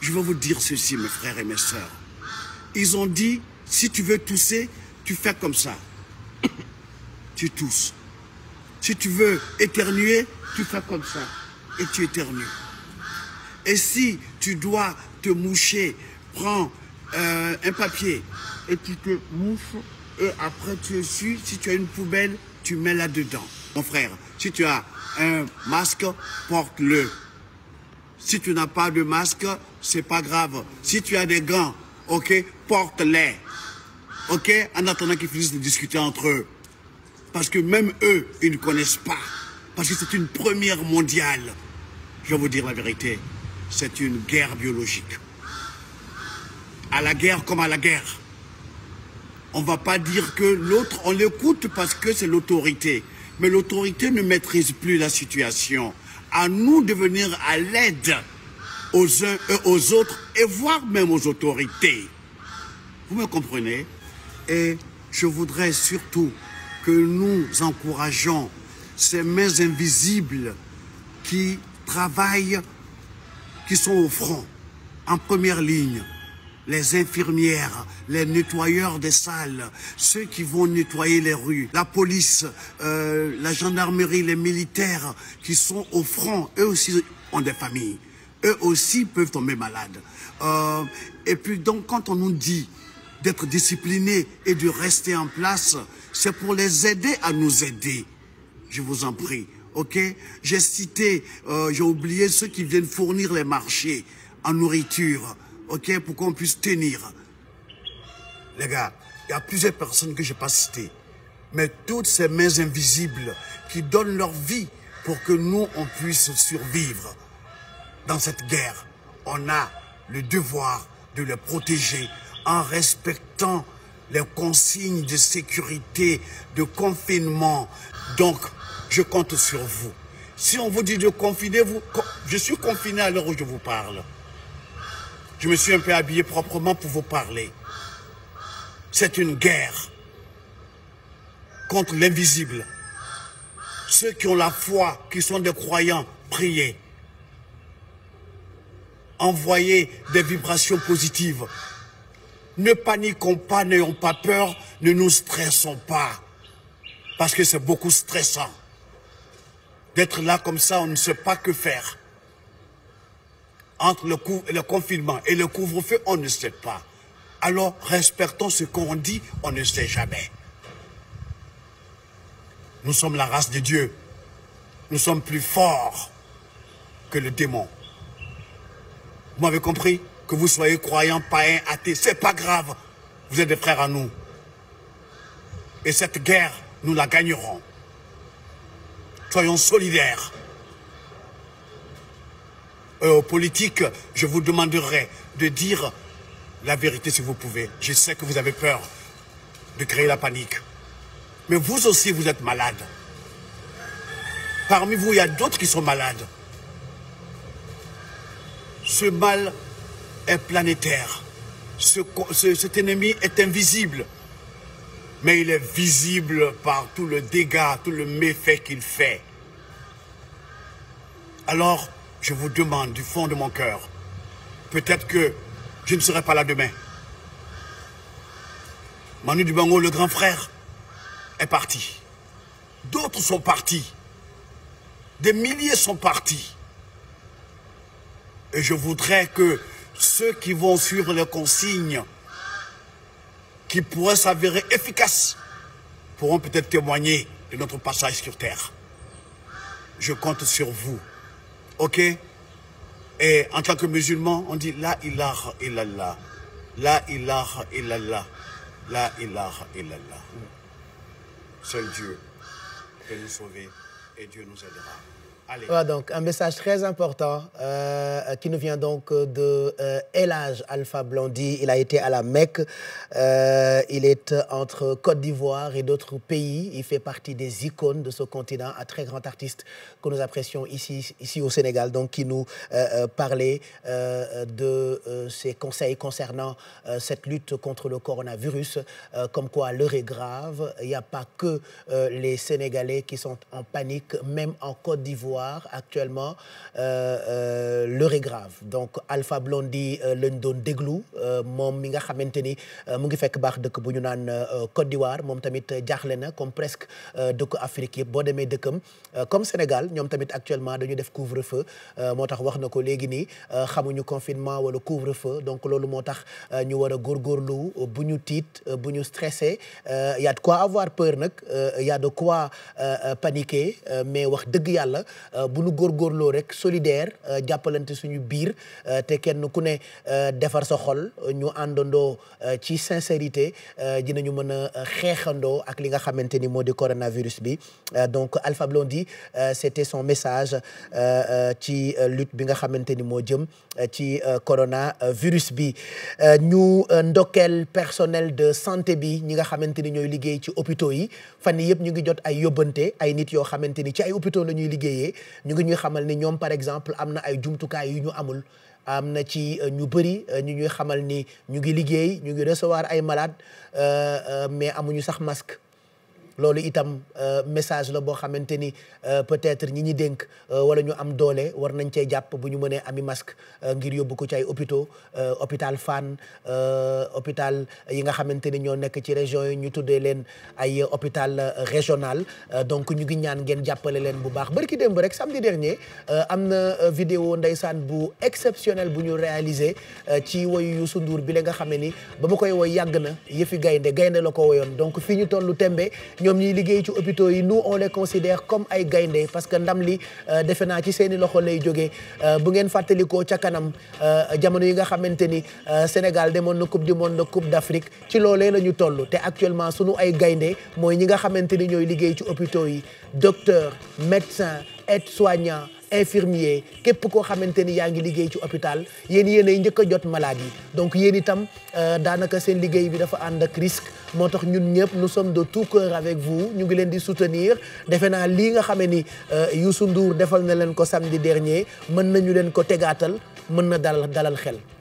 je vais vous dire ceci, mes frères et mes sœurs. Ils ont dit, si tu veux tousser, tu fais comme ça. tu tousses. Si tu veux éternuer, tu fais comme ça. Et tu éternues. Et si tu dois te moucher, prends euh, un papier et tu te mouches et après tu es sûr, si tu as une poubelle, tu mets là-dedans. Mon frère, si tu as un masque, porte-le. Si tu n'as pas de masque, c'est pas grave. Si tu as des gants, ok, porte-les. Ok, en attendant qu'ils finissent de discuter entre eux. Parce que même eux, ils ne connaissent pas. Parce que c'est une première mondiale. Je vous dire la vérité, c'est une guerre biologique. À la guerre comme à la guerre. On ne va pas dire que l'autre, on l'écoute parce que c'est l'autorité. Mais l'autorité ne maîtrise plus la situation. À nous de venir à l'aide aux uns et aux autres, et voire même aux autorités. Vous me comprenez Et je voudrais surtout que nous encourageons ces mains invisibles qui travaillent, qui sont au front, en première ligne, les infirmières, les nettoyeurs des salles, ceux qui vont nettoyer les rues, la police, euh, la gendarmerie, les militaires qui sont au front, eux aussi ont des familles. Eux aussi peuvent tomber malades. Euh, et puis donc quand on nous dit d'être disciplinés et de rester en place, c'est pour les aider à nous aider. Je vous en prie. J'ai cité, euh, j'ai oublié ceux qui viennent fournir les marchés en nourriture. ok, pour qu'on puisse tenir. Les gars, il y a plusieurs personnes que je n'ai pas citées. Mais toutes ces mains invisibles qui donnent leur vie pour que nous, on puisse survivre dans cette guerre, on a le devoir de les protéger en respectant les consignes de sécurité, de confinement. Donc, je compte sur vous. Si on vous dit de confiner, vous, je suis confiné à l'heure où je vous parle. Je me suis un peu habillé proprement pour vous parler. C'est une guerre contre l'invisible. Ceux qui ont la foi, qui sont des croyants, priez. Envoyez des vibrations positives. Ne paniquons pas, n'ayons pas peur, ne nous stressons pas. Parce que c'est beaucoup stressant. D'être là comme ça, on ne sait pas que faire. entre le, coup, le confinement et le couvre-feu, on ne sait pas. Alors, respectons ce qu'on dit, on ne sait jamais. Nous sommes la race de Dieu. Nous sommes plus forts que le démon. Vous m'avez compris Que vous soyez croyants, païens, athées, c'est pas grave. Vous êtes des frères à nous. Et cette guerre, nous la gagnerons. Soyons solidaires. euh, politique, je vous demanderai de dire la vérité si vous pouvez. Je sais que vous avez peur de créer la panique. Mais vous aussi, vous êtes malade. Parmi vous, il y a d'autres qui sont malades. Ce mal est planétaire. Ce, ce, cet ennemi est invisible. Mais il est visible par tout le dégât, tout le méfait qu'il fait. je vous demande du fond de mon cœur, peut-être que je ne serai pas là demain. Manu Dibango, le grand frère, est parti. D'autres sont partis. Des milliers sont partis. Et je voudrais que ceux qui vont suivre les consignes, qui pourraient s'avérer efficaces, pourront peut-être témoigner de notre passage sur Terre. Je compte sur vous. OK Et en tant que musulman, on dit la ilaha illallah. La ilaha illallah. La ilaha illallah. Seul Dieu peut nous sauver et Dieu nous aidera. Allez. donc un message très important euh, qui nous vient donc euh, de euh, El Hadj Alpha Blondy. Il a été à la Mecque. Euh, il est entre Côte d'Ivoire et d'autres pays. Il fait partie des icônes de ce continent, un très grand artiste que nous apprécions ici, au Sénégal, donc qui nous euh, euh, parlait de ses conseils concernant cette lutte contre le coronavirus. Comme quoi l'heure est grave. Il n'y a pas que les Sénégalais qui sont en panique, même en Côte d'Ivoire. Loire actuellement euh, euh, l'heure est grave donc Alpha Blondy euh, lañ doon déglu moom mi nga xamante ni mu ngi fekk baax dëkk bu ñu naan Côte d'Ivoire moom tamit jaaxle na comme presque dëkk Afrique yëpp boo demee dëkkam comme Sénégal ñoom tamit actuellement dañu def couvre-feu moo tax wax na ko léegi nii xamuñu confinement wala couvre-feu donc loolu moo tax ñu war a góorgóorlu bu ñu tiit bu ñu stressé y a de quoi avoir peur nag y a de quoi paniquer mais wax dëgg yàlla Euh, bu nu góorloo rek solidaire euh, jàppalante suñu biir euh, te kenn ku ne defar sa xol ñu àndandoo ci sincérité dinañu mën a xeexandoo ak li nga xamante ni moo di coronavirus bi donc Alpha Blondy c'était son message ci lutte bi nga xamante ni moo jëm ci coronavirus bi ñu ndokkeel personnel de santé bi ñi nga xamante ni ñooy liggéey ci hôpitaux yi fan yii yëpp ñu ngi jot ay yóbbante ay nit yoo xamante ni ci ay hôpitaux la ñuy liggéeyee ñu ngi ñuy xamal ni ñoom par exemple am na ay jumtukaay yu ñu amul am na ci euh, ñu bëri euh, ñu ñuy xamal ni ñu ngi liggéey ñu ngi recevoir ay malade euh, mais amuñu sax masque loolu itam euh, message la boo xamante ni euh, peut-être ñi ñi dénk euh, wala ñu am doole war nañ cee jàpp bu ñu mënee ami masque ngir yóbbu ko ci ay hôpitaux hôpital Fann hôpital yi nga xamante ni ñoo nekk ci région yi ñu tuddee leen ay hôpital régional donc ñu ngi ñaan ngeen jàppale leen bu baax barki démb rek samedi dernier am na video ndeysaan bu exceptionnel bu ñu réalisé ci woyu Youssou Ndour bi la nga xamee ni ba ma koy woy yàgg na yëfi gaynde gaynde la ko woyoon donc fii ñu tollu tembe ñoom ñiy liggéey ci hôpitaux yi nous on les considère comme ay gaynde parce que ndam li euh, defe naa ci seen i loxo lay jógee euh, bu ngeen fàttalikoo ca kanam euh, jamono yi nga xamante ni Sénégal demoon na coupe du monde coupe d'Afrique ci loolee la ñu toll te actuellement sunu ay gaynde mooy ñi nga xamante ni ñooy liggéey ci hôpitaux yi docteur médecin aide soignant infirmier képp koo xamante ni yaa ngi liggéey ci hôpital yéen yéenay njëkk a jot malade yi donc yéen itam euh, daanaka seen liggéey bi dafa ànd ak risque moo tax ñun ñëpp nous sommes de tout cœur avec vous ñu ngi leen di soutenir defe naa lii nga xamee ni euh, yusu Ndour defal na leen ko samedi dernier mën nañu leen ko tegaatal mën na dalal dalal xel